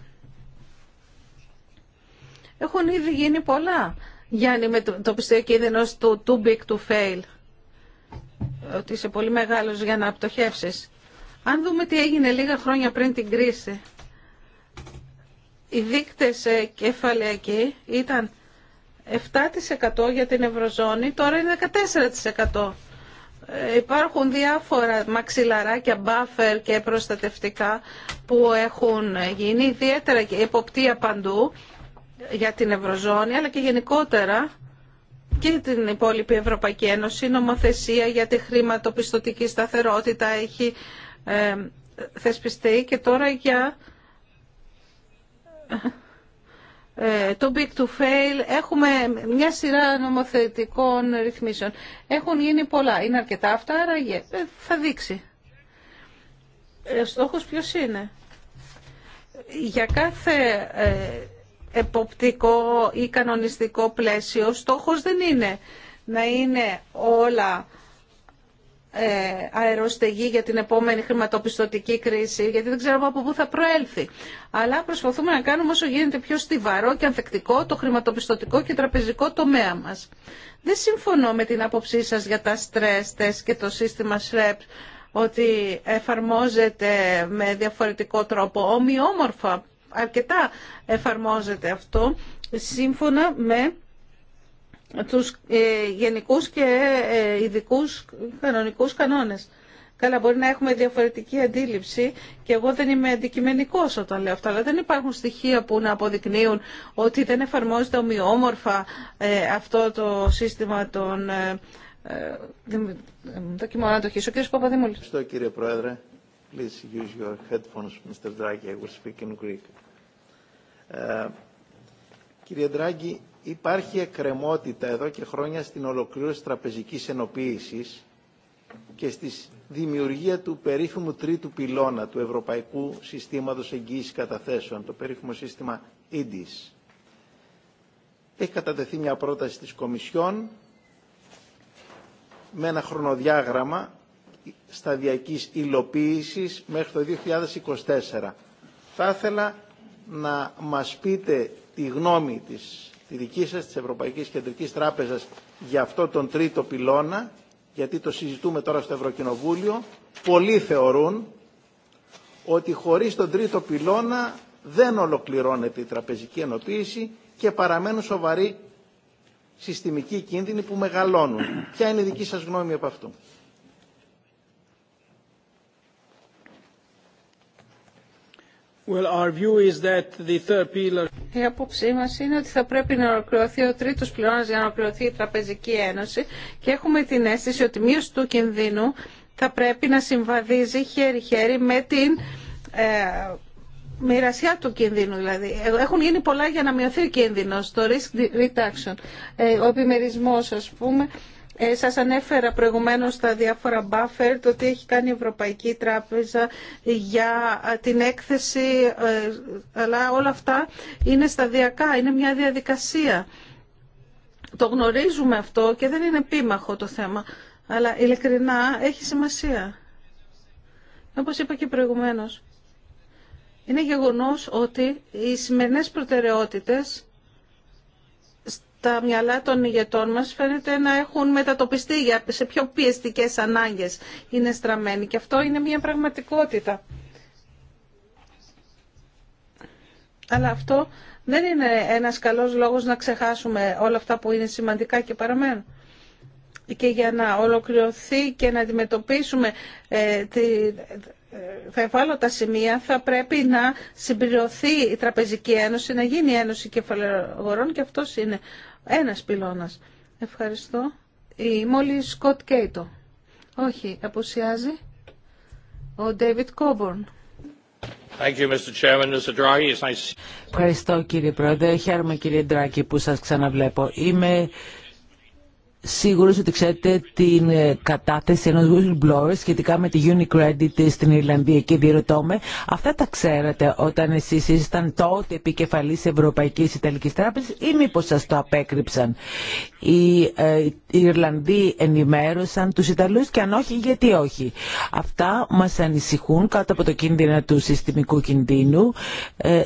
[SPEAKER 1] Έχουν ήδη γίνει πολλά Γιάννη, με το, το πιστεύω κίνδυνο του too big to fail. Ότι είσαι πολύ μεγάλος για να απτοχεύσεις. Αν δούμε τι έγινε λίγα χρόνια πριν την κρίση, οι δείκτες ε, κεφαλαίκοι ήταν 7% για την Ευρωζώνη, τώρα είναι 14%. Ε, υπάρχουν διάφορα μαξιλαράκια, buffer και προστατευτικά που έχουν γίνει, ιδιαίτερα και υποπτία παντού για την Ευρωζώνη αλλά και γενικότερα και την υπόλοιπη Ευρωπαϊκή Ένωση. Η νομοθεσία για τη χρηματοπιστωτική σταθερότητα έχει ε, θεσπιστεί και τώρα για ε, το big to fail, έχουμε μια σειρά νομοθετικών ρυθμίσεων. Έχουν γίνει πολλά. Είναι αρκετά αυτά, άρα ε, θα δείξει. Ο στόχος ποιος είναι. Για κάθε εποπτικό ή κανονιστικό πλαίσιο. Στόχος δεν είναι να είναι όλα ε, αεροστεγή για την επόμενη χρηματοπιστωτική κρίση, γιατί δεν ξέρουμε από πού θα προέλθει. Αλλά προσπαθούμε να κάνουμε όσο γίνεται πιο στιβαρό και ανθεκτικό το χρηματοπιστωτικό και τραπεζικό τομέα μας. Δεν συμφωνώ με την άποψή σας για τα stress και το σύστημα ΣΡΕΠ e ότι εφαρμόζεται με διαφορετικό τρόπο, ομοιόμορφα αρκετά εφαρμόζεται αυτό σύμφωνα με τους ε, γενικούς και ε, ειδικούς κανονικούς κανόνες. Καλά, μπορεί να έχουμε διαφορετική αντίληψη και εγώ δεν είμαι αντικειμενικό όταν λέω αυτά, αλλά δεν υπάρχουν στοιχεία που να αποδεικνύουν ότι δεν εφαρμόζεται ομοιόμορφα ε, αυτό το σύστημα των δοκιμών το Ο Κύριε Παπαδημούλη.
[SPEAKER 5] Ευχαριστώ κύριε Πρόεδρε. Please use your headphones, Mr. Draghi. I will speak in Greek. Ε, κύριε Ντράγκη, υπάρχει εκκρεμότητα εδώ και χρόνια στην ολοκλήρωση τραπεζικής ενοποίησης και στη δημιουργία του περίφημου τρίτου πυλώνα του Ευρωπαϊκού Συστήματος Εγγύησης Καταθέσεων, το περίφημο σύστημα EDIS. Έχει κατατεθεί μια πρόταση της Κομισιόν με ένα χρονοδιάγραμμα σταδιακής υλοποίησης μέχρι το 2024. Θα ήθελα να μας πείτε τη γνώμη της, τη δική σας, της Ευρωπαϊκής Κεντρικής Τράπεζας για αυτό τον τρίτο πυλώνα, γιατί το συζητούμε τώρα στο Ευρωκοινοβούλιο. Πολλοί θεωρούν ότι χωρίς τον τρίτο πυλώνα δεν ολοκληρώνεται η τραπεζική ενοποίηση και παραμένουν σοβαροί συστημικοί κίνδυνοι που μεγαλώνουν. Ποια είναι η δική σας γνώμη από αυτού.
[SPEAKER 1] Η απόψή μα είναι ότι θα πρέπει να ολοκληρωθεί ο τρίτο πυλώνα για να ολοκληρωθεί η Τραπεζική Ένωση και έχουμε την αίσθηση ότι η μείωση του κινδύνου θα πρέπει να συμβαδίζει χέρι-χέρι με την ε, μοιρασιά του κινδύνου. Δηλαδή, ε, έχουν γίνει πολλά για να μειωθεί ο κίνδυνο, το risk reduction, ε, ο επιμερισμό, α πούμε, ε, ανέφερα προηγουμένως τα διάφορα buffer το τι έχει κάνει η Ευρωπαϊκή Τράπεζα για ε, την έκθεση, ε, αλλά όλα αυτά είναι σταδιακά, είναι μια διαδικασία. Το γνωρίζουμε αυτό και δεν είναι επίμαχο το θέμα, αλλά ειλικρινά έχει σημασία. Όπως είπα και προηγουμένως, είναι γεγονός ότι οι σημερινές προτεραιότητες τα μυαλά των ηγετών μας φαίνεται να έχουν μετατοπιστεί για, σε πιο πιεστικές ανάγκες είναι στραμμένοι και αυτό είναι μια πραγματικότητα. Αλλά αυτό δεν είναι ένας καλός λόγος να ξεχάσουμε όλα αυτά που είναι σημαντικά και παραμένουν. Και για να ολοκληρωθεί και να αντιμετωπίσουμε ε, τη, θα ευάλω τα σημεία, θα πρέπει να συμπληρωθεί η Τραπεζική Ένωση, να γίνει η Ένωση Κεφαλαιογορών και αυτός είναι ένας πυλώνας. Ευχαριστώ. Η Μόλι Σκοτ Κέιτο. Όχι, αποσιάζει. Ο Ντέιβιτ Κόμπορν.
[SPEAKER 4] Ευχαριστώ κύριε Πρόεδρε. Χαίρομαι κύριε Ντράκη που σας ξαναβλέπω. Είμαι σίγουρος ότι ξέρετε την ε, κατάθεση ενός whistleblower σχετικά με τη Unicredit στην Ιρλανδία και διερωτώ με, αυτά τα ξέρατε όταν εσείς ήσταν τότε επικεφαλής Ευρωπαϊκής Ιταλικής Τράπεζας ή μήπως σας το απέκρυψαν. Οι ε, Ιρλανδοί ενημέρωσαν τους Ιταλούς και αν όχι γιατί όχι. Αυτά μας ανησυχούν κάτω από το κίνδυνο του συστημικού κινδύνου. Ε,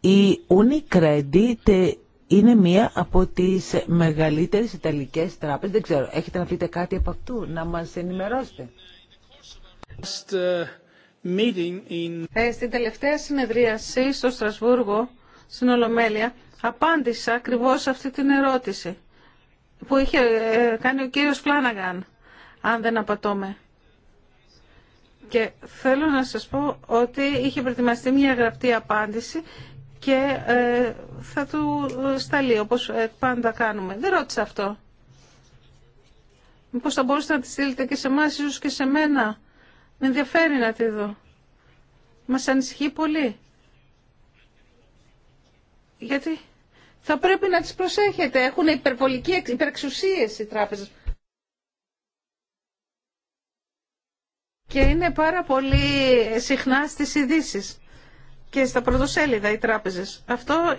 [SPEAKER 4] η Unicredit είναι μία από τις μεγαλύτερες Ιταλικές τράπεζες. Δεν ξέρω, έχετε να πείτε κάτι από αυτού, να μας
[SPEAKER 2] ενημερώσετε. Uh, ε, στην τελευταία
[SPEAKER 1] συνεδρίαση στο Στρασβούργο, στην Ολομέλεια, απάντησα ακριβώς αυτή την ερώτηση που είχε ε, κάνει ο κύριος Φλάναγκαν, αν δεν απατώμε. Και θέλω να σας πω ότι είχε προετοιμαστεί μια γραπτή απάντηση και ε, θα του σταλεί όπως ε, πάντα κάνουμε. Δεν ρώτησα αυτό. Μήπως θα μπορούσατε να τη στείλετε και σε εμάς, ίσως και σε μένα. Με ενδιαφέρει να τη δω. Μας ανησυχεί πολύ. Γιατί θα πρέπει να τις προσέχετε. Έχουν υπερβολική υπερεξουσίες οι τράπεζες. Και είναι πάρα πολύ συχνά στις ειδήσει και στα πρωτοσέλιδα οι τράπεζες. Αυτό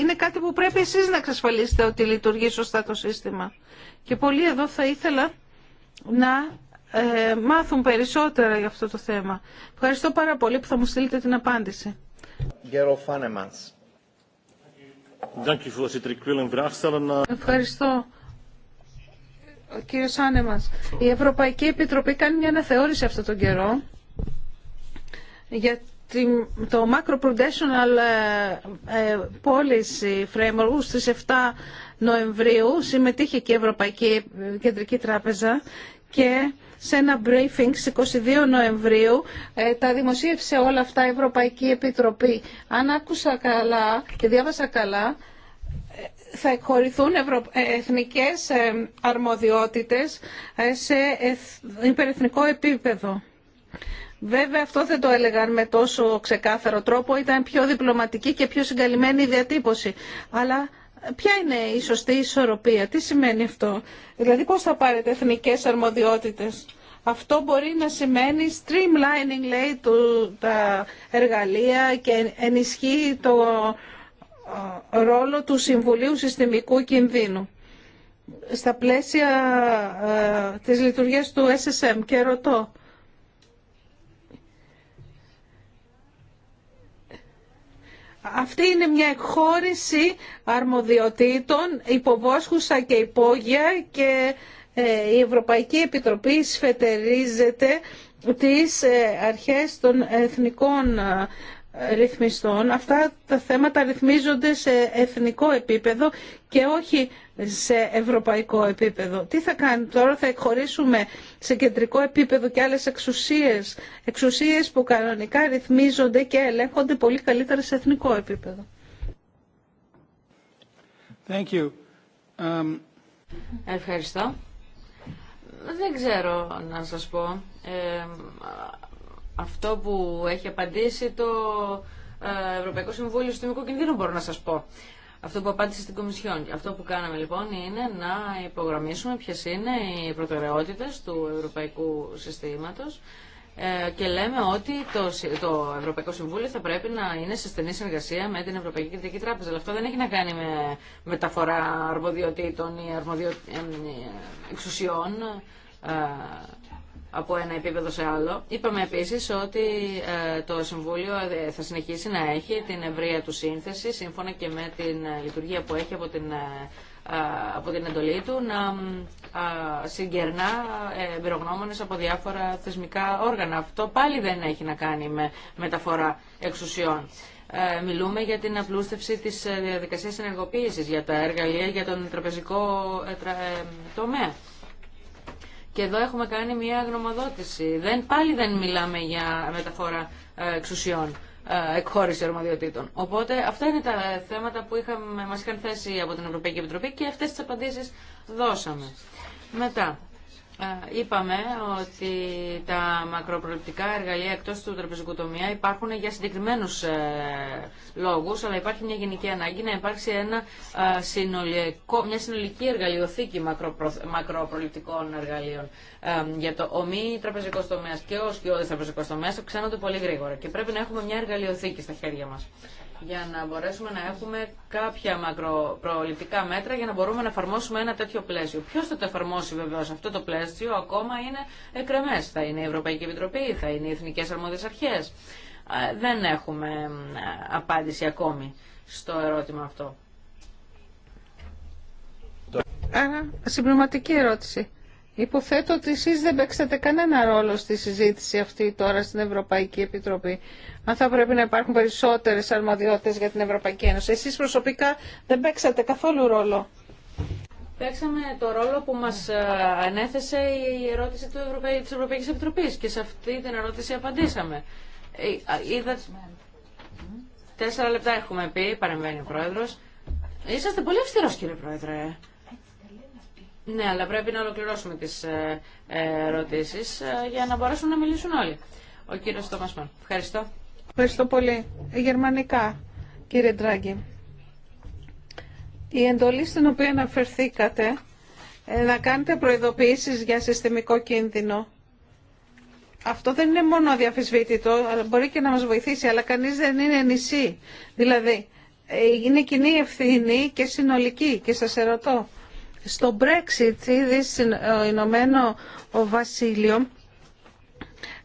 [SPEAKER 1] είναι κάτι που πρέπει εσείς να εξασφαλίσετε ότι λειτουργεί σωστά το σύστημα. Και πολλοί εδώ θα ήθελα να ε, μάθουν περισσότερα για αυτό το θέμα. Ευχαριστώ πάρα πολύ που θα μου στείλετε την απάντηση.
[SPEAKER 5] Ευχαριστώ.
[SPEAKER 1] κύριος Άνεμας, η Ευρωπαϊκή Επιτροπή κάνει μια αναθεώρηση αυτόν τον καιρό για το Macro Prudential ε, ε, Policy Framework στις 7 Νοεμβρίου συμμετείχε και η Ευρωπαϊκή Κεντρική Τράπεζα και σε ένα briefing στις 22 Νοεμβρίου ε, τα δημοσίευσε όλα αυτά η Ευρωπαϊκή Επιτροπή. Αν άκουσα καλά και διάβασα καλά, θα εκχωρηθούν εθνικές αρμοδιότητες σε υπερεθνικό επίπεδο. Βέβαια αυτό δεν το έλεγαν με τόσο ξεκάθαρο τρόπο, ήταν πιο διπλωματική και πιο συγκαλυμμένη η διατύπωση. Αλλά ποια είναι η σωστή ισορροπία, τι σημαίνει αυτό, δηλαδή πώς θα πάρετε εθνικές αρμοδιότητες. Αυτό μπορεί να σημαίνει streamlining, λέει, τα εργαλεία και ενισχύει το ε, ρόλο του Συμβουλίου Συστημικού Κινδύνου στα πλαίσια ε, της λειτουργίας του SSM και ρωτώ Αυτή είναι μια εκχώρηση αρμοδιοτήτων υποβόσχουσα και υπόγεια και ε, η Ευρωπαϊκή Επιτροπή σφετερίζεται τις ε, αρχές των εθνικών ε, ρυθμιστών. Αυτά τα θέματα ρυθμίζονται σε εθνικό επίπεδο και όχι σε ευρωπαϊκό επίπεδο. Τι θα κάνει τώρα, θα εκχωρήσουμε σε κεντρικό επίπεδο και άλλες εξουσίες, εξουσίες που κανονικά ρυθμίζονται και ελέγχονται πολύ καλύτερα σε εθνικό επίπεδο.
[SPEAKER 2] Thank you. Um, Ευχαριστώ. Δεν ξέρω
[SPEAKER 3] να σας πω. Ε, αυτό που έχει απαντήσει το ε, Ευρωπαϊκό Συμβούλιο Συστημικού Κινδύνου μπορώ να σας πω. Αυτό που απάντησε στην Κομισιόν. Αυτό που κάναμε λοιπόν είναι να υπογραμμίσουμε ποιε είναι οι προτεραιότητες του Ευρωπαϊκού Συστήματος ε, και λέμε ότι το, Ευρωπαϊκό Συμβούλιο θα πρέπει να είναι σε στενή συνεργασία με την Ευρωπαϊκή Κεντρική Τράπεζα. Αλλά αυτό δεν έχει να κάνει με μεταφορά αρμοδιοτήτων ή αρμοδιο... Ε, εξουσιών από ένα επίπεδο σε άλλο. Είπαμε επίσης ότι ε, το Συμβούλιο ε, θα συνεχίσει να έχει την ευρεία του σύνθεση σύμφωνα και με την ε, λειτουργία που έχει από την, από την εντολή του να συγκερνά εμπειρογνώμονες από διάφορα θεσμικά όργανα. Αυτό πάλι δεν έχει να κάνει με μεταφορά εξουσιών. Μιλούμε για την απλούστευση της διαδικασίας ενεργοποίησης, για τα εργαλεία, για τον τραπεζικό τομέα. Και εδώ έχουμε κάνει μια γνωμοδότηση. Δεν, πάλι δεν μιλάμε για μεταφορά ε, εξουσιών, ε, εκχώρηση
[SPEAKER 1] αρμοδιοτήτων.
[SPEAKER 3] Οπότε αυτά είναι τα θέματα που είχαμε, μας είχαν θέσει από την Ευρωπαϊκή Επιτροπή και αυτές τις απαντήσεις δώσαμε. Μετά, Είπαμε ότι τα μακροπροληπτικά εργαλεία εκτός του τραπεζικού τομέα υπάρχουν για συγκεκριμένους ε, λόγους, αλλά υπάρχει μια γενική ανάγκη να υπάρξει ένα ε, συνολικό, μια συνολική εργαλειοθήκη μακροπροληπτικών εργαλείων. Ε, για το μη τραπεζικός τομέας και ο σκιώδης τραπεζικός τομέας αυξάνονται πολύ γρήγορα και πρέπει να έχουμε μια εργαλειοθήκη στα χέρια μας για να μπορέσουμε να έχουμε κάποια μακροπροληπτικά μέτρα για να μπορούμε να εφαρμόσουμε ένα τέτοιο πλαίσιο. Ποιο θα το εφαρμόσει βεβαίω αυτό το πλαίσιο ακόμα είναι εκρεμέ. Θα είναι η Ευρωπαϊκή Επιτροπή, θα είναι οι Εθνικέ Αρμόδιε Αρχέ. Ε, δεν έχουμε ε, απάντηση ακόμη στο ερώτημα αυτό.
[SPEAKER 1] Άρα, συμπληρωματική ερώτηση. Υποθέτω ότι εσείς δεν παίξατε κανένα ρόλο στη συζήτηση αυτή τώρα στην Ευρωπαϊκή Επιτροπή. Αν θα πρέπει να υπάρχουν περισσότερες αρμοδιότητες για την Ευρωπαϊκή Ένωση. Εσείς προσωπικά δεν παίξατε καθόλου ρόλο.
[SPEAKER 3] Παίξαμε το ρόλο που μας ε, ανέθεσε η ερώτηση του Ευρωπαϊκή της Ευρωπαϊκής Επιτροπής και σε αυτή την ερώτηση απαντήσαμε. Ε, Τέσσερα λεπτά έχουμε πει, παρεμβαίνει ο Πρόεδρος. Είσαστε πολύ αυστηρός κύριε Πρόεδρε. Ναι, αλλά πρέπει να ολοκληρώσουμε τις ε, ε, ερωτήσεις ε, για να μπορέσουν να μιλήσουν όλοι. Ο κύριος Τόμασμαν. Ευχαριστώ. Ευχαριστώ πολύ.
[SPEAKER 1] Γερμανικά, κύριε Ντράγκη. Η εντολή στην οποία αναφερθήκατε να κάνετε προειδοποιήσεις για συστημικό κίνδυνο. Αυτό δεν είναι μόνο αλλά μπορεί και να μας βοηθήσει, αλλά κανείς δεν είναι νησί. Δηλαδή, είναι κοινή ευθύνη και συνολική. Και σας ερωτώ, στο Brexit ήδη στο ε, Ηνωμένο Βασίλειο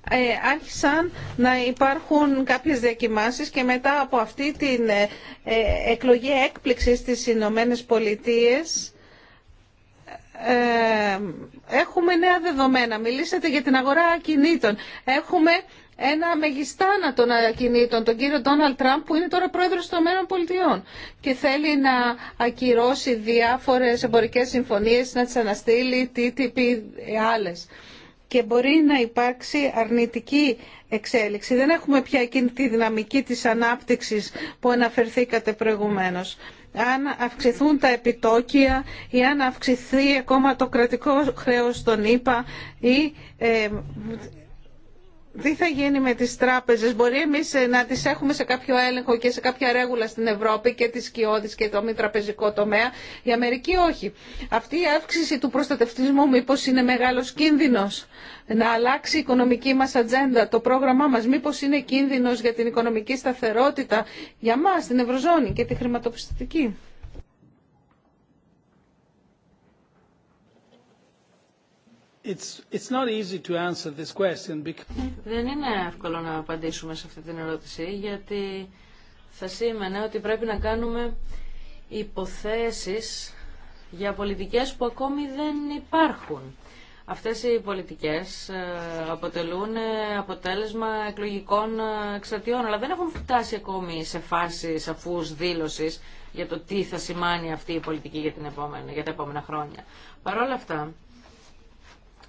[SPEAKER 1] ε, άρχισαν να υπάρχουν κάποιες διακοιμάσεις και μετά από αυτή την ε, ε εκλογή έκπληξη στις Ηνωμένε Πολιτείες ε, έχουμε νέα δεδομένα. Μιλήσατε για την αγορά ακινήτων. Έχουμε ένα μεγιστάνα των ακινήτων, τον κύριο Ντόναλτ Τραμπ που είναι τώρα πρόεδρος των ΗΠΑ και θέλει να ακυρώσει διάφορες εμπορικές συμφωνίες, να τις αναστείλει, τι άλλες. Και μπορεί να υπάρξει αρνητική εξέλιξη. Δεν έχουμε πια εκείνη τη δυναμική της ανάπτυξης που αναφερθήκατε προηγουμένως αν αυξηθούν τα επιτόκια ή αν αυξηθεί ακόμα το κρατικό χρέος των ΗΠΑ ή ε, τι θα γίνει με τις τράπεζες. Μπορεί εμείς ε, να τις έχουμε σε κάποιο έλεγχο και σε κάποια ρέγουλα στην Ευρώπη και τις σκιώδεις και το μη τραπεζικό τομέα. Η Αμερική όχι. Αυτή η αύξηση του προστατευτισμού μήπως είναι μεγάλος κίνδυνος να αλλάξει η οικονομική μας ατζέντα, το πρόγραμμά μας. Μήπως είναι κίνδυνος για την οικονομική σταθερότητα για μας, την Ευρωζώνη και τη χρηματοπιστωτική.
[SPEAKER 2] Δεν είναι
[SPEAKER 3] εύκολο να απαντήσουμε σε αυτή την ερώτηση, γιατί θα σήμαινε ότι πρέπει να κάνουμε υποθέσεις για πολιτικές που ακόμη δεν υπάρχουν. Αυτές οι πολιτικές ε, αποτελούν ε, αποτέλεσμα εκλογικών ε, εξαρτιών, αλλά δεν έχουν φτάσει ακόμη σε φάση σαφούς δήλωσης για το τι θα σημάνει αυτή η πολιτική για, την επόμενη, για τα επόμενα χρόνια. Παρ' όλα αυτά,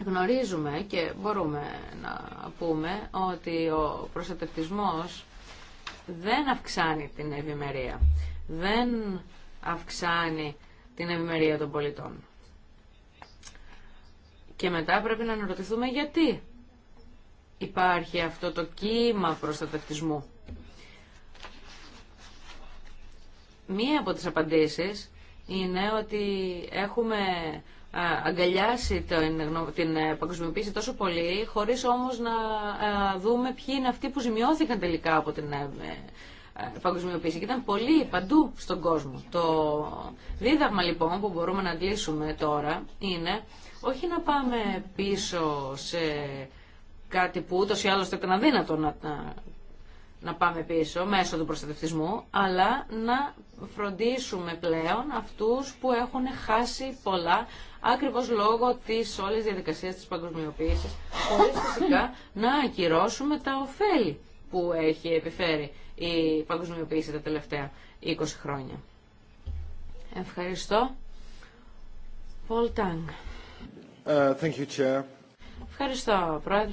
[SPEAKER 3] γνωρίζουμε και μπορούμε να πούμε ότι ο προστατευτισμός δεν αυξάνει την ευημερία. Δεν αυξάνει την ευημερία των πολιτών. Και μετά πρέπει να αναρωτηθούμε γιατί υπάρχει αυτό το κύμα προστατευτισμού. Μία από τις απαντήσεις είναι ότι έχουμε αγκαλιάσει την ε, παγκοσμιοποίηση τόσο πολύ, χωρίς όμως να δούμε ποιοι είναι αυτοί που ζημιώθηκαν τελικά από την ε, ε, παγκοσμιοποίηση. Και ήταν πολύ παντού στον κόσμο. Το δίδαγμα λοιπόν που μπορούμε να αντλήσουμε τώρα είναι όχι να πάμε πίσω σε κάτι που ούτως ή άλλως ήταν αδύνατο να, να, να πάμε πίσω μέσω του προστατευτισμού, αλλά να φροντίσουμε πλέον αυτούς που έχουν χάσει πολλά Ακριβώ λόγω τη όλη διαδικασία τη παγκοσμιοποίηση χωρί φυσικά να ακυρώσουμε τα ωφέλη που έχει επιφέρει η παγκοσμιοποίηση τα τελευταία 20 χρόνια. Ευχαριστώ. Πολ Τάγκ.
[SPEAKER 4] Uh, thank you, Chair.
[SPEAKER 3] Ευχαριστώ, Πρόεδρε.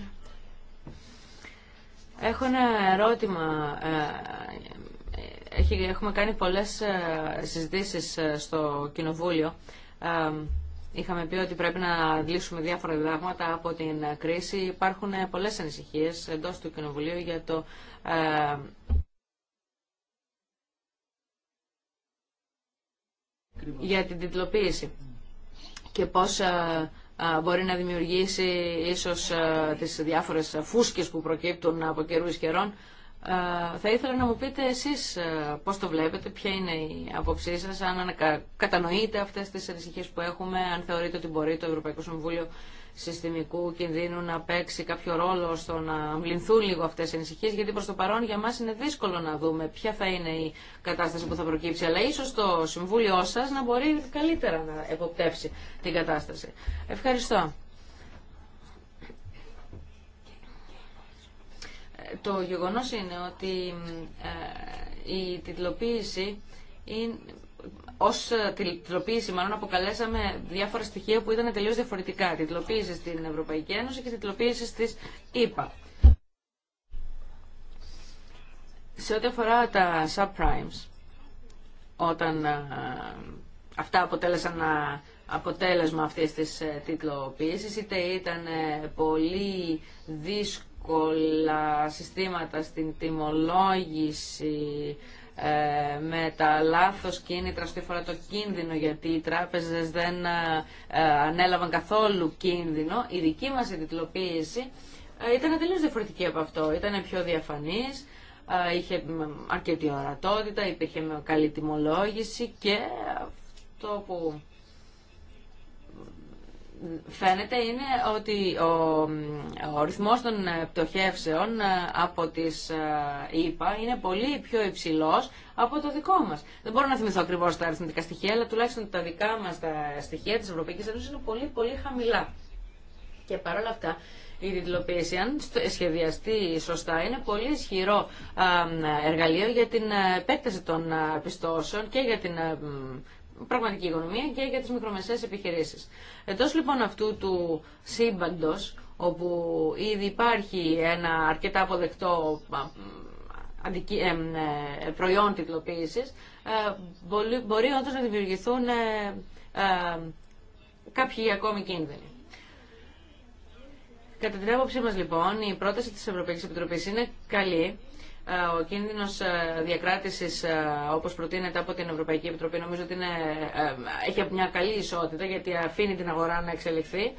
[SPEAKER 3] Έχω ένα ερώτημα. Ε, ε, έχουμε κάνει πολλές ε, συζητήσεις στο Κοινοβούλιο Είχαμε πει ότι πρέπει να λύσουμε διάφορα διδάγματα από την κρίση. Υπάρχουν πολλές ανησυχίες εντός του Κοινοβουλίου για το... Ε, την τιτλοποίηση και πώς ε, ε, μπορεί να δημιουργήσει ίσως ε, τις διάφορες φούσκες που προκύπτουν από καιρούς καιρών θα ήθελα να μου πείτε εσείς πώς το βλέπετε, ποια είναι η άποψή σας, αν κατανοείτε αυτές τις ανησυχίες που έχουμε, αν θεωρείτε ότι μπορεί το Ευρωπαϊκό Συμβούλιο Συστημικού Κινδύνου να παίξει κάποιο ρόλο στο να αμβληνθούν λίγο αυτές οι ανησυχίες, γιατί προς το παρόν για μας είναι δύσκολο να δούμε ποια θα είναι η κατάσταση που θα προκύψει, αλλά ίσως το Συμβούλιο σας να μπορεί καλύτερα να εποπτεύσει την κατάσταση. Ευχαριστώ. Το γεγονός είναι ότι ε, η τιτλοποίηση είναι ως τιτλοποίηση μάλλον αποκαλέσαμε διάφορα στοιχεία που ήταν τελείως διαφορετικά. Τιτλοποίηση στην Ευρωπαϊκή Ένωση και τιτλοποίηση στις ΕΠΑ. Σε ό,τι αφορά τα subprimes, όταν ε, αυτά αποτέλεσαν ε, αποτέλεσμα αυτής της τιτλοποίησης, είτε ήταν πολύ δύσκολο κολλά συστήματα στην τιμολόγηση, ε, με τα λάθος κίνητρα στη φορά το κίνδυνο γιατί οι τράπεζες δεν ε, ε, ανέλαβαν καθόλου κίνδυνο η δική μας ε, ήταν τελείως διαφορετική από αυτό ήταν πιο διαφανής είχε αρκετή ορατότητα υπήρχε καλή τιμολόγηση και αυτό που φαίνεται είναι ότι ο, ο ρυθμός των ε, πτωχεύσεων ε, από τις ΙΠΑ ε, είναι πολύ πιο υψηλός από το δικό μας. Δεν μπορώ να θυμηθώ ακριβώς τα αριθμητικά στοιχεία, αλλά τουλάχιστον τα δικά μας τα στοιχεία της Ευρωπαϊκής Ένωσης είναι πολύ πολύ χαμηλά. Και παρόλα αυτά, η διδλοποίηση, αν σχεδιαστεί σωστά, είναι πολύ ισχυρό εργαλείο για την επέκταση των πιστώσεων και για την πραγματική οικονομία και για τις μικρομεσαίες επιχειρήσεις. Εντός λοιπόν αυτού του σύμπαντος, όπου ήδη υπάρχει ένα αρκετά αποδεκτό ε, προϊόν τυπλοποίησης, ε, μπορεί όντως να δημιουργηθούν ε, κάποιοι ακόμη κίνδυνοι. Κατά την άποψή μας λοιπόν, η πρόταση της Ευρωπαϊκής Επιτροπής είναι καλή ε, ο κίνδυνος ε, διακράτηση, ε, όπως προτείνεται από την Ευρωπαϊκή Επιτροπή νομίζω ότι είναι, έχει μια καλή ισότητα γιατί αφήνει την αγορά να εξελιχθεί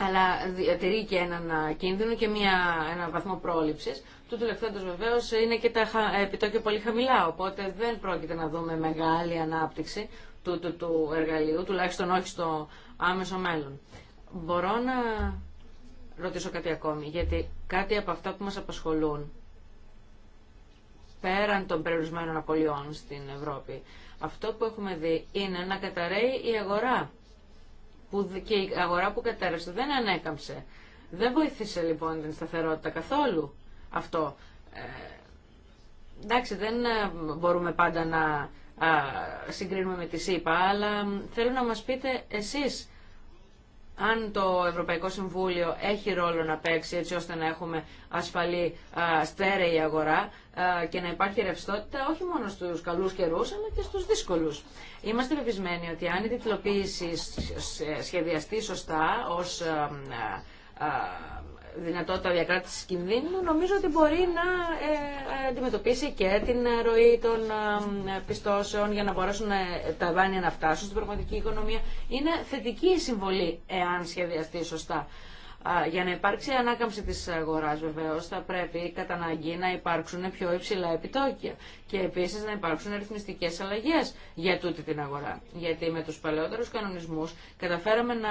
[SPEAKER 3] αλλά διατηρεί και έναν κίνδυνο και μια, ένα βαθμό πρόληψης. Τούτου τελευταίου βεβαίω είναι και τα επιτόκια πολύ χαμηλά οπότε δεν πρόκειται να δούμε μεγάλη ανάπτυξη του, του, του εργαλείου, τουλάχιστον όχι στο άμεσο μέλλον. Μπορώ να ρωτήσω κάτι ακόμη, γιατί κάτι από αυτά που μας απασχολούν πέραν των περιορισμένων απολειών στην Ευρώπη, αυτό που έχουμε δει είναι να καταραίει η αγορά. Που, και η αγορά που κατέρευσε δεν ανέκαμψε. Δεν βοήθησε λοιπόν την σταθερότητα καθόλου αυτό. Ε, εντάξει, δεν ε, μπορούμε πάντα να συγκρίνουμε με τη ΣΥΠΑ, αλλά θέλω να μας πείτε εσείς αν το Ευρωπαϊκό Συμβούλιο έχει ρόλο να παίξει έτσι ώστε να έχουμε ασφαλή, στέρεη αγορά και να υπάρχει ρευστότητα όχι μόνο στους καλούς καιρούς αλλά και στους δύσκολους. Είμαστε πεπισμένοι ότι αν η τιτλοποίηση σχεδιαστεί σωστά ως δυνατότητα διακράτησης κινδύνου, νομίζω ότι μπορεί να ε, αντιμετωπίσει και την ροή των ε, πιστώσεων για να μπορέσουν ε, τα δάνεια να φτάσουν στην πραγματική οικονομία. Είναι θετική συμβολή, εάν σχεδιαστεί σωστά. Για να υπάρξει ανάκαμψη της αγοράς βεβαίως θα πρέπει κατά αναγκή να υπάρξουν πιο υψηλά επιτόκια και επίσης να υπάρξουν ρυθμιστικές αλλαγές για τούτη την αγορά. Γιατί με τους παλαιότερους κανονισμούς καταφέραμε να,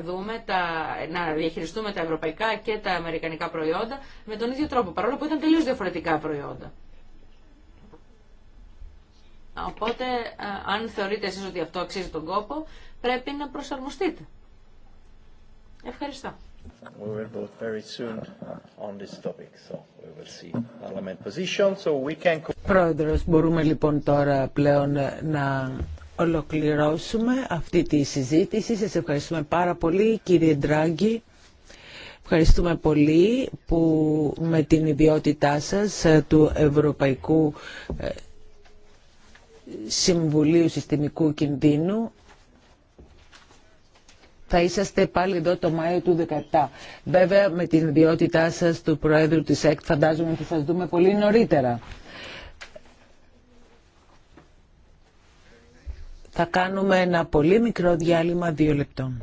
[SPEAKER 3] δούμε τα, να διαχειριστούμε τα ευρωπαϊκά και τα αμερικανικά προϊόντα με τον ίδιο τρόπο, παρόλο που ήταν τελείως διαφορετικά προϊόντα. Οπότε, αν θεωρείτε εσείς ότι αυτό αξίζει τον κόπο, πρέπει να προσαρμοστείτε. Ευχαριστώ.
[SPEAKER 5] We
[SPEAKER 4] μπορούμε λοιπόν τώρα πλέον να ολοκληρώσουμε αυτή τη συζήτηση. Σας ευχαριστούμε πάρα πολύ κύριε Ντράγκη. Ευχαριστούμε πολύ που με την ιδιότητά σας ε, του Ευρωπαϊκού ε, Συμβουλίου Συστημικού Κινδύνου θα είσαστε πάλι εδώ το Μάιο του 2017. Βέβαια με την ιδιότητά σας του Προέδρου της ΕΚΤ φαντάζομαι ότι θα σας δούμε πολύ νωρίτερα. Θα κάνουμε ένα πολύ μικρό διάλειμμα δύο λεπτών.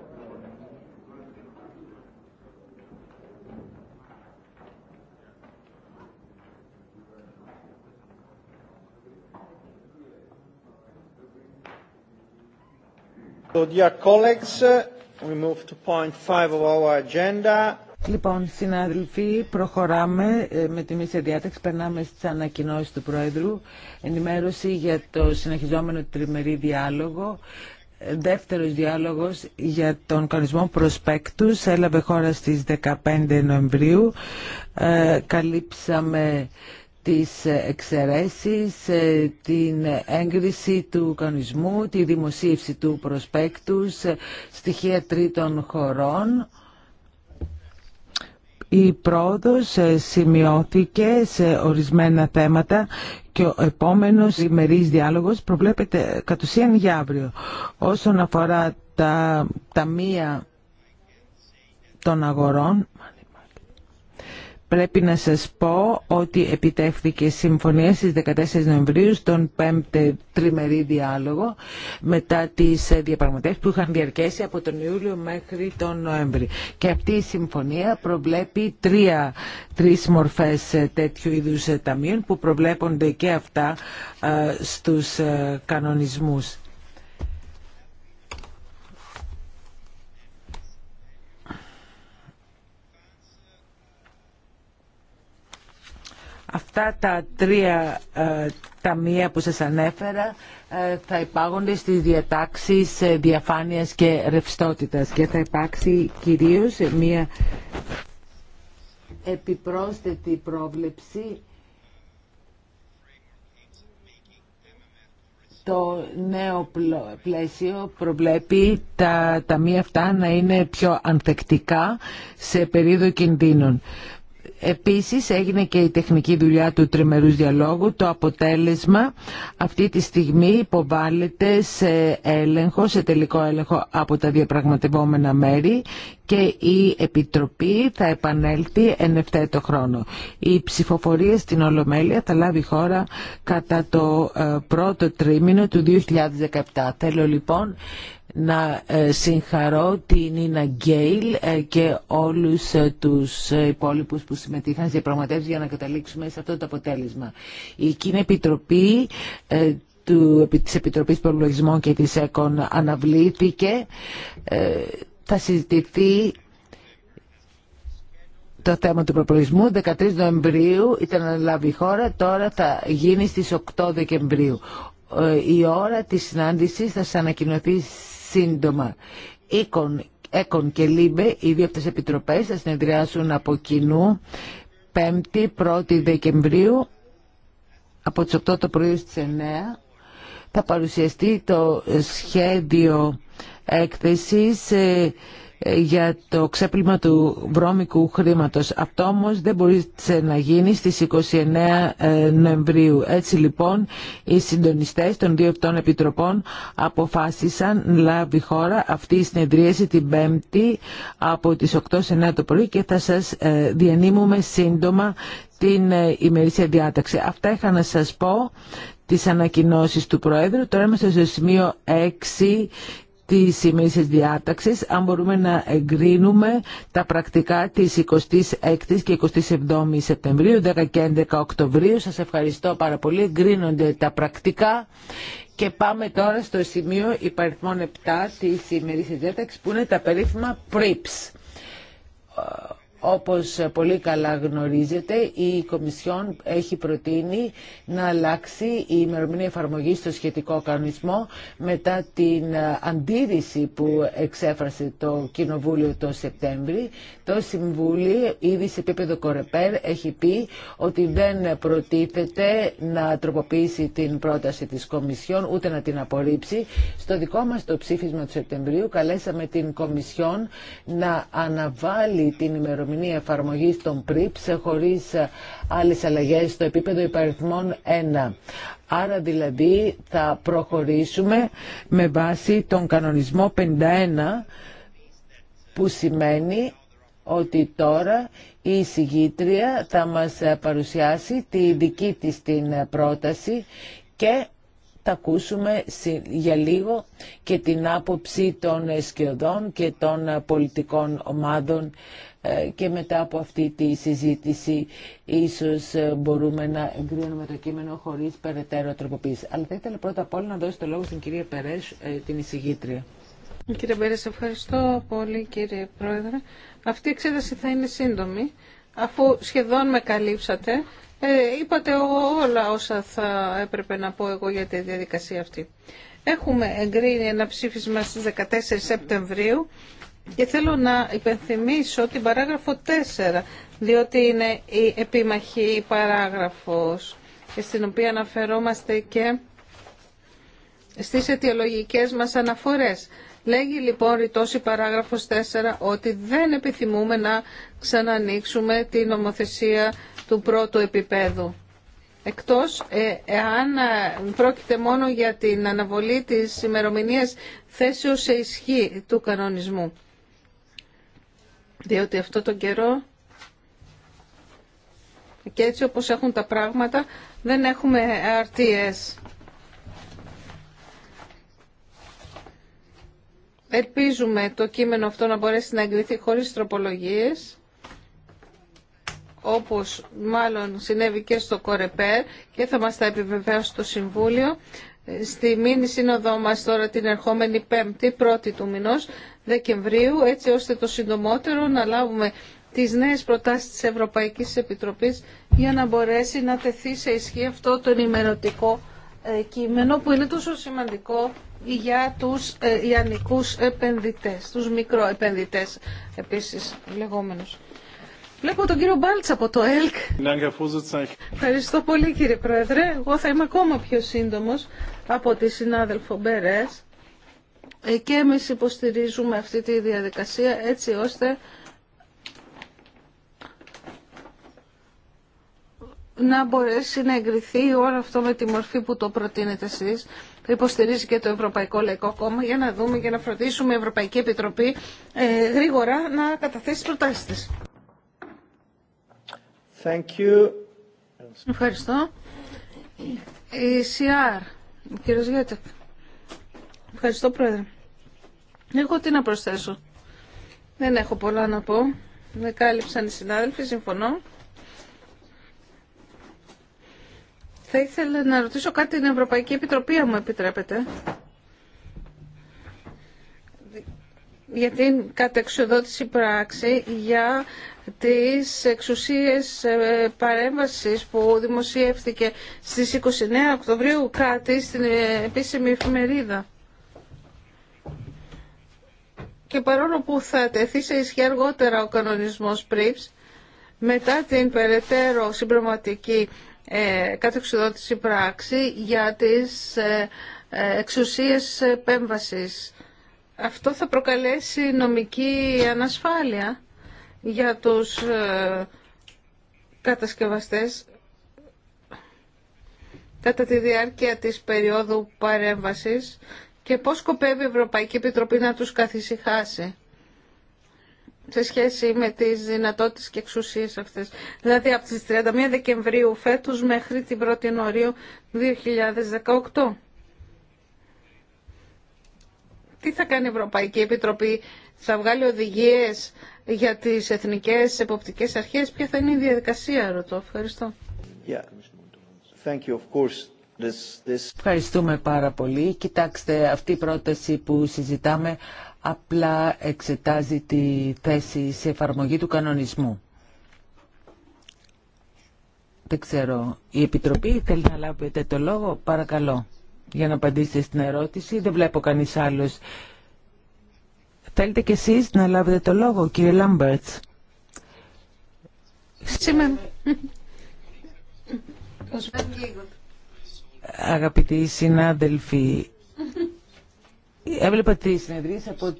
[SPEAKER 4] Λοιπόν, συναδελφοί, προχωράμε ε, με τη μισή διάταξη. Περνάμε στι ανακοινώσει του Πρόεδρου. Ενημέρωση για το συνεχιζόμενο τριμερή διάλογο. Δεύτερος διάλογος για τον κανονισμό προσπέκτους έλαβε χώρα στις 15 Νοεμβρίου. Ε, καλύψαμε τις εξαιρέσεις, ε, την έγκριση του κανονισμού, τη δημοσίευση του προσπέκτους, ε, στοιχεία τρίτων χωρών. Η πρόοδος ε, σημειώθηκε σε ορισμένα θέματα και ο επόμενος ημερής διάλογος προβλέπεται κατ' ουσίαν για αύριο. Όσον αφορά τα ταμεία των αγορών, Πρέπει να σας πω ότι επιτεύχθηκε συμφωνία στις 14 Νοεμβρίου στον 5ο τριμερή διάλογο μετά τις διαπραγματεύσεις που είχαν διαρκέσει από τον Ιούλιο μέχρι τον Νοέμβρη. Και αυτή η συμφωνία προβλέπει τρία, τρεις μορφές ε, τέτοιου είδους ε, ταμείων που προβλέπονται και αυτά ε, στους κανονισμούς. Αυτά τα τρία ε, ταμεία που σας ανέφερα ε, θα υπάγονται στις διατάξεις ε, διαφάνειας και ρευστότητας και θα υπάρξει κυρίως μια επιπρόσθετη πρόβλεψη το νέο πλαίσιο προβλέπει τα ταμεία αυτά να είναι πιο ανθεκτικά σε περίοδο κινδύνων. Επίσης έγινε και η τεχνική δουλειά του τριμερούς διαλόγου. Το αποτέλεσμα αυτή τη στιγμή υποβάλλεται σε έλεγχο, σε τελικό έλεγχο από τα διαπραγματευόμενα μέρη και η Επιτροπή θα επανέλθει εν ευθέτω χρόνο. Η ψηφοφορία στην Ολομέλεια θα λάβει χώρα κατά το ε, πρώτο τρίμηνο του 2017. Θέλω λοιπόν να ε, συγχαρώ την Νίνα Γκέιλ ε, και όλους ε, τους υπόλοιπους που συμμετείχαν σε πραγματεύσεις για να καταλήξουμε σε αυτό το αποτέλεσμα. Η Κοινή Επιτροπή του, της Επιτροπής Προλογισμών και της ΕΚΟΝ αναβλήθηκε. Θα συζητηθεί το θέμα του προπολογισμού 13 Νοεμβρίου ήταν να λάβει η χώρα, τώρα θα γίνει στις 8 Δεκεμβρίου. Η ώρα της συνάντησης θα σας ανακοινωθεί σύντομα. έκον και Λίμπε, οι δύο αυτές επιτροπές θα συνεδριάσουν από κοινού 5η, 1η Δεκεμβρίου από τις 8 το πρωί στις 9 θα παρουσιαστεί το σχέδιο έκθεσης ε, ε, για το ξέπλυμα του βρώμικου χρήματος. Αυτό όμως δεν μπορεί να γίνει στις 29 ε, Νοεμβρίου. Έτσι λοιπόν οι συντονιστές των δύο αυτών επιτροπών αποφάσισαν να λάβει χώρα αυτή η συνεδρίαση την Πέμπτη από τις 8-9 το πρωί και θα σας ε, διανύμουμε σύντομα την ημερήσια διάταξη. Αυτά είχα να σας πω τις ανακοινώσεις του Προέδρου. Τώρα είμαστε στο σημείο 6 τη ημερήσια διάταξη, αν μπορούμε να εγκρίνουμε τα πρακτικά τη 26η και 27η Σεπτεμβρίου, 10 και 11 Οκτωβρίου. Σα ευχαριστώ πάρα πολύ. Εγκρίνονται τα πρακτικά. Και πάμε τώρα στο σημείο υπαριθμών 7 τη σημερινή διάταξη που είναι τα περίφημα PRIPS. Όπως πολύ καλά γνωρίζετε, η Κομισιόν έχει προτείνει να αλλάξει η ημερομηνία εφαρμογής στο σχετικό κανονισμό μετά την ε, αντίρρηση που εξέφρασε το Κοινοβούλιο το Σεπτέμβρη. Το Συμβούλιο ήδη σε επίπεδο Κορεπέρ έχει πει ότι δεν προτίθεται να τροποποιήσει την πρόταση της Κομισιόν ούτε να την απορρίψει. Στο δικό μας το ψήφισμα του Σεπτεμβρίου καλέσαμε την Κομισιόν να αναβάλει την ημερομηνία εφαρμογή των ΠΡΙΠΣ χωρίς άλλες αλλαγές στο επίπεδο υπαριθμών 1. Άρα δηλαδή θα προχωρήσουμε με βάση τον κανονισμό 51 που σημαίνει ότι τώρα η συγγήτρια θα μας παρουσιάσει τη δική της την πρόταση και θα ακούσουμε για λίγο και την άποψη των σκιωδών και των πολιτικών ομάδων ε, και μετά από αυτή τη συζήτηση ίσως ε, μπορούμε να εγκρίνουμε το κείμενο χωρίς περαιτέρω τροποποίηση. Αλλά θα ήθελα πρώτα απ' όλα να δώσω το λόγο στην κυρία Περέσου ε, την εισηγήτρια.
[SPEAKER 1] Κύριε σε ευχαριστώ πολύ κύριε Πρόεδρε. Αυτή η εξέταση θα είναι σύντομη. Αφού σχεδόν με καλύψατε, ε, είπατε όλα όσα θα έπρεπε να πω εγώ για τη διαδικασία αυτή. Έχουμε εγκρίνει ένα ψήφισμα στις 14 Σεπτεμβρίου και θέλω να υπενθυμίσω την παράγραφο 4, διότι είναι η επιμαχή παράγραφος, στην οποία αναφερόμαστε και στις αιτιολογικές μας αναφορές. Λέγει λοιπόν ρητός η παράγραφος 4 ότι δεν επιθυμούμε να ξανανοίξουμε την νομοθεσία του πρώτου επίπεδου. Εκτός ε, εάν ε, πρόκειται μόνο για την αναβολή της ημερομηνία θέσεως σε ισχύ του κανονισμού. Διότι αυτό τον καιρό και έτσι όπως έχουν τα πράγματα δεν έχουμε αρτίες. Ελπίζουμε το κείμενο αυτό να μπορέσει να εγκριθεί χωρίς τροπολογίες, όπως μάλλον συνέβη και στο Κορεπέρ και θα μας τα επιβεβαίωσει το Συμβούλιο. Στη μήνυ σύνοδό μας τώρα την ερχόμενη 5η, του μηνός Δεκεμβρίου, έτσι ώστε το συντομότερο να λάβουμε τις νέες προτάσεις της Ευρωπαϊκής Επιτροπής για να μπορέσει να τεθεί σε ισχύ αυτό το ενημερωτικό ε, κείμενο που είναι τόσο σημαντικό για τους ε, ιανικούς επενδυτές, τους μικροεπενδυτές επίσης λεγόμενους. Βλέπω τον κύριο Μπάλτς από το ΕΛΚ. Ευχαριστώ πολύ κύριε Πρόεδρε. Εγώ θα είμαι ακόμα πιο σύντομος από τη συνάδελφο Μπερές. Ε, και εμείς υποστηρίζουμε αυτή τη διαδικασία έτσι ώστε να μπορέσει να εγκριθεί όλο αυτό με τη μορφή που το προτείνετε εσείς. Το υποστηρίζει και το Ευρωπαϊκό Λαϊκό Κόμμα για να δούμε και να φροντίσουμε η Ευρωπαϊκή Επιτροπή ε, γρήγορα να καταθέσει προτάσεις της. Ευχαριστώ. Η ΣΥΑΡ, κύριος Ευχαριστώ, Πρόεδρε. Εγώ τι να προσθέσω. Δεν έχω πολλά να πω. Με κάλυψαν οι συνάδελφοι, συμφωνώ. Θα ήθελα να ρωτήσω κάτι την Ευρωπαϊκή Επιτροπή, αν μου επιτρέπετε. Για την κατεξοδότηση πράξη για τις εξουσίες ε, παρέμβασης που δημοσιεύθηκε στις 29 Οκτωβρίου κάτι στην ε, επίσημη εφημερίδα. Και παρόλο που θα τεθεί σε ισχύ αργότερα ο κανονισμός πρίπς μετά την περαιτέρω συμπληρωματική ε, κατεξουδότηση πράξη για τις ε, ε, εξουσίες επέμβασης. Αυτό θα προκαλέσει νομική ανασφάλεια για τους ε, κατασκευαστές κατά τη διάρκεια της περίοδου παρέμβασης και πώς σκοπεύει η Ευρωπαϊκή Επιτροπή να τους καθησυχάσει σε σχέση με τις δυνατότητες και εξουσίες αυτές. Δηλαδή από τις 31 Δεκεμβρίου φέτος μέχρι την 1η Ιανουαρίου 2018. Τι θα κάνει η Ευρωπαϊκή Επιτροπή, θα βγάλει οδηγίες για τις εθνικές εποπτικές αρχές, ποια θα είναι η διαδικασία, ρωτώ. Ευχαριστώ.
[SPEAKER 5] Yeah. Thank you, of course. Ευχαριστούμε πάρα πολύ.
[SPEAKER 4] Κοιτάξτε, αυτή η πρόταση που συζητάμε απλά εξετάζει τη θέση σε εφαρμογή του κανονισμού. Δεν ξέρω. Η Επιτροπή θέλει να λάβετε το λόγο. Παρακαλώ. Για να απαντήσετε στην ερώτηση. Δεν βλέπω κανείς άλλος. Θέλετε κι εσείς να λάβετε το λόγο, κύριε Λάμπερτς. Σήμερα. Αγαπητοί συνάδελφοι, έβλεπα τι συνεδρίες από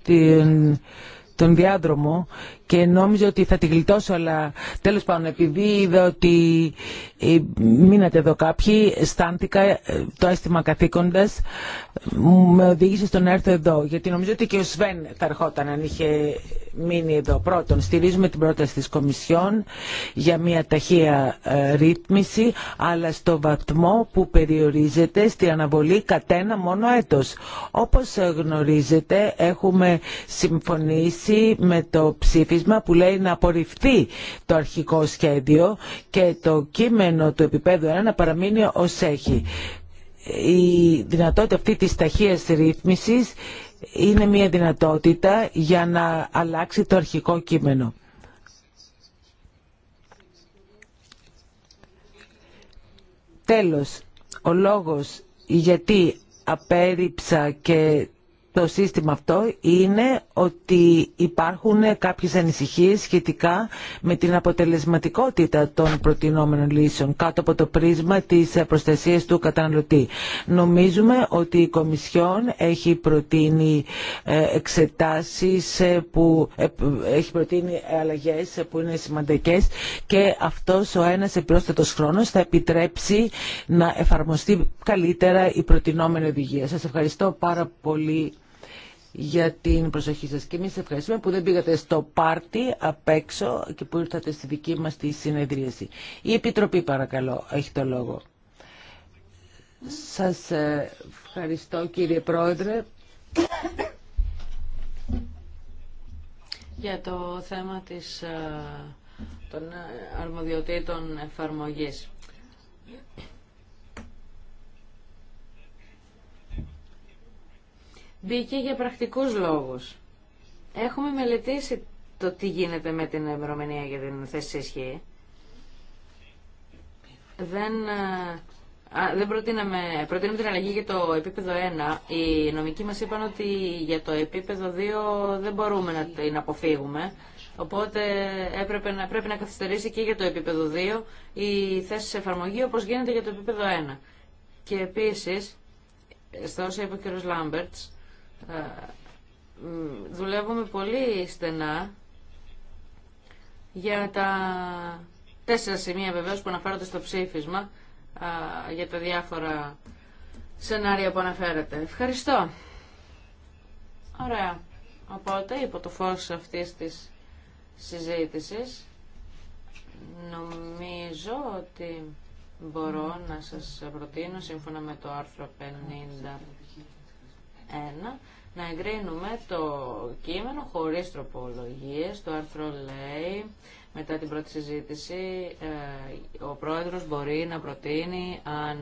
[SPEAKER 4] τον διάδρομο και νόμιζα ότι θα τη γλιτώσω αλλά τέλος πάντων επειδή είδα ότι ε, μείνατε εδώ κάποιοι στάντηκα ε, το αίσθημα καθήκοντας με οδήγησε στο να έρθω εδώ γιατί νομίζω ότι και ο Σβέν θα ερχόταν αν είχε μείνει εδώ πρώτον στηρίζουμε την πρόταση της Κομισιόν για μια ταχεία ε, ρύθμιση αλλά στο βαθμό που περιορίζεται στη αναβολή κατένα μόνο έτος όπως γνωρίζετε έχουμε συμφωνήσει με το ψήφισμα ψήφισμα που λέει να απορριφθεί το αρχικό σχέδιο και το κείμενο του επίπεδου 1 να παραμείνει ω έχει. Η δυνατότητα αυτή της ταχείας ρύθμισης είναι μια δυνατότητα για να αλλάξει το αρχικό κείμενο. Τέλος, ο λόγος γιατί απέριψα και το σύστημα αυτό είναι ότι υπάρχουν κάποιες ανησυχίες σχετικά με την αποτελεσματικότητα των προτινόμενων λύσεων κάτω από το πρίσμα της προστασίας του καταναλωτή. Νομίζουμε ότι η Κομισιόν έχει προτείνει ε, εξετάσεις ε, ε, που έχει προτείνει αλλαγές που είναι σημαντικές και αυτός ο ένας επιπρόσθετος χρόνος θα επιτρέψει να εφαρμοστεί καλύτερα η προτινόμενη οδηγία. Σας ευχαριστώ πάρα πολύ για την προσοχή σας και εμείς ευχαριστούμε που δεν πήγατε στο πάρτι απ' έξω και που ήρθατε στη δική μας τη συνεδρίαση. Η Επιτροπή παρακαλώ έχει το λόγο. Σας ε, ευχαριστώ κύριε Πρόεδρε
[SPEAKER 3] για το θέμα της, ε, των ε, αρμοδιοτήτων εφαρμογής. μπήκε για πρακτικούς λόγους. Έχουμε μελετήσει το τι γίνεται με την ημερομηνία για την θέση ισχύ. Δεν, ε, α, δεν προτείναμε, προτείναμε την αλλαγή για το επίπεδο 1. Οι νομικοί μας είπαν ότι για το επίπεδο 2 δεν μπορούμε να την αποφύγουμε. Οπότε έπρεπε να, πρέπει να καθυστερήσει και για το επίπεδο 2 η θέση σε εφαρμογή όπως γίνεται για το επίπεδο 1. Και επίσης, στα όσα είπε ο κ. Λάμπερτς, δουλεύουμε πολύ στενά για τα τέσσερα σημεία βεβαίως που αναφέρονται στο ψήφισμα για τα διάφορα σενάρια που αναφέρατε. Ευχαριστώ. Ωραία. Οπότε υπό το φως αυτής της συζήτησης νομίζω ότι μπορώ να σας προτείνω σύμφωνα με το άρθρο 50 1 να εγκρίνουμε το κείμενο χωρίς τροπολογίες. Το άρθρο λέει, μετά την πρώτη συζήτηση, ε, ο πρόεδρος μπορεί να προτείνει αν,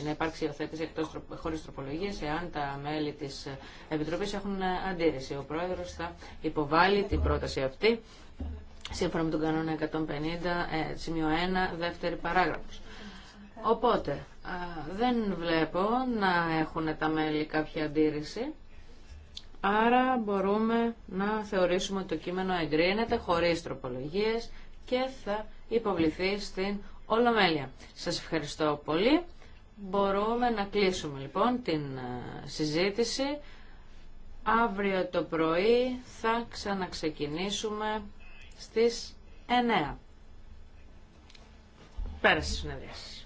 [SPEAKER 3] ε, να υπάρξει υιοθέτηση εκτός, χωρίς τροπολογίες εάν τα μέλη της Επιτροπής έχουν ε, αντίρρηση. Ο πρόεδρος θα υποβάλει την πρόταση αυτή σύμφωνα με τον κανόνα 150, σημείο 1, δεύτερη παράγραφος. Οπότε, δεν βλέπω να έχουν τα μέλη κάποια αντίρρηση. Άρα μπορούμε να θεωρήσουμε ότι το κείμενο εγκρίνεται χωρίς τροπολογίες και θα υποβληθεί στην Ολομέλεια. Σας ευχαριστώ πολύ. Μπορούμε να κλείσουμε λοιπόν την ε, συζήτηση. Αύριο το πρωί θα ξαναξεκινήσουμε
[SPEAKER 1] στις 9.
[SPEAKER 3] Πέρασε
[SPEAKER 4] συνεδρίαση.